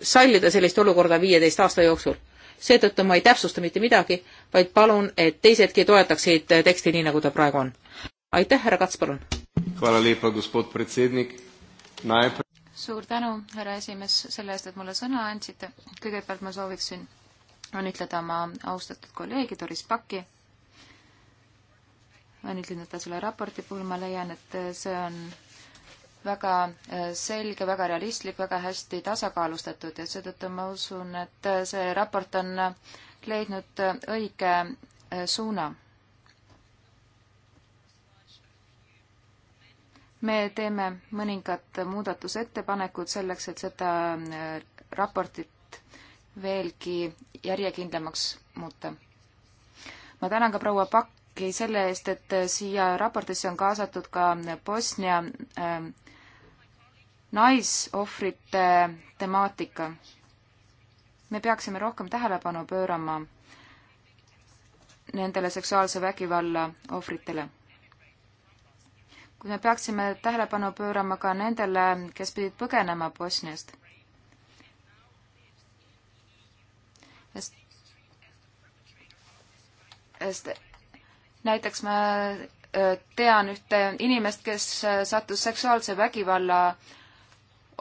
Speaker 3: sallida sellist olukorda viieteist aasta jooksul. seetõttu ma ei täpsusta mitte midagi, vaid palun, et teisedki toetaksid teksti nii, nagu ta praegu on. aitäh, härra Kats, palun!
Speaker 1: Hvala lepa, gospod predsednik. Najprej...
Speaker 2: suur tänu, härra esimees, selle eest, et mulle sõna andsite. kõigepealt ma sooviksin õnnitleda oma austatud kolleegi Doris Paki. õnnitlen teda selle raporti puhul, ma leian, et see on väga äh, selge, väga realistlik, väga hästi tasakaalustatud ja seetõttu ma usun, et see raport on leidnud õige äh, suuna me teeme mõningad muudatusettepanekud selleks, et seda äh, raportit veelgi järjekindlamaks muuta. ma tänan ka proua Pakki selle eest, et äh, siia raportisse on kaasatud ka Bosnia äh, naisohvrite temaatika. me peaksime rohkem tähelepanu pöörama nendele seksuaalse vägivalla ohvritele kui me peaksime tähelepanu pöörama ka nendele, kes pidid põgenema Bosniast. sest, sest näiteks ma äh, tean ühte inimest, kes äh, sattus seksuaalse vägivalla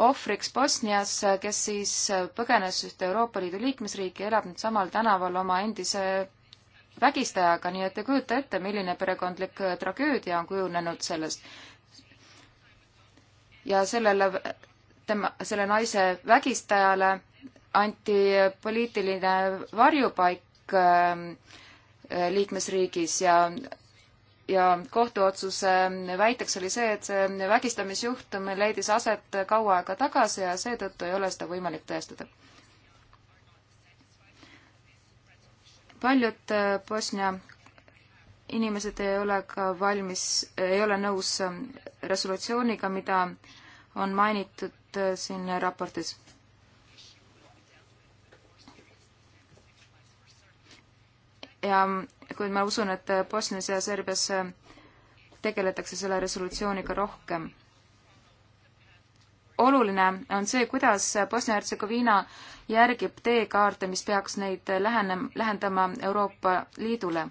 Speaker 2: ohvriks Bosnias, äh, kes siis põgenes ühte Euroopa Liidu liikmesriiki, elab nüüd samal tänaval oma endise vägistajaga, nii et te kujuta ette, milline perekondlik äh, tragöödia on kujunenud sellest. ja sellele, tema, selle naise vägistajale anti poliitiline varjupaik ähm, äh, liikmesriigis ja ja kohtuotsuse väiteks oli see, et see vägistamisjuhtum leidis aset kaua aega tagasi ja seetõttu ei ole seda võimalik tõestada paljud äh, Bosnia inimesed ei ole ka valmis, ei ole nõus äh, resolutsiooniga, mida on mainitud äh, siin raportis. ja kuid ma usun, et Bosnias ja Serbias tegeletakse selle resolutsiooniga rohkem oluline on see, kuidas Bosnia-Hertsegoviina järgib teekaarte, mis peaks neid lähenem-, lähendama Euroopa Liidule.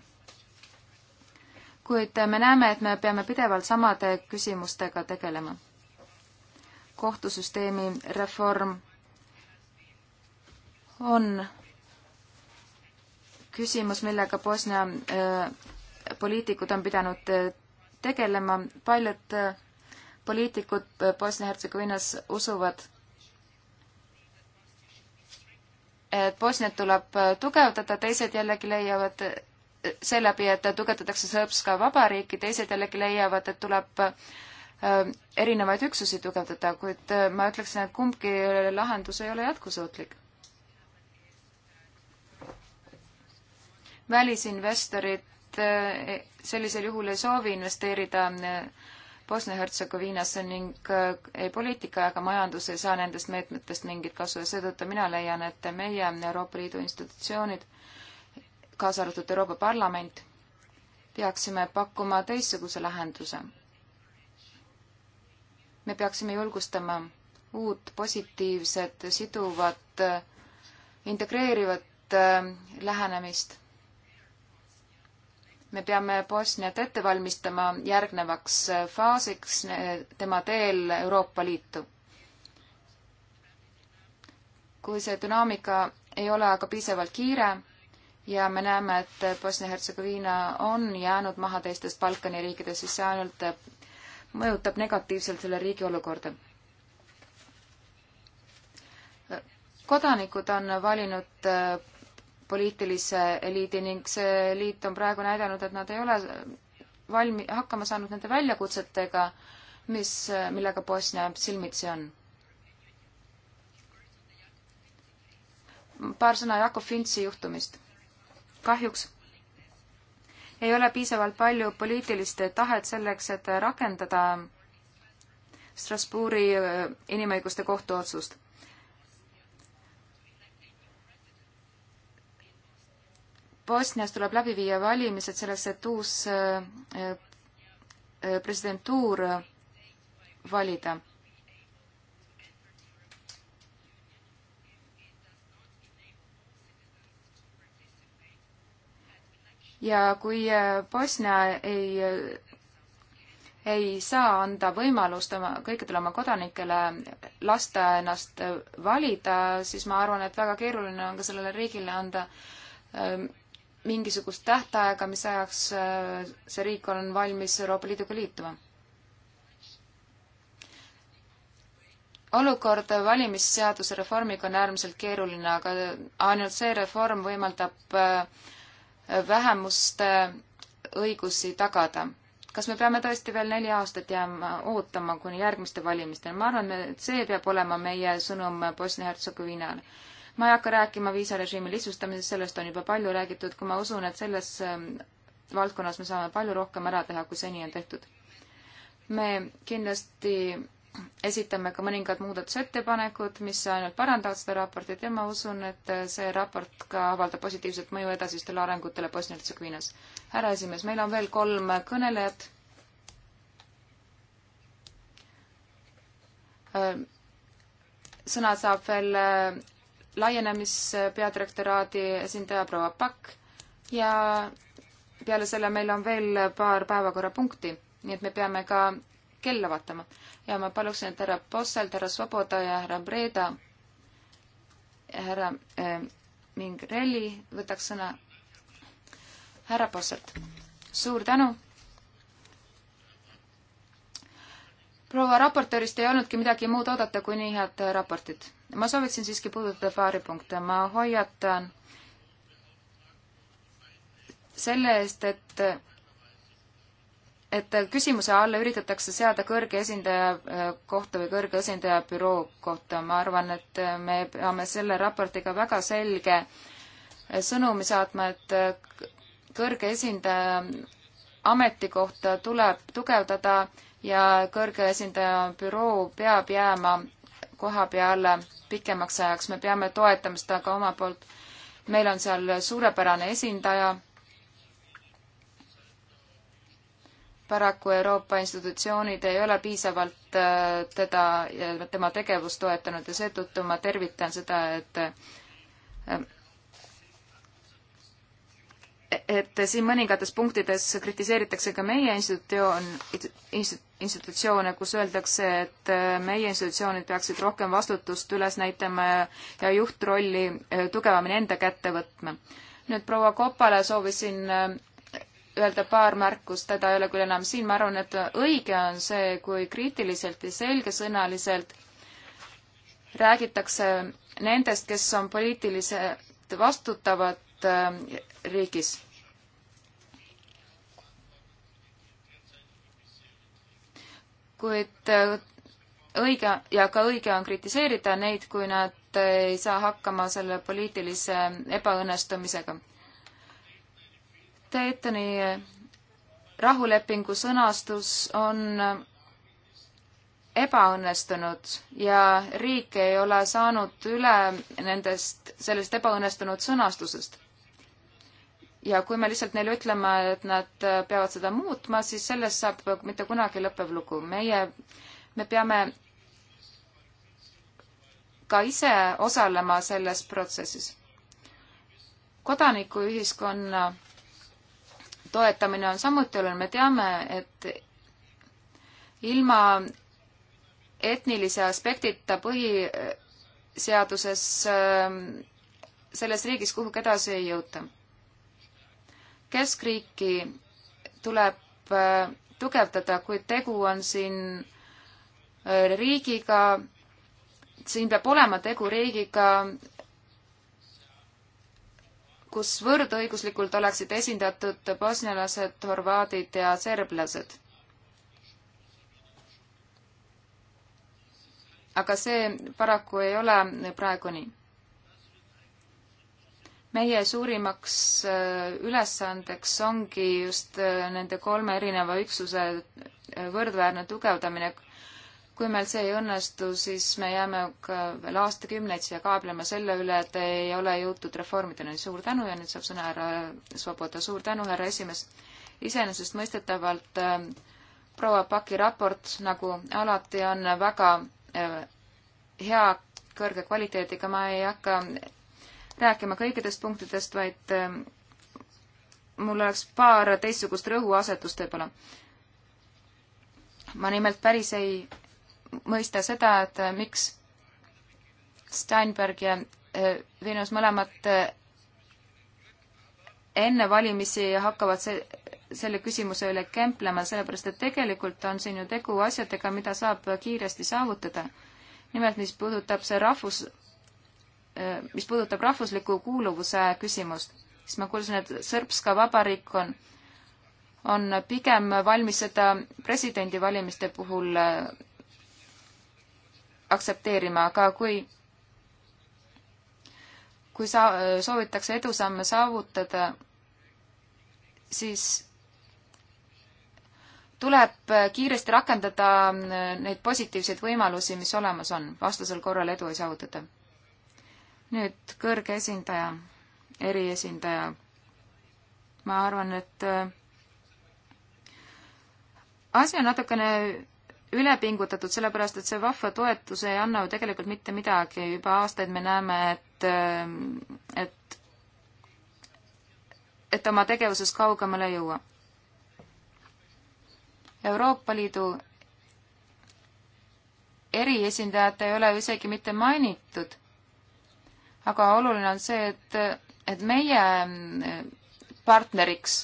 Speaker 2: kuid me näeme, et me peame pidevalt samade küsimustega tegelema. kohtusüsteemi reform on küsimus, millega Bosnia äh, poliitikud on pidanud äh, tegelema, paljud äh, poliitikud Bosnia-Hertsegoviinas usuvad, et Bosniat tuleb tugevdada, teised jällegi leiavad seeläbi, et tugevdatakse Sõrpska vabariiki, teised jällegi leiavad, et tuleb ähm, erinevaid üksusi tugevdada, kuid äh, ma ütleksin, et kumbki lahendus ei ole jätkusuutlik. välisinvestorid äh, sellisel juhul ei soovi investeerida äh, Bosnia-Hertsegoviinas ning äh, ei poliitika ega majandus ei saa nendest meetmetest mingit kasu ja seetõttu mina leian, et meie Euroopa Liidu institutsioonid, kaasa arvatud Euroopa Parlament, peaksime pakkuma teistsuguse lahenduse. me peaksime julgustama uut positiivset, siduvat, integreerivat äh, lähenemist me peame Bosniat ette valmistama järgnevaks äh, faasiks tema teel Euroopa Liitu. kui see dünaamika ei ole aga piisavalt kiire ja me näeme, et Bosnia-Hertsegoviina on jäänud maha teistest Balkani riikidest, siis see ainult äh, mõjutab negatiivselt selle riigi olukorda. Äh, kodanikud on valinud poliitilise eliidi ning see liit on praegu näidanud, et nad ei ole valmi-, hakkama saanud nende väljakutsetega, mis, millega Bosnia silmitsi on. paar sõna Jakob Fintsi juhtumist. kahjuks ei ole piisavalt palju poliitilist tahet selleks, et rakendada Strasbourgi äh, inimõiguste kohtu otsust Bosnias tuleb läbi viia valimised selleks, et uus äh, äh, äh, presidentuur valida. ja kui Bosnia ei, ei saa anda võimalust oma, kõikidele oma kodanikele lasta ennast valida, siis ma arvan, et väga keeruline on ka sellele riigile anda ähm, mingisugust tähtaega, mis ajaks äh, see riik on valmis Euroopa Liiduga liituma. olukord valimisseaduse reformiga on äärmiselt keeruline, aga ainult see reform võimaldab äh, vähemuste õigusi tagada. kas me peame tõesti veel neli aastat jääma ootama kuni järgmiste valimisteni? ma arvan, et see peab olema meie sõnum Bosnia-Hertsegoviinale ma ei hakka rääkima viisarežiimi lihtsustamisest, sellest on juba palju räägitud, kui ma usun, et selles ähm, valdkonnas me saame palju rohkem ära teha, kui seni on tehtud. me kindlasti esitame ka mõningad muudatusettepanekud, mis ainult parandavad seda raportit ja ma usun, et äh, see raport ka avaldab positiivset mõju edasistele arengutele Bosnia-Hertsegoviinas. härra esimees, meil on veel kolm kõnelejat. Äh, sõna saab veel äh, laienemispeadirektoraadi esindaja proua Pakk ja peale selle meil on veel paar päevakorrapunkti, nii et me peame ka kella vaatama. ja ma paluksin, et härra Posselt, härra Svoboda ja härra Breda, härra äh, Mingrelli võtaks sõna. härra Posselt, suur tänu. proua raportöörist ei olnudki midagi muud oodata kui nii head raportit ma sooviksin siiski puudutada paari punkte. ma hoiatan selle eest, et et küsimuse alla üritatakse seada kõrge esindaja äh, kohta või kõrge esindaja büroo kohta. ma arvan, et me peame selle raportiga väga selge äh, sõnumi saatma, et äh, kõrge esindaja ametikohta tuleb tugevdada ja kõrge esindaja büroo peab jääma koha peal pikemaks ajaks, me peame toetama seda ka oma poolt. meil on seal suurepärane esindaja. paraku Euroopa institutsioonid ei ole piisavalt äh, teda ja tema tegevust toetanud ja seetõttu ma tervitan seda, et äh, et siin mõningates punktides kritiseeritakse ka meie institutsioon, institutsioone, kus öeldakse, et äh, meie institutsioonid peaksid rohkem vastutust üles näitama ja juhtrolli äh, tugevamini enda kätte võtma. nüüd proua Kopale soovisin äh, öelda paar märkust, teda ei ole küll enam siin, ma arvan, et õige on see, kui kriitiliselt ja selgesõnaliselt räägitakse nendest, kes on poliitiliselt vastutavad riigis. kuid äh, õige ja ka õige on kritiseerida neid, kui nad ei saa hakkama selle poliitilise ebaõnnestumisega. Daytoni rahulepingu sõnastus on ebaõnnestunud ja riik ei ole saanud üle nendest, sellest ebaõnnestunud sõnastusest ja kui me lihtsalt neile ütleme, et nad äh, peavad seda muutma, siis sellest saab mitte kunagi lõppev lugu. meie, me peame ka ise osalema selles protsessis. kodanikuühiskonna toetamine on samuti oluline, me teame, et ilma etnilise aspektita põhiseaduses äh, selles riigis kuhugi edasi ei jõuta keskriiki tuleb äh, tugevdada, kuid tegu on siin äh, riigiga, siin peab olema tegu riigiga, kus võrdõiguslikult oleksid esindatud bosnialased, horvaadid ja serblased. aga see paraku ei ole praegu nii meie suurimaks äh, ülesandeks ongi just äh, nende kolme erineva üksuse äh, võrdväärne tugevdamine. kui meil see ei õnnestu, siis me jääme ka veel aastakümneid siia kaablema selle üle, et ei ole jõutud reformideni. suur tänu ja nüüd saab sõna härra Svoboda. suur tänu, härra esimees. iseenesestmõistetavalt proua Paki raport, nagu alati, on väga hea, kõrge kvaliteediga. ma ei hakka rääkima kõikidest punktidest, vaid ähm, mul oleks paar teistsugust rõhuasetust võib-olla. ma nimelt päris ei mõista seda, et äh, miks Steinberg ja äh, Venus mõlemad äh, enne valimisi hakkavad see, selle küsimuse üle kemplema, sellepärast et tegelikult on siin ju tegu asjadega, mida saab kiiresti saavutada. nimelt, mis puudutab see rahvus, Äh, mis puudutab rahvusliku kuuluvuse küsimust, siis ma kuulsin, et Sõrbska vabariik on, on pigem valmis seda presidendivalimiste puhul äh, aktsepteerima, aga kui, kui sa-, soovitakse edusamme saavutada, siis tuleb kiiresti rakendada äh, neid positiivseid võimalusi, mis olemas on, vastasel korral edu ei saavutata nüüd kõrge esindaja, eriesindaja. ma arvan, et äh, asi on natukene üle pingutatud, sellepärast et see vahva toetus ei anna ju tegelikult mitte midagi, juba aastaid me näeme, et, äh, et, et oma tegevuses kaugemale ei jõua. Euroopa Liidu eriesindajat ei ole isegi mitte mainitud aga oluline on see, et, et meie eh, partneriks,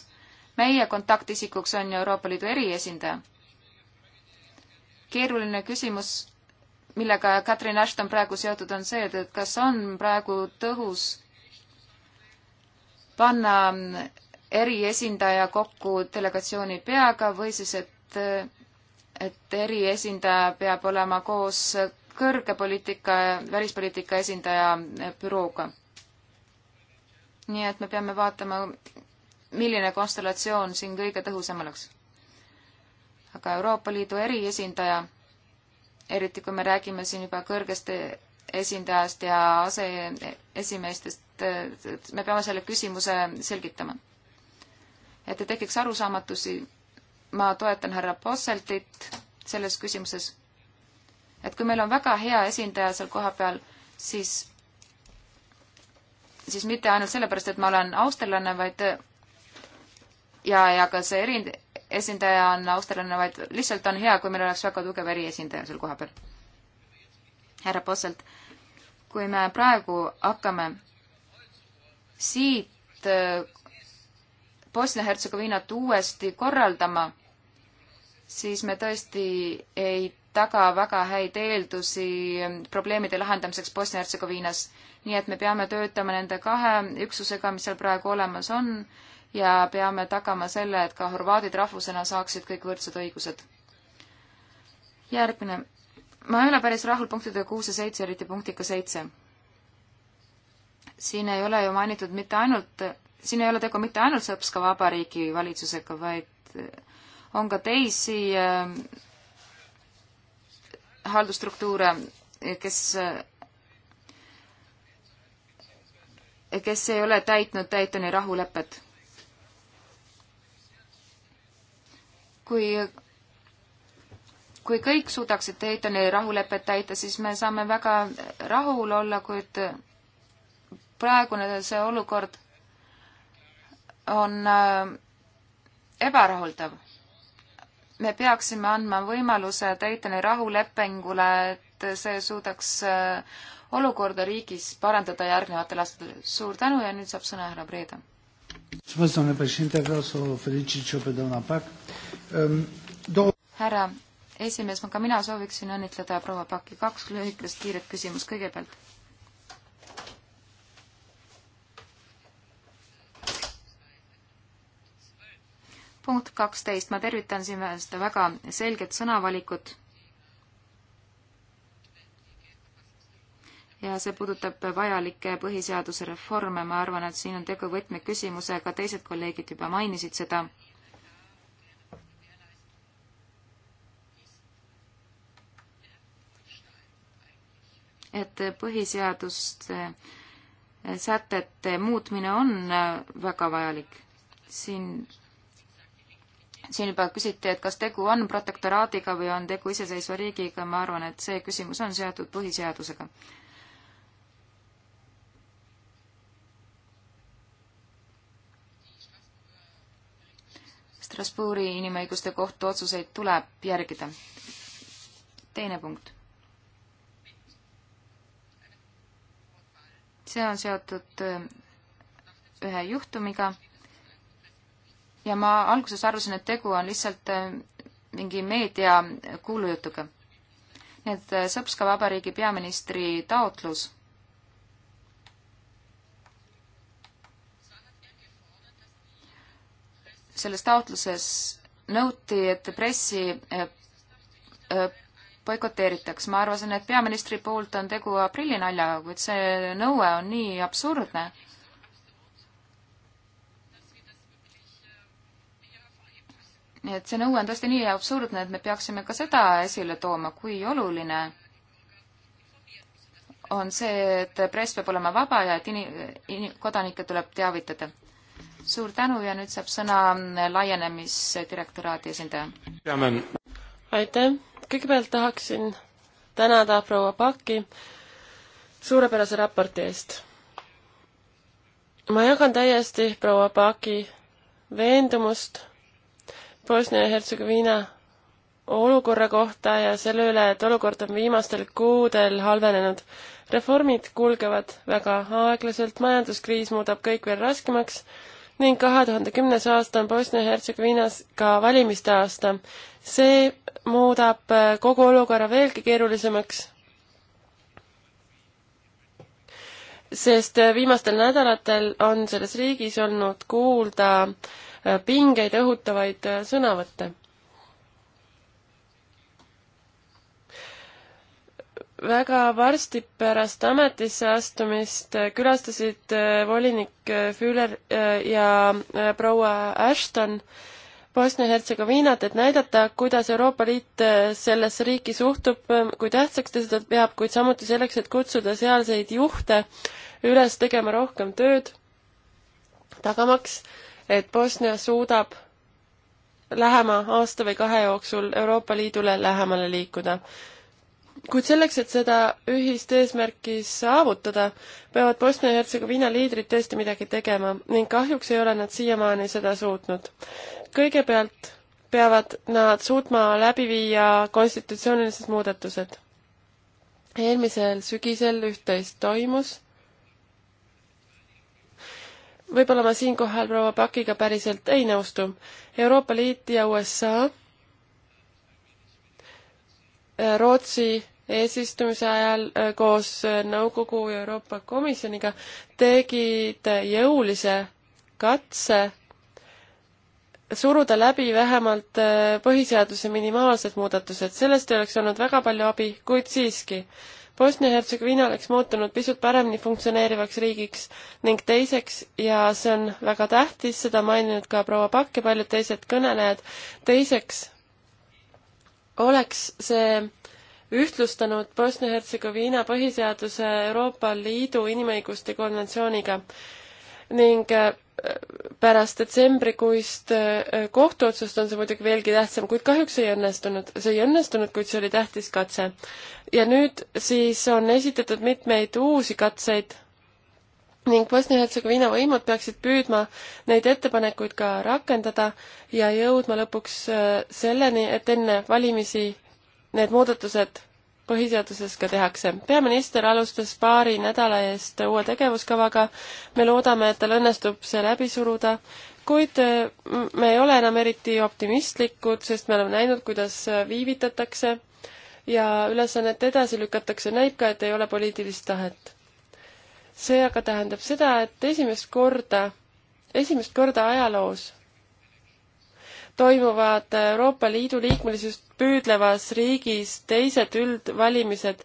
Speaker 2: meie kontaktisikuks on Euroopa Liidu eriesindaja. keeruline küsimus, millega Katrin Ashton praegu seotud on see, et, et kas on praegu tõhus panna mm, eriesindaja kokku delegatsiooni peaga või siis, et, et eriesindaja peab olema koos kõrge poliitika, välispoliitika esindaja bürooga. nii et me peame vaatama, milline konstellatsioon siin kõige tõhusam oleks. aga Euroopa Liidu eriesindaja, eriti kui me räägime siin juba kõrgest esindajast ja aseesimeestest, me peame selle küsimuse selgitama. et ei tekiks arusaamatusi, ma toetan härra Posseltit selles küsimuses et kui meil on väga hea esindaja seal kohapeal, siis, siis mitte ainult sellepärast, et ma olen austerlane, vaid ja, ja ka see eri, esindaja on austerlane, vaid lihtsalt on hea, kui meil oleks väga tugev eriesindaja seal kohapeal. härra Posselt, kui me praegu hakkame siit äh, Bosnia-Hertsegoviinat uuesti korraldama, siis me tõesti ei taga väga häid eeldusi probleemide lahendamiseks Bosnia-Hertsegoviinas. nii et me peame töötama nende kahe üksusega, mis seal praegu olemas on ja peame tagama selle, et ka horvaadid rahvusena saaksid kõik võrdsed õigused. järgmine. ma ei ole päris rahul punktidega kuus ja seitse, eriti punktiga seitse. siin ei ole ju mainitud mitte ainult, siin ei ole tegu mitte ainult Sõpska vabariigi valitsusega, vaid on ka teisi äh, haldusstruktuure, kes, kes ei ole täitnud Daytoni rahulepet. kui, kui kõik suudaksid Daytoni rahulepet täita, siis me saame väga rahul olla, kuid praegune see olukord on äh, ebarahuldav me peaksime andma võimaluse Daytoni rahulepingule, et see suudaks äh, olukorda riigis parandada järgnevatel aastatel. suur tänu ja nüüd saab sõna härra Breda. Ehm, härra esimees, ka mina sooviksin õnnitleda proua Paki kaks lühikest kiiret küsimust kõigepealt punkt kaksteist, ma tervitan siin seda väga selget sõnavalikut. ja see puudutab vajalikke põhiseaduse reforme, ma arvan, et siin on tegu võtmeküsimusega, teised kolleegid juba mainisid seda. et põhiseadust sätete muutmine on väga vajalik. siin siin juba küsiti, et kas tegu on protektoraadiga või on tegu iseseisva riigiga, ma arvan, et see küsimus on seotud põhiseadusega. Strasbourgi inimõiguste kohtu otsuseid tuleb järgida. teine punkt. see on seotud äh, ühe juhtumiga ja ma alguses arvasin, et tegu on lihtsalt äh, mingi meedia kuulujutuga. nii et äh, Sõpska vabariigi peaministri taotlus selles taotluses nõuti, et pressi äh, boikoteeritaks. ma arvasin, et peaministri poolt on tegu aprillinaljaga, kuid see nõue on nii absurdne nii et see nõue on tõesti nii absurdne, et me peaksime ka seda esile tooma, kui oluline on see, et press peab olema vaba ja et ini-, ini-, kodanikke tuleb teavitada. suur tänu ja nüüd saab sõna laienemisdirektoraadi esindaja. aitäh, kõigepealt tahaksin tänada proua Paki
Speaker 4: suurepärase raporti eest. ma jagan täiesti proua Paki veendumust Bosnia ja Hertsegoviina olukorra kohta ja selle üle, et olukord on viimastel kuudel halvenenud. reformid kulgevad väga aeglaselt, majanduskriis muudab kõik veel raskemaks ning kahe tuhande kümnes aasta on Bosnia-Hertsegoviinas ka valimiste aasta. see muudab äh, kogu olukorra veelgi keerulisemaks, sest äh, viimastel nädalatel on selles riigis olnud kuulda äh, Äh, pingeid õhutavaid äh, sõnavõtte. väga varsti pärast ametisse astumist äh, külastasid volinik Füller ja proua Ashton Bosnia-Hertsegoviinat, et näidata, kuidas Euroopa Liit sellesse riiki suhtub, kui tähtsaks ta seda peab, kuid samuti selleks, et kutsuda sealseid juhte üles tegema rohkem tööd, tagamaks, et Bosnia suudab lähema aasta või kahe jooksul Euroopa Liidule lähemale liikuda. kuid selleks, et seda ühist eesmärki saavutada, peavad Bosnia-Hertsegoviina liidrid tõesti midagi tegema ning kahjuks ei ole nad siiamaani seda suutnud. kõigepealt peavad nad suutma läbi viia konstitutsioonilised muudatused. eelmisel sügisel üht-teist toimus võib-olla ma siinkohal proua Pakiga päriselt ei nõustu. Euroopa Liit ja USA äh, Rootsi eesistumise ajal äh, koos äh, Nõukogu Euroopa Komisjoniga tegid jõulise katse suruda läbi vähemalt põhiseaduse minimaalsed muudatused, sellest ei oleks olnud väga palju abi, kuid siiski äh, Bosnia-Hertsegoviina oleks muutunud pisut paremini funktsioneerivaks riigiks ning teiseks, ja see on väga tähtis, seda maininud ka proua Pakk ja paljud teised kõnelejad, teiseks oleks see ühtlustanud Bosnia-Hertsegoviina põhiseaduse Euroopa Liidu inimõiguste konventsiooniga ning äh, pärast detsembrikuist äh, kohtuotsust on see muidugi veelgi tähtsam, kuid kahjuks ei õnnestunud. see ei õnnestunud, kuid see oli tähtis katse. ja nüüd siis on esitatud mitmeid uusi katseid ning Bosnia-Hertsegoviina võimud peaksid püüdma neid ettepanekuid ka rakendada ja jõudma lõpuks äh, selleni, et enne valimisi need muudatused põhiseaduses ka tehakse. peaminister alustas paari nädala eest uue tegevuskavaga, me loodame, et tal õnnestub see läbi suruda, kuid mm, me ei ole enam eriti optimistlikud, sest me oleme näinud, kuidas viivitatakse ja ülesannet edasi lükatakse, näib ka, et ei ole poliitilist tahet. see aga tähendab seda, et esimest korda, esimest korda ajaloos toimuvad Euroopa Liidu liikmelisust püüdlevas riigis teised üldvalimised,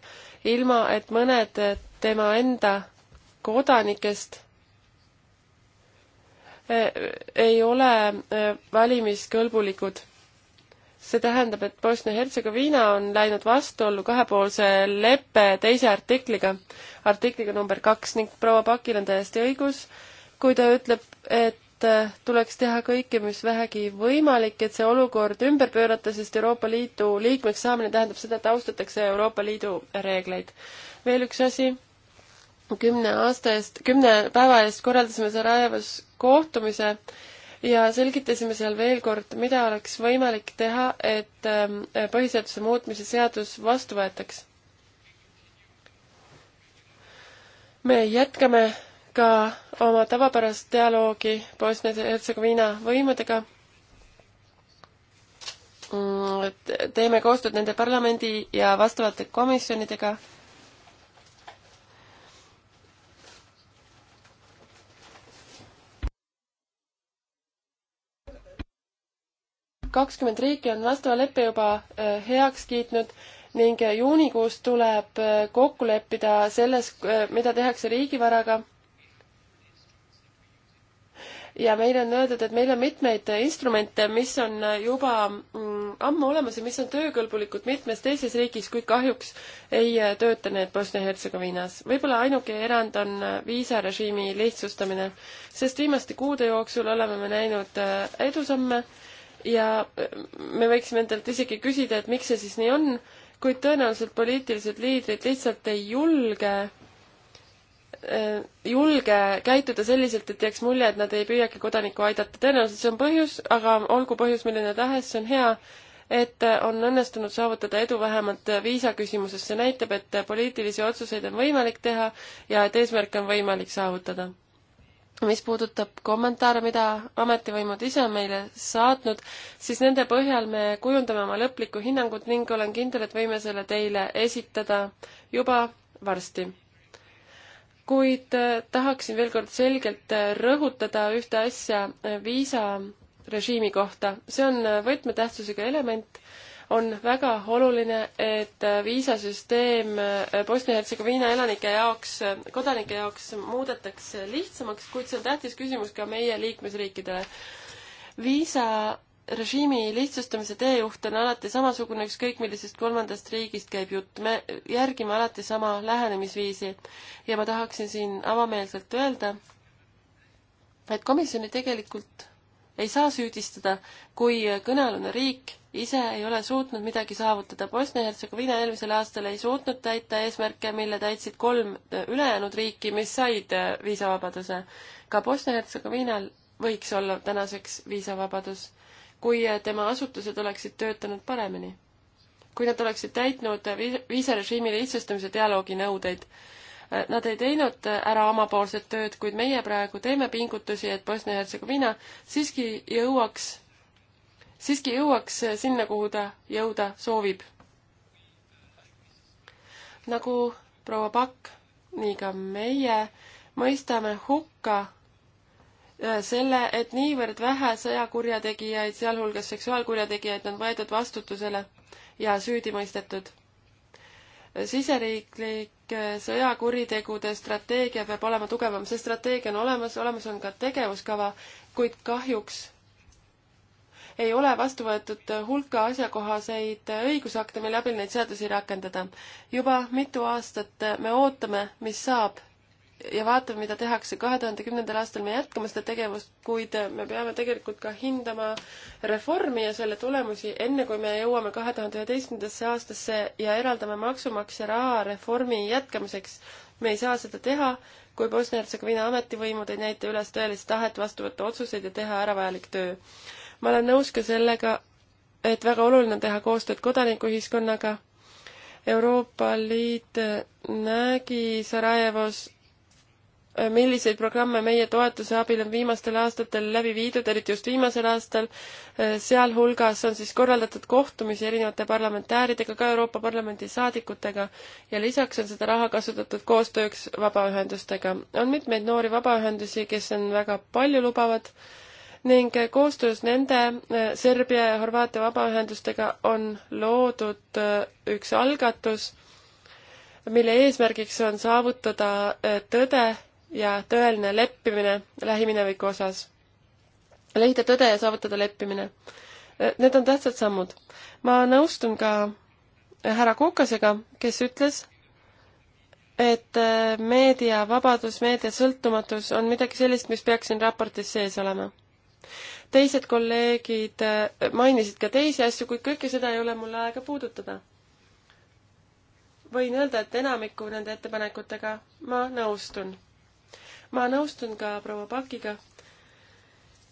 Speaker 4: ilma et mõned tema enda kodanikest eh, ei ole eh, valimiskõlbulikud. see tähendab, et Bosnia-Hertsegoviina on läinud vastuollu kahepoolse leppe teise artikliga, artikliga number kaks ning proua Pakil on täiesti õigus, kui ta ütleb, et et äh, tuleks teha kõike, mis vähegi võimalik, et see olukord ümber pöörata, sest Euroopa Liidu liikmeks saamine tähendab seda, et austatakse Euroopa Liidu reegleid. veel üks asi, kümne aasta eest, kümne päeva eest korraldasime Sarajevos kohtumise ja selgitasime seal veel kord, mida oleks võimalik teha, et ähm, põhiseaduse muutmise seadus vastu võetaks. me jätkame ka oma tavapärast dialoogi Bosnia-Hertsegoviina võimudega. Mm, teeme koostööd nende parlamendi ja vastavate komisjonidega kakskümmend riiki on vastava leppe juba äh, heaks kiitnud ning juunikuus tuleb äh, kokku leppida selles, äh, mida tehakse riigivaraga ja meile on öeldud, et meil on mitmeid instrumente, mis on juba mm, ammu olemas ja mis on töökõlbulikud mitmes teises riigis, kuid kahjuks ei tööta need Bosnia-Hertsegoviinas. võib-olla ainuke erand on viisarežiimi lihtsustamine, sest viimaste kuude jooksul oleme me näinud äh, edusamme ja äh, me võiksime endalt isegi küsida, et miks see siis nii on, kuid tõenäoliselt poliitilised liidrid lihtsalt ei julge Äh, julge käituda selliselt, et jääks mulje, et nad ei püüagi kodanikku aidata. tõenäoliselt see on põhjus, aga olgu põhjus milline tahes, see on hea, et äh, on õnnestunud saavutada edu vähemalt äh, viisaküsimuses. see näitab, et poliitilisi otsuseid on võimalik teha ja et eesmärke on võimalik saavutada. mis puudutab kommentaare, mida ametivõimud ise on meile saatnud, siis nende põhjal me kujundame oma lõplikku hinnangut ning olen kindel, et võime selle teile esitada juba varsti kuid äh, tahaksin veel kord selgelt äh, rõhutada ühte asja äh, viisarežiimi kohta. see on võtmetähtsusega element, on väga oluline, et viisasüsteem Bosnia-Hertsegoviina elanike jaoks, kodanike jaoks muudetakse lihtsamaks, kuid see on tähtis küsimus ka meie liikmesriikidele. viisa režiimi lihtsustamise teejuht on alati samasugune, ükskõik millisest kolmandast riigist käib jutt. me järgime alati sama lähenemisviisi ja ma tahaksin siin avameelselt öelda, et komisjoni tegelikult ei saa süüdistada, kui kõnealune riik ise ei ole suutnud midagi saavutada. Bosnia-Hertsegoviina eelmisel aastal ei suutnud täita eesmärke, mille täitsid kolm ülejäänud riiki, mis said viisavabaduse. ka Bosnia-Hertsegoviinal võiks olla tänaseks viisavabadus kui tema asutused oleksid töötanud paremini. kui nad oleksid täitnud viisarežiimi lihtsustamise dialoogi nõudeid. Nad ei teinud ära omapoolset tööd, kuid meie praegu teeme pingutusi, et Bosnia-Hertsegoviina siiski jõuaks, siiski jõuaks sinna, kuhu ta jõuda soovib. nagu proua Pakk, nii ka meie mõistame hukka Äh, selle, et niivõrd vähe sõjakurjategijaid, sealhulgas seksuaalkurjategijaid, on võetud vastutusele ja süüdi mõistetud. Äh, siseriiklik äh, sõjakuritegude strateegia peab olema tugevam, see strateegia on olemas, olemas on ka tegevuskava, kuid kahjuks ei ole vastu võetud hulka asjakohaseid õigusakte, mille abil neid seadusi rakendada. juba mitu aastat me ootame, mis saab ja vaatame, mida tehakse. kahe tuhande kümnendal aastal me jätkame seda tegevust, kuid me peame tegelikult ka hindama reformi ja selle tulemusi, enne kui me jõuame kahe tuhande üheteistkümnendasse aastasse ja eraldame maksumaksja raha reformi jätkamiseks. me ei saa seda teha, kui Bosnia-Hertsegoviina ametivõimud ei näita üles tõelist tahet vastu võtta otsuseid ja teha ära vajalik töö. ma olen nõus ka sellega, et väga oluline on teha koostööd kodanikuühiskonnaga. Euroopa Liit nägi Sarajevos milliseid programme meie toetuse abil on viimastel aastatel läbi viidud, eriti just viimasel aastal, äh, sealhulgas on siis korraldatud kohtumisi erinevate parlamentääridega, ka Euroopa Parlamendi saadikutega ja lisaks on seda raha kasutatud koostööks vabaühendustega. on mitmeid noori vabaühendusi, kes on väga paljulubavad ning äh, koostöös nende äh, Serbia ja Horvaatia vabaühendustega on loodud üks algatus, mille eesmärgiks on saavutada tõde ja tõeline leppimine lähimineviku osas. leida tõde ja saavutada leppimine. Need on tähtsad sammud. ma nõustun ka äh, härra Kukasega, kes ütles, et äh, meediavabadus, meedia sõltumatus on midagi sellist, mis peaks siin raportis sees olema. teised kolleegid äh, mainisid ka teisi asju, kuid kõike seda ei ole mul aega puudutada võin öelda, et enamiku nende ettepanekutega ma nõustun ma nõustun ka proua Pakiga,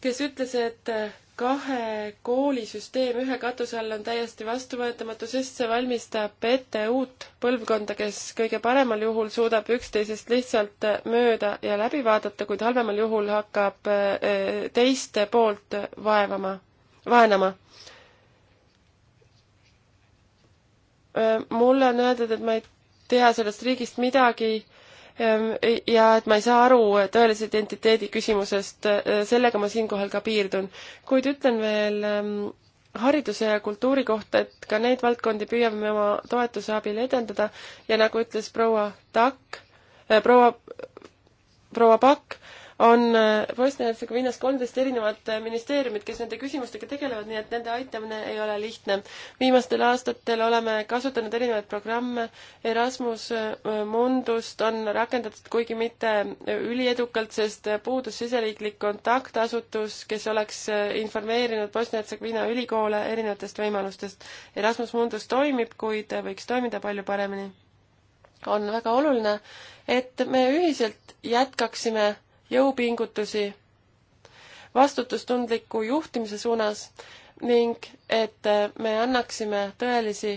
Speaker 4: kes ütles, et kahe koolisüsteem ühe katuse all on täiesti vastuvõetamatu, sest see valmistab ette uut põlvkonda, kes kõige paremal juhul suudab üksteisest lihtsalt mööda ja läbi vaadata, kuid halvemal juhul hakkab äh, teist poolt vaevama, vaenama. Äh, mulle on öeldud, et ma ei tea sellest riigist midagi Ehm, ja et ma ei saa aru tõelise identiteedi küsimusest, eh, sellega ma siinkohal ka piirdun. kuid ütlen veel ehm, hariduse ja kultuuri kohta, et ka neid valdkondi püüame oma toetuse abil edendada ja nagu ütles proua Takk, eh, proua, proua Pakk, on äh, Bosnia-Hertsegoviinas kolmteist erinevat äh, ministeeriumit, kes nende küsimustega tegelevad, nii et nende aitamine ei ole lihtne. viimastel aastatel oleme kasutanud erinevaid programme, Erasmus äh, Mundust on rakendatud, kuigi mitte üliedukalt, sest puudus siseriiklik kontaktasutus, kes oleks informeerinud Bosnia-Hertsegoviina ülikoole erinevatest võimalustest. Erasmus Mundus toimib, kuid võiks toimida palju paremini on väga oluline, et me ühiselt jätkaksime jõupingutusi vastutustundliku juhtimise suunas ning et me annaksime tõelisi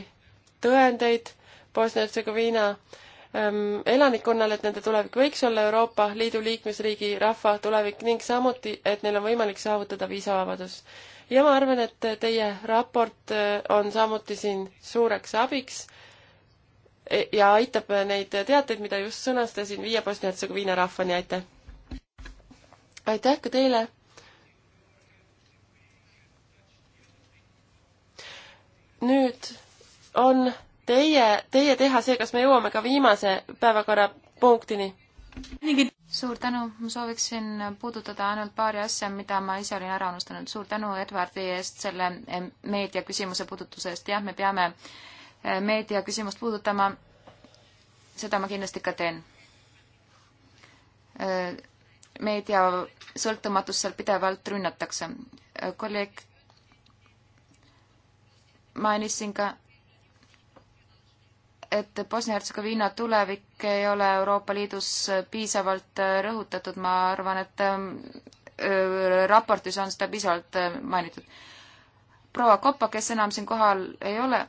Speaker 4: tõendeid Bosnia-Hertsegoviina ähm, elanikkonnale, et nende tulevik võiks olla Euroopa Liidu liikmesriigi rahva tulevik ning samuti, et neil on võimalik saavutada viisavabadus. ja ma arvan, et teie raport äh, on samuti siin suureks abiks e, ja aitab neid teateid, mida just sõnastasin, viia Bosnia-Hertsegoviina rahvani, aitäh! aitäh ka teile. nüüd on teie, teie teha see, kas me jõuame ka viimase päevakorrapunktini.
Speaker 2: suur tänu, ma sooviksin puudutada ainult paari asja, mida ma ise olin ära unustanud. suur tänu Edvardi eest selle eh, meediaküsimuse puudutuse eest, jah, me peame eh, meediaküsimust puudutama. seda ma kindlasti ka teen eh, meedia sõltumatust seal pidevalt rünnatakse. kolleeg mainis siin ka, et Bosnia-Hertsegoviina tulevik ei ole Euroopa Liidus piisavalt rõhutatud, ma arvan, et äh, raportis on seda piisavalt äh, mainitud. proua Koppa, kes enam siin kohal ei ole,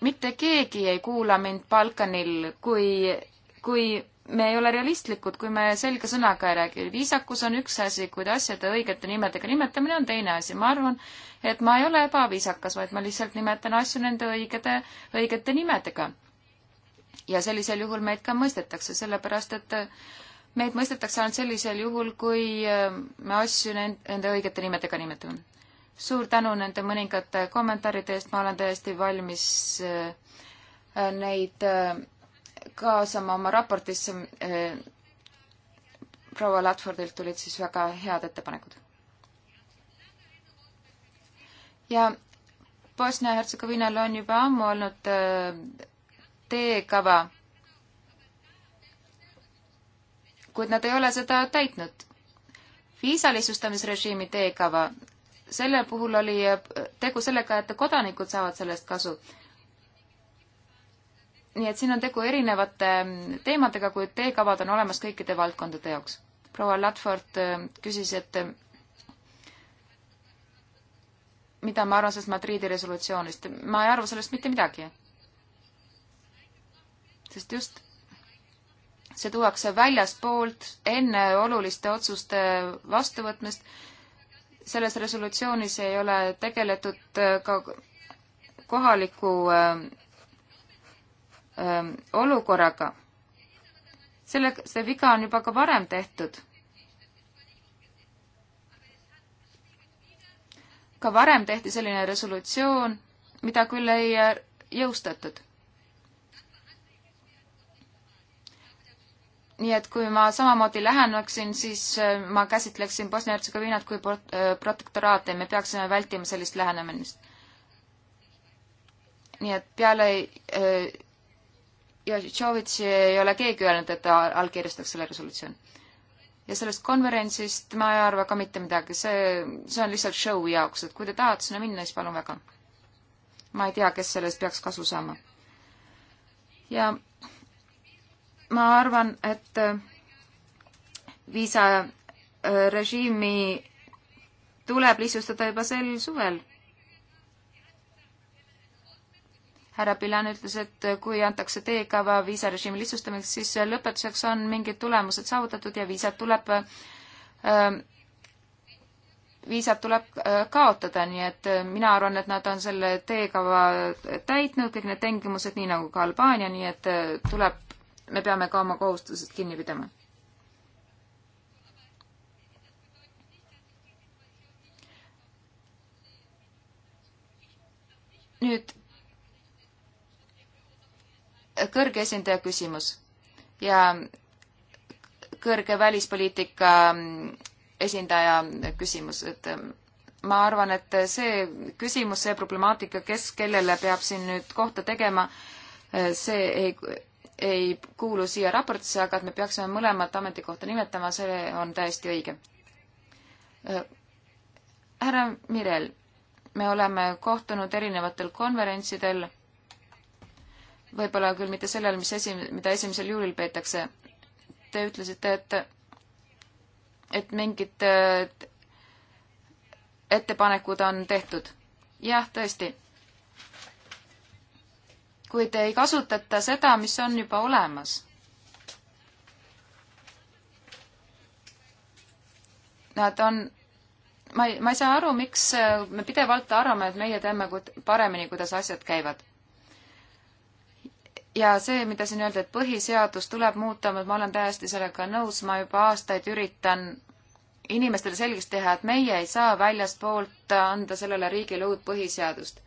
Speaker 2: mitte keegi ei kuula mind Balkanil, kui, kui me ei ole realistlikud, kui me selge sõnaga ei räägi. viisakus on üks asi, kuid asjade õigete nimedega nimetamine on teine asi. ma arvan, et ma ei ole ebaviisakas, vaid ma lihtsalt nimetan asju nende õigede, õigete nimedega. ja sellisel juhul meid ka mõistetakse, sellepärast et meid mõistetakse ainult sellisel juhul, kui äh, me asju nende õigete nimedega nimetame. suur tänu nende mõningate kommentaaride eest, ma olen täiesti valmis äh, neid äh, kaasama oma raportisse. Eh, proua Ladfordilt tulid siis väga head ettepanekud. ja Bosnia-Hertsegoviinal on juba ammu olnud eh, teekava, kuid nad ei ole seda täitnud. viisalisustamisrežiimi teekava, selle puhul oli eh, tegu sellega, et kodanikud saavad sellest kasu nii et siin on tegu erinevate mm, teemadega, kuid teekavad on olemas kõikide valdkondade jaoks. proua Ladford äh, küsis, et äh, mida ma arvan sellest Madridi resolutsioonist. ma ei arva sellest mitte midagi. sest just see tuuakse väljaspoolt enne oluliste otsuste vastuvõtmist. selles resolutsioonis ei ole tegeletud äh, ka kohaliku öö, ähm, olukorraga. selle, see viga on juba ka varem tehtud. ka varem tehti selline resolutsioon, mida küll ei äh, jõustatud. nii et kui ma samamoodi läheneksin, siis äh, ma käsitleksin Bosnia-Hertsegoviinat kui äh, protektoraati ja me peaksime vältima sellist lähenemist nii et peale ja Tšovitši ei ole keegi öelnud, et ta allkirjastaks selle resolutsiooni. ja sellest konverentsist ma ei arva ka mitte midagi, see, see on lihtsalt show jaoks, et kui te tahate sinna minna, siis palun väga. ma ei tea, kes sellest peaks kasu saama. ja ma arvan, et äh, viisarežiimi äh, tuleb lihtsustada juba sel suvel härra Pilan ütles, et kui antakse teekava viisarežiimi lihtsustamiseks, siis lõpetuseks on mingid tulemused saavutatud ja viisad tuleb ähm, viisad tuleb äh, kaotada, nii et äh, mina arvan, et nad on selle teekava täitnud, kõik need tingimused, nii nagu ka Albaania, nii et äh, tuleb, me peame ka oma kohustused kinni pidama. nüüd kõrge esindaja küsimus ja kõrge välispoliitika esindaja küsimus, et ähm, ma arvan, et see küsimus, see problemaatika, kes kellele peab siin nüüd kohta tegema, äh, see ei, ei kuulu siia raportisse, aga et me peaksime mõlemat ametikohta nimetama, see on täiesti õige. Äh, härra Mirel, me oleme kohtunud erinevatel konverentsidel võib-olla küll mitte sellel, mis esi-, mida esimesel juulil peetakse. Te ütlesite, et, et mingid äh, ettepanekud on tehtud. jah, tõesti. kuid ei kasutata seda, mis on juba olemas. Nad on, ma ei, ma ei saa aru, miks me pidevalt arvame, et meie teame paremini, kuidas asjad käivad ja see, mida siin öeldi, et põhiseadus tuleb muuta, ma olen täiesti sellega nõus, ma juba aastaid üritan inimestele selgeks teha, et meie ei saa väljastpoolt anda sellele riigile uut põhiseadust.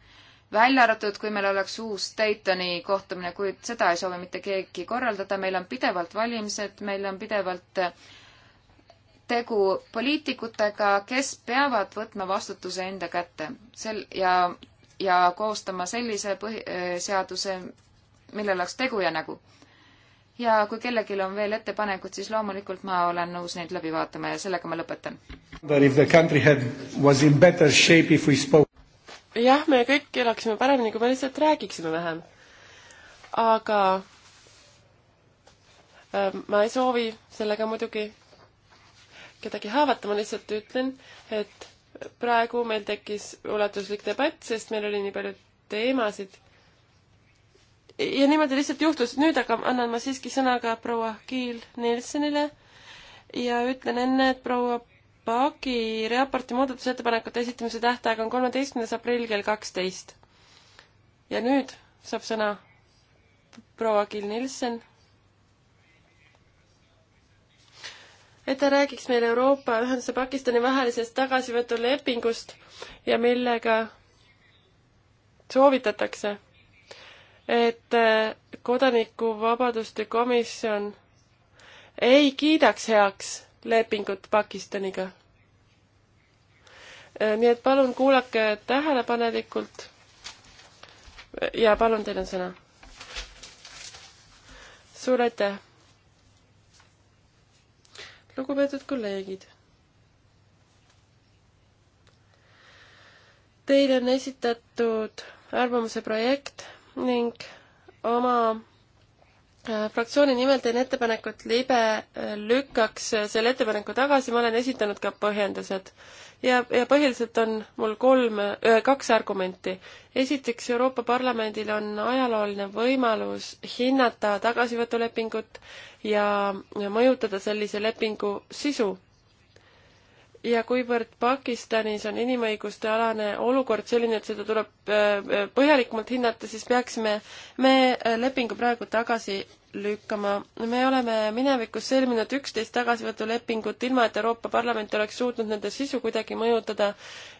Speaker 2: välja arvatud, kui meil oleks uus Daytoni kohtumine, kuid seda ei soovi mitte keegi korraldada, meil on pidevalt valimised, meil on pidevalt tegu poliitikutega, kes peavad võtma vastutuse enda kätte sel- ja, ja koostama sellise põhi-, eh, seaduse, millel oleks tegu ja nägu. ja kui kellelgi on veel ettepanekud, siis loomulikult ma olen nõus neid läbi vaatama ja sellega ma lõpetan. jah, me kõik elaksime paremini,
Speaker 4: kui me lihtsalt räägiksime vähem. aga ähm, ma ei soovi sellega muidugi kedagi haavata, ma lihtsalt ütlen, et praegu meil tekkis ulatuslik debatt, sest meil oli nii palju teemasid ja niimoodi lihtsalt juhtus, nüüd aga annan ma siiski sõna ka proua Kiil Nilssonile ja ütlen enne, et proua Paagi raporti muudatusettepanekute esitamise tähtaeg on kolmeteistkümnes aprill kell kaksteist. ja nüüd saab sõna proua Kiil Nilsson. et ta räägiks meile Euroopa Ühenduse Pakistani vahelisest tagasivõtulepingust ja millega soovitatakse et äh, kodanikuvabaduste komisjon ei kiidaks heaks lepingut Pakistaniga. Äh, nii et palun kuulake tähelepanelikult ja palun, teil on sõna. suur aitäh! lugupeetud kolleegid! Teile on esitatud arvamuse projekt ning oma äh, fraktsiooni nimel teen ettepanekut, libe äh, lükkaks äh, selle ettepaneku tagasi, ma olen esitanud ka põhjendused. ja, ja põhiliselt on mul kolm, kaks argumenti. esiteks, Euroopa Parlamendil on ajalooline võimalus hinnata tagasivõtulepingut ja, ja mõjutada sellise lepingu sisu ja kuivõrd Pakistanis on inimõiguste alane olukord selline, et seda tuleb äh, äh, põhjalikumalt hinnata, siis peaksime me äh, lepingu praegu tagasi lükkama. me oleme minevikus sõlminud üksteist tagasivõtulepingut, ilma et Euroopa Parlament oleks suutnud nende sisu kuidagi mõjutada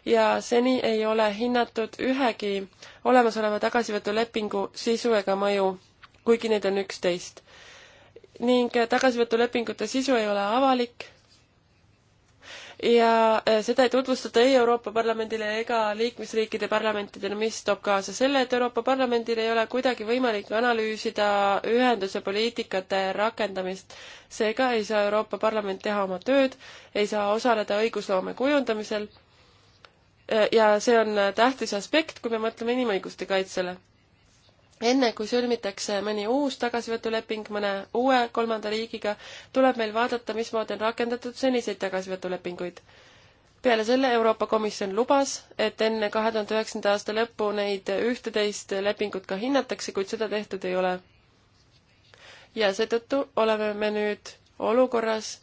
Speaker 4: ja seni ei ole hinnatud ühegi olemasoleva tagasivõtulepingu sisu ega mõju, kuigi neid on üksteist. ning tagasivõtulepingute sisu ei ole avalik ja eh, seda ei tutvustata ei Euroopa Parlamendile ega liikmesriikide parlamentidele, mis toob kaasa selle, et Euroopa Parlamendil ei ole kuidagi võimalik analüüsida ühenduse poliitikate rakendamist. seega ei saa Euroopa Parlament teha oma tööd, ei saa osaleda õigusloome kujundamisel eh, ja see on tähtis aspekt, kui me mõtleme inimõiguste kaitsele enne kui sõlmitakse mõni uus tagasivõtuleping mõne uue kolmanda riigiga, tuleb meil vaadata, mismoodi on rakendatud seniseid tagasivõtulepinguid. peale selle Euroopa Komisjon lubas, et enne kahe tuhande üheksanda aasta lõppu neid ühteteist lepingut ka hinnatakse, kuid seda tehtud ei ole. ja seetõttu oleme me nüüd olukorras,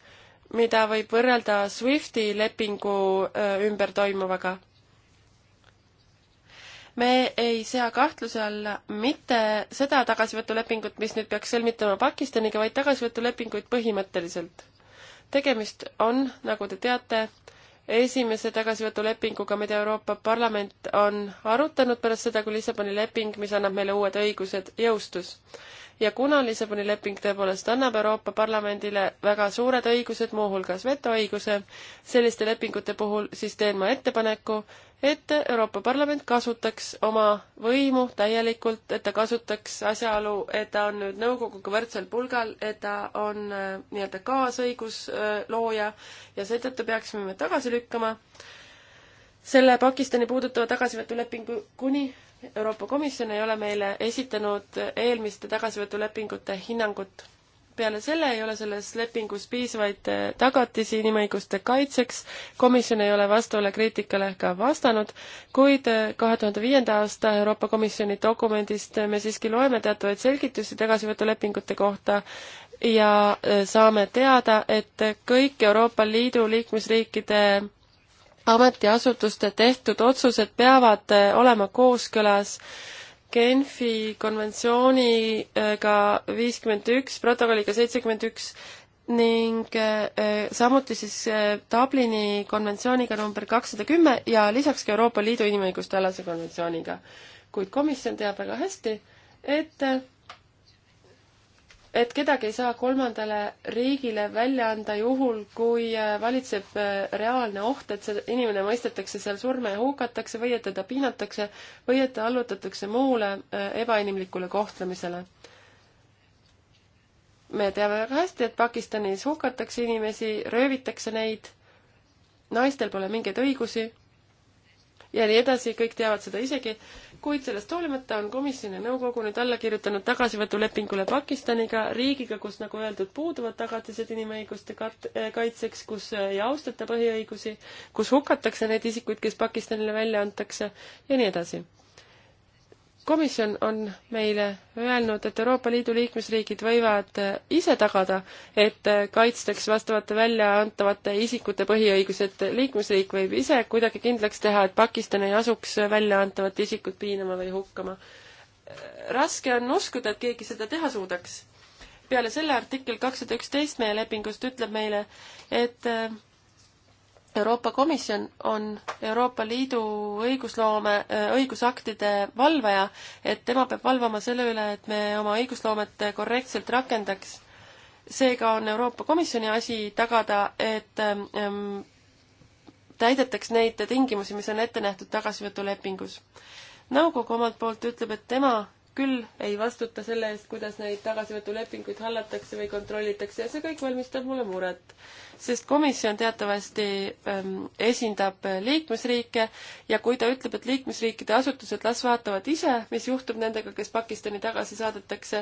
Speaker 4: mida võib võrrelda SWIFTi lepingu äh, ümber toimuvaga me ei sea kahtluse alla mitte seda tagasivõtulepingut, mis nüüd peaks sõlmitama Pakistaniga, vaid tagasivõtulepinguid põhimõtteliselt. tegemist on, nagu te teate, esimese tagasivõtulepinguga, mida Euroopa Parlament on arutanud pärast seda, kui Lissaboni leping, mis annab meile uued õigused, jõustus ja kuna Lissaboni leping tõepoolest annab Euroopa Parlamendile väga suured õigused, muuhulgas vetoõiguse, selliste lepingute puhul siis teen ma ettepaneku, et Euroopa Parlament kasutaks oma võimu täielikult, et ta kasutaks asjaolu, et ta on nüüd nõukoguga võrdsel pulgal, et ta on äh, nii-öelda kaasõiguslooja äh, ja seetõttu peaksime me tagasi lükkama selle Pakistani puudutava tagasivõtulepingu kuni Euroopa Komisjon ei ole meile esitanud eelmiste tagasivõtulepingute hinnangut. peale selle ei ole selles lepingus piisavaid eh, tagatisi inimõiguste kaitseks, komisjon ei ole vastavale kriitikale ka vastanud, kuid eh, kahe tuhande viienda aasta Euroopa Komisjoni dokumendist me siiski loeme teatavaid selgitusi tagasivõtulepingute kohta, ja eh, saame teada, et kõik Euroopa Liidu liikmesriikide ametiasutuste tehtud otsused peavad äh, olema kooskõlas Genfi konventsiooniga viiskümmend üks, protokolliga seitsekümmend üks ning äh, äh, samuti siis Dublini konventsiooniga number kakssada kümme ja lisaks ka Euroopa Liidu inimõiguste alase konventsiooniga. kuid komisjon teab väga hästi, et et kedagi ei saa kolmandale riigile välja anda juhul, kui äh, valitseb äh, reaalne oht, et see inimene mõistetakse seal surma ja hukatakse või et teda piinatakse või et ta allutatakse muule äh, ebainimlikule kohtlemisele. me teame väga hästi, et Pakistanis hukatakse inimesi, röövitakse neid, naistel pole mingeid õigusi ja nii edasi, kõik teavad seda isegi kuid sellest hoolimata on komisjon ja nõukogu nüüd alla kirjutanud tagasivõtulepingule Pakistaniga, riigiga, kus, nagu öeldud, puuduvad tagatised inimõiguste eh, kaitseks, kus eh, ei austata põhiõigusi, kus hukatakse neid isikuid, kes Pakistanile välja antakse ja nii edasi komisjon on meile öelnud, et Euroopa Liidu liikmesriigid võivad ise tagada, et kaitstaks vastavate väljaantavate isikute põhiõigused. liikmesriik võib ise kuidagi kindlaks teha, et Pakistan ei asuks väljaantavat isikut piinama või hukkama. raske on uskuda, et keegi seda teha suudaks. peale selle artikkel kakssada üksteist meie lepingust ütleb meile, et Euroopa Komisjon on Euroopa Liidu õigusloome, äh, õigusaktide valvaja, et tema peab valvama selle üle, et me oma õigusloomet korrektselt rakendaks. seega on Euroopa Komisjoni asi tagada, et ähm, täidetaks neid tingimusi, mis on ette nähtud tagasivõtulepingus. nõukogu omalt poolt ütleb, et tema küll ei vastuta selle eest, kuidas neid tagasivõtulepinguid hallatakse või kontrollitakse ja see kõik valmistab mulle muret. sest komisjon teatavasti ähm, esindab äh, liikmesriike ja kui ta ütleb, et liikmesriikide asutused las vaatavad ise, mis juhtub nendega, kes Pakistani tagasi saadetakse,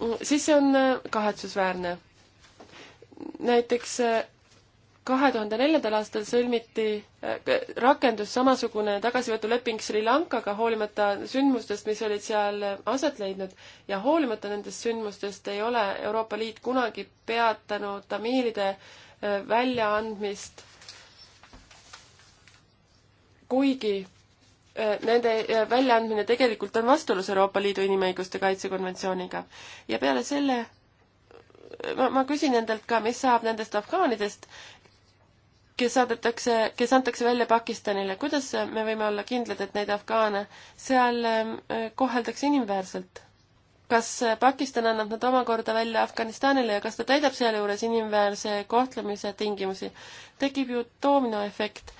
Speaker 4: mm, siis see on äh, kahetsusväärne. näiteks äh, kahe tuhande neljandal aastal sõlmiti, äh, rakendus samasugune tagasivõtuleping Sri Lankaga, hoolimata sündmustest, mis olid seal aset leidnud. ja hoolimata nendest sündmustest ei ole Euroopa Liit kunagi peatanud tamiilide äh, väljaandmist, kuigi äh, nende väljaandmine tegelikult on vastuolus Euroopa Liidu inimõiguste kaitsekonventsiooniga. ja peale selle ma, ma küsin endalt ka, mis saab nendest afgaanidest, kes saadetakse, kes antakse välja Pakistanile, kuidas me võime olla kindlad, et neid afgaane seal ähm, koheldakse inimväärselt? kas äh, Pakistan annab nad omakorda välja Afganistanile ja kas ta täidab sealjuures inimväärse kohtlemise tingimusi? tekib ju dominoefekt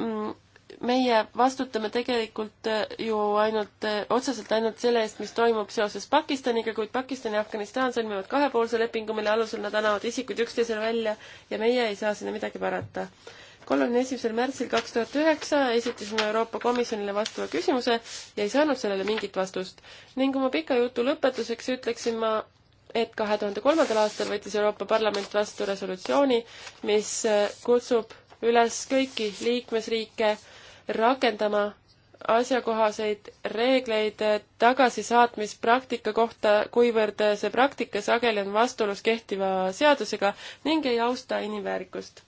Speaker 4: mm, meie vastutame tegelikult äh, ju ainult, äh, otseselt ainult selle eest, mis toimub seoses Pakistaniga, kuid Pakistan ja Afganistan sõlmivad kahepoolse lepingu, mille alusel nad annavad isikud üksteisele välja ja meie ei saa sinna midagi parata. kolmekümne esimesel märtsil kaks tuhat üheksa esitasime Euroopa Komisjonile vastava küsimuse ja ei saanud sellele mingit vastust. ning oma pika jutu lõpetuseks ütleksin ma, et kahe tuhande kolmandal aastal võttis Euroopa Parlament vastu resolutsiooni, mis äh, kutsub üles kõiki liikmesriike äh, rakendama asjakohaseid reegleid tagasisaatmispraktika kohta, kuivõrd see praktika sageli on vastuolus kehtiva seadusega ning ei austa inimväärikust.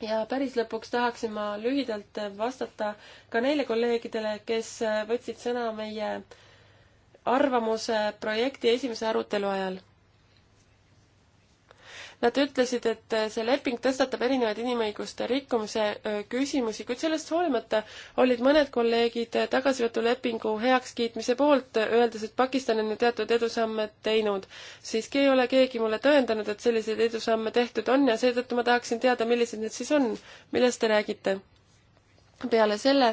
Speaker 3: ja päris lõpuks
Speaker 4: tahaksin ma lühidalt vastata ka neile kolleegidele, kes võtsid sõna meie arvamuse projekti esimese arutelu ajal Nad ütlesid, et äh, see leping tõstatab erinevaid inimõiguste rikkumise äh, küsimusi, kuid sellest hoolimata olid mõned kolleegid äh, tagasivõtulepingu heakskiitmise poolt, öeldes, et Pakistan on ju teatud edusamme teinud. siiski ei ole keegi mulle tõendanud, et selliseid edusamme tehtud on ja seetõttu ma tahaksin teada, millised need siis on, millest te räägite? peale selle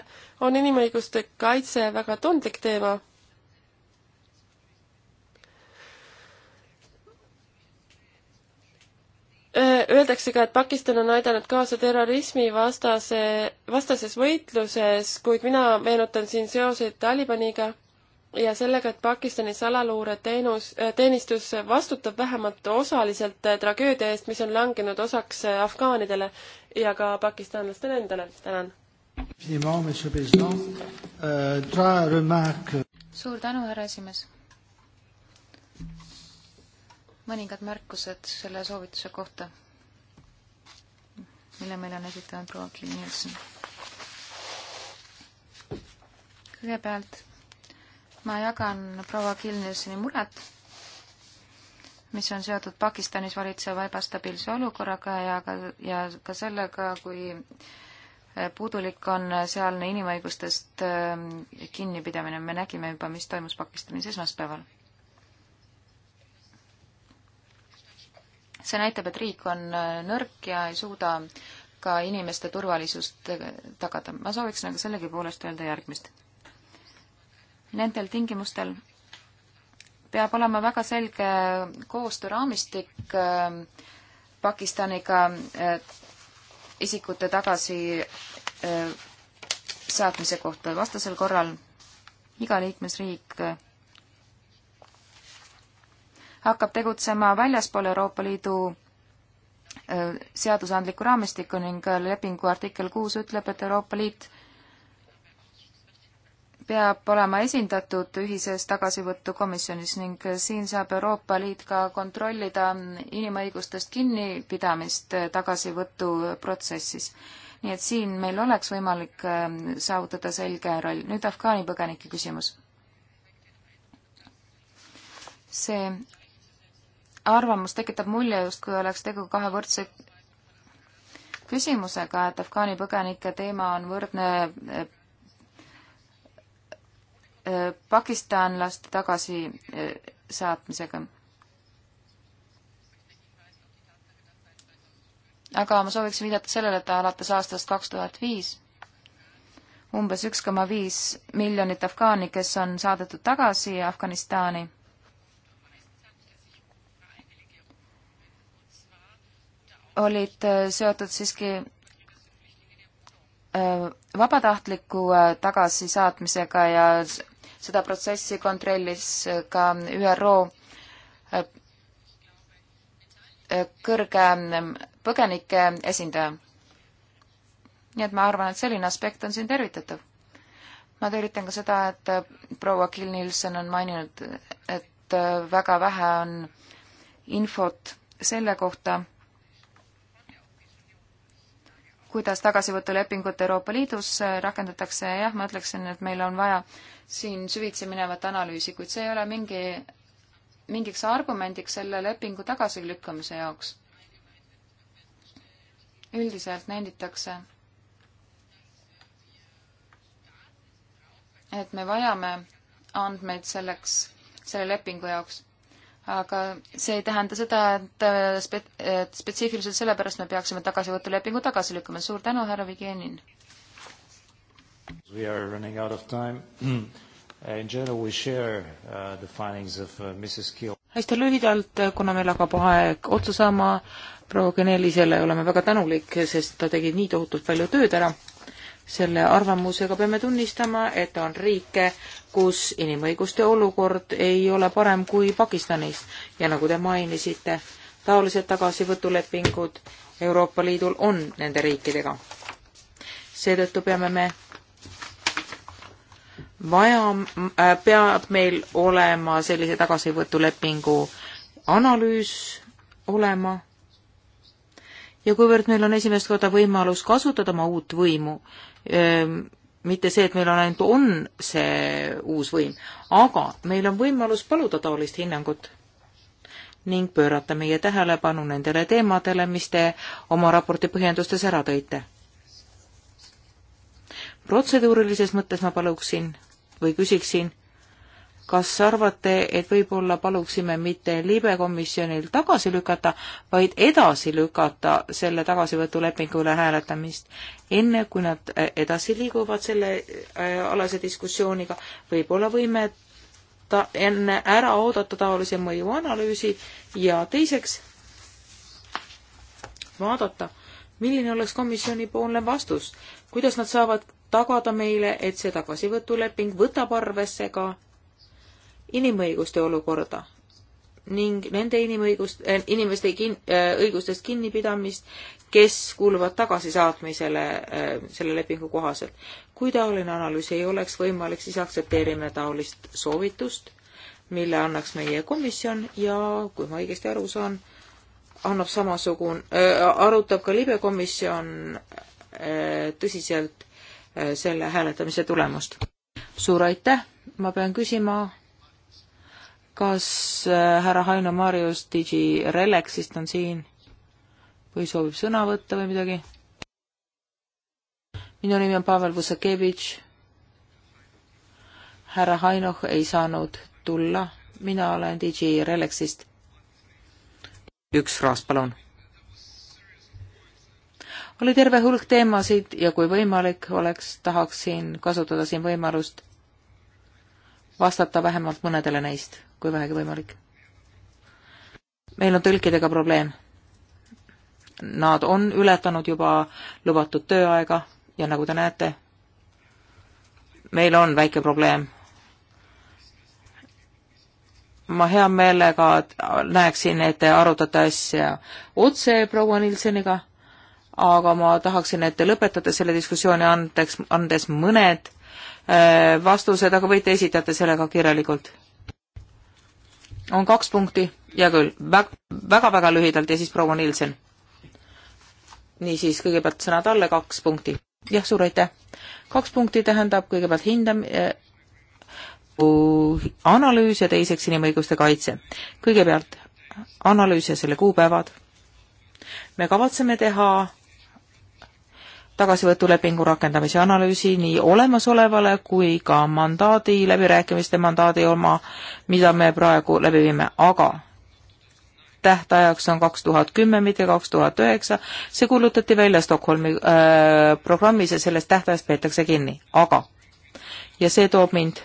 Speaker 4: on inimõiguste kaitse väga tundlik teema Öeldakse ka, et Pakistan on aidanud kaasa terrorismi vastase, vastases võitluses, kuid mina meenutan siin seoseid Talibaniga ja sellega, et Pakistani salaluureteenus, äh, teenistus vastutab vähemalt osaliselt äh, tragöödia eest, mis on langenud osaks äh, afgaanidele ja ka pakistanlastele
Speaker 2: endale. tänan. Euh, suur tänu, härra esimees mõningad märkused selle soovituse kohta, mille meile on esitanud proua Kim Nielsen. kõigepealt ma jagan proua Kim Nielseni muret, mis on seotud Pakistanis valitseva ebastabiilse olukorraga ja ka, ja ka sellega, kui eh, puudulik on sealne inimõigustest eh, kinnipidamine. me nägime juba, mis toimus Pakistanis esmaspäeval see näitab, et riik on äh, nõrk ja ei suuda ka inimeste turvalisust äh, tagada. ma sooviksin aga sellegipoolest öelda järgmist. Nendel tingimustel peab olema väga selge koostööraamistik äh, Pakistaniga isikute tagasi saatmise kohta. vastasel korral iga liikmesriik hakkab tegutsema väljaspool Euroopa Liidu seadusandlikku raamistikku ning lepingu artikkel kuus ütleb, et Euroopa Liit peab olema esindatud ühises tagasivõtukomisjonis ning siin saab Euroopa Liit ka kontrollida inimõigustest kinnipidamist tagasivõtuprotsessis. nii et siin meil oleks võimalik saavutada selge roll. nüüd Afgaani põgenike küsimus. see arvamus tekitab mulje, justkui oleks tegu kahe võrdse küsimusega, et Afgaani põgenike teema on võrdne eh, eh, pakistanlaste tagasisaatmisega. Eh, aga ma sooviksin viidata sellele, et alates aastast kaks tuhat viis umbes üks koma viis miljonit afgaani, kes on saadetud tagasi Afganistani olid äh, seotud siiski äh, vabatahtliku äh, tagasisaatmisega ja seda protsessi kontrollis ka ÜRO kõrge mm, põgenike esindaja. nii et ma arvan, et selline aspekt on siin tervitatav. ma tervitan ka seda, et proua Kill-Nielsen on maininud, et väga vähe on infot selle kohta kuidas tagasivõtulepingut Euroopa Liidus äh, rakendatakse, jah, ma ütleksin, et meil on vaja siin süvitsi minevat analüüsi, kuid see ei ole mingi, mingiks argumendiks selle lepingu tagasilükkamise jaoks. üldiselt nenditakse, et me vajame andmeid selleks, selle lepingu jaoks aga see ei tähenda seda, et spe-, et spetsiifiliselt sellepärast me peaksime tagasivõtulepingu tagasi lükkama. suur tänu, härra Vigenin!
Speaker 3: We are running out of time. In general
Speaker 1: we share uh, the findings of uh, Mrs Kill.
Speaker 3: hästi lühidalt, kuna meil hakkab aeg otsa saama, proua Genelisele oleme väga tänulik, sest ta tegi nii tohutult palju tööd ära selle arvamusega peame tunnistama, et on riike, kus inimõiguste olukord ei ole parem kui Pakistanis ja nagu te mainisite, taolised tagasivõtulepingud Euroopa Liidul on nende riikidega. seetõttu peame me vaja, äh, peab meil olema sellise tagasivõtulepingu analüüs olema ja kuivõrd meil on esimest korda võimalus kasutada oma uut võimu, ehm, mitte see, et meil on ainult on see uus võim, aga meil on võimalus paluda taolist hinnangut ning pöörata meie tähelepanu nendele teemadele, mis te oma raporti põhjendustes ära tõite. protseduurilises mõttes ma paluksin või küsiksin kas arvate, et võib-olla paluksime mitte libekomisjonil tagasi lükata, vaid edasi lükata selle tagasivõtulepingu üle hääletamist, enne kui nad edasi liiguvad selle äh, alase diskussiooniga, võib-olla võime ta enne ära oodata taolise mõjuanalüüsi ja teiseks vaadata, milline oleks komisjonipoolne vastus, kuidas nad saavad tagada meile, et see tagasivõtuleping võtab arvesse ka inimõiguste olukorda ning nende inimõigust äh,, inimeste kin-, äh, õigustest kinnipidamist, kes kuuluvad tagasisaatmisele äh, selle lepingu kohaselt. kui taoline analüüs ei oleks võimalik, siis aktsepteerime taolist soovitust, mille annaks meie komisjon ja kui ma õigesti aru saan, annab samasugune äh,, arutab ka libe komisjon äh, tõsiselt äh, selle hääletamise tulemust. suur aitäh, ma pean küsima kas äh, härra Haino Marius Digi Relexist on siin või soovib sõna võtta või midagi? minu nimi on Pavel Vusakevitš. härra Hainoh ei saanud tulla, mina olen Digi Relexist. üks fraas, palun. oli terve hulk teemasid ja kui võimalik oleks, tahaksin kasutada siin võimalust vastata vähemalt mõnedele neist kui vähegi võimalik. meil on tõlkidega probleem. Nad on ületanud juba lubatud tööaega ja nagu te näete, meil on väike probleem. ma hea meelega näeksin, et te arutate asja otse proua Nilseniga, aga ma tahaksin, et te lõpetate selle diskussiooni, andeks, andes mõned äh, vastused, aga võite esitada selle ka kirjalikult on kaks punkti, hea küll, väga-väga lühidalt ja siis proua Nielsen. niisiis, kõigepealt sõna talle, kaks punkti. jah, suur aitäh. kaks punkti tähendab kõigepealt hindam- äh,, analüüs ja teiseks inimõiguste kaitse. kõigepealt analüüs ja selle kuupäevad. me kavatseme teha tagasivõtulepingu rakendamise analüüsi nii olemasolevale kui ka mandaadi, läbirääkimiste mandaadi oma, mida me praegu läbi viime, aga tähtajaks on kaks tuhat kümme, mitte kaks tuhat üheksa, see kuulutati välja Stockholmi äh, programmis ja sellest tähtajast peetakse kinni, aga ja see toob mind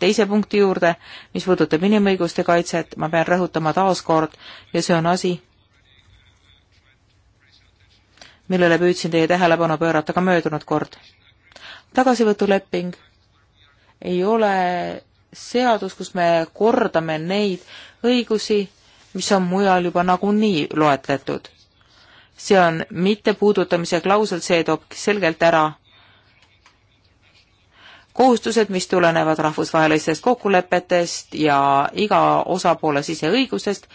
Speaker 3: teise punkti juurde, mis puudutab inimõiguste kaitset, ma pean rõhutama taaskord ja see on asi, millele püüdsin teie tähelepanu pöörata ka möödunud kord. tagasivõtuleping ei ole seadus, kus me kordame neid õigusi, mis on mujal juba nagunii loetletud. see on mittepuudutamise klausel, see toob selgelt ära kohustused, mis tulenevad rahvusvahelistest kokkulepetest ja iga osapoole siseõigusest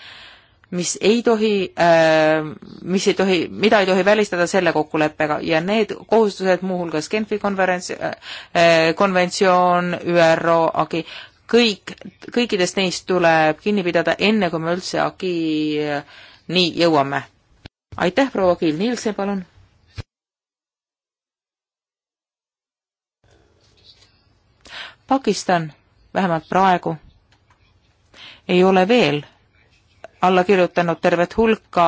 Speaker 3: mis ei tohi, äh, mis ei tohi, mida ei tohi välistada selle kokkuleppega ja need kohustused, muuhulgas Genfi konverents, äh, äh, konventsioon, ÜRO, AGI, kõik, kõikidest neist tuleb kinni pidada, enne kui me üldse AGI-ni jõuame. aitäh, proua Kiil, Nielsen, palun. Pakistan, vähemalt praegu, ei ole veel alla kirjutanud tervet hulka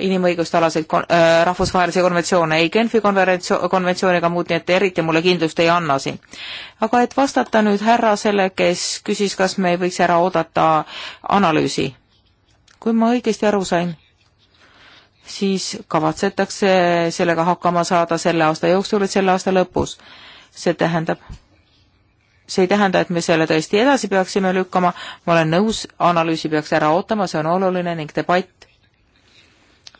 Speaker 3: inimõiguste alaseid kon-, äh, rahvusvahelisi konventsioone, ei Genfi konverentsioon, konventsioon ega muud, nii et eriti mulle kindlust ei anna siin. aga et vastata nüüd härra selle, kes küsis, kas me ei võiks ära oodata analüüsi. kui ma õigesti aru sain, siis kavatsetakse sellega hakkama saada selle aasta jooksul, et selle aasta lõpus. see tähendab see ei tähenda, et me selle tõesti edasi peaksime lükkama, ma olen nõus, analüüsi peaks ära ootama, see on oluline ning debatt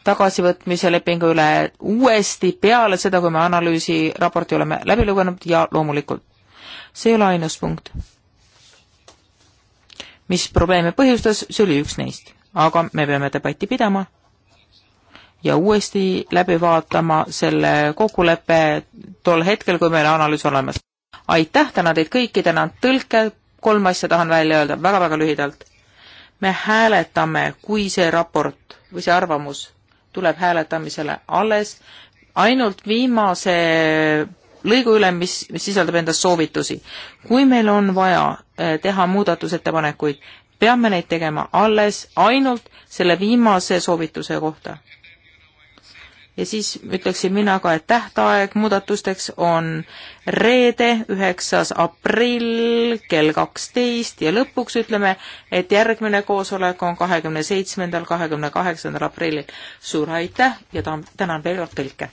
Speaker 3: tagasivõtmise lepingu üle uuesti peale seda, kui me analüüsi raporti oleme läbi lugenud ja loomulikult see ei ole ainus punkt, mis probleeme põhjustas, see oli üks neist, aga me peame debatti pidama ja uuesti läbi vaatama selle kokkuleppe tol hetkel, kui meil analüüs olemas aitäh täna teid kõiki, tänan tõlke, kolm asja tahan välja öelda väga-väga lühidalt. me hääletame, kui see raport või see arvamus tuleb hääletamisele alles ainult viimase lõigu üle, mis, mis sisaldab endas soovitusi. kui meil on vaja eh, teha muudatusettepanekuid, peame neid tegema alles ainult selle viimase soovituse kohta ja siis ütleksin mina ka, et tähtaeg muudatusteks on reede, üheksas aprill kell kaksteist ja lõpuks ütleme, et järgmine koosolek on kahekümne seitsmendal, kahekümne kaheksandal aprillil. suur aitäh ja tänan veel kord tõlke!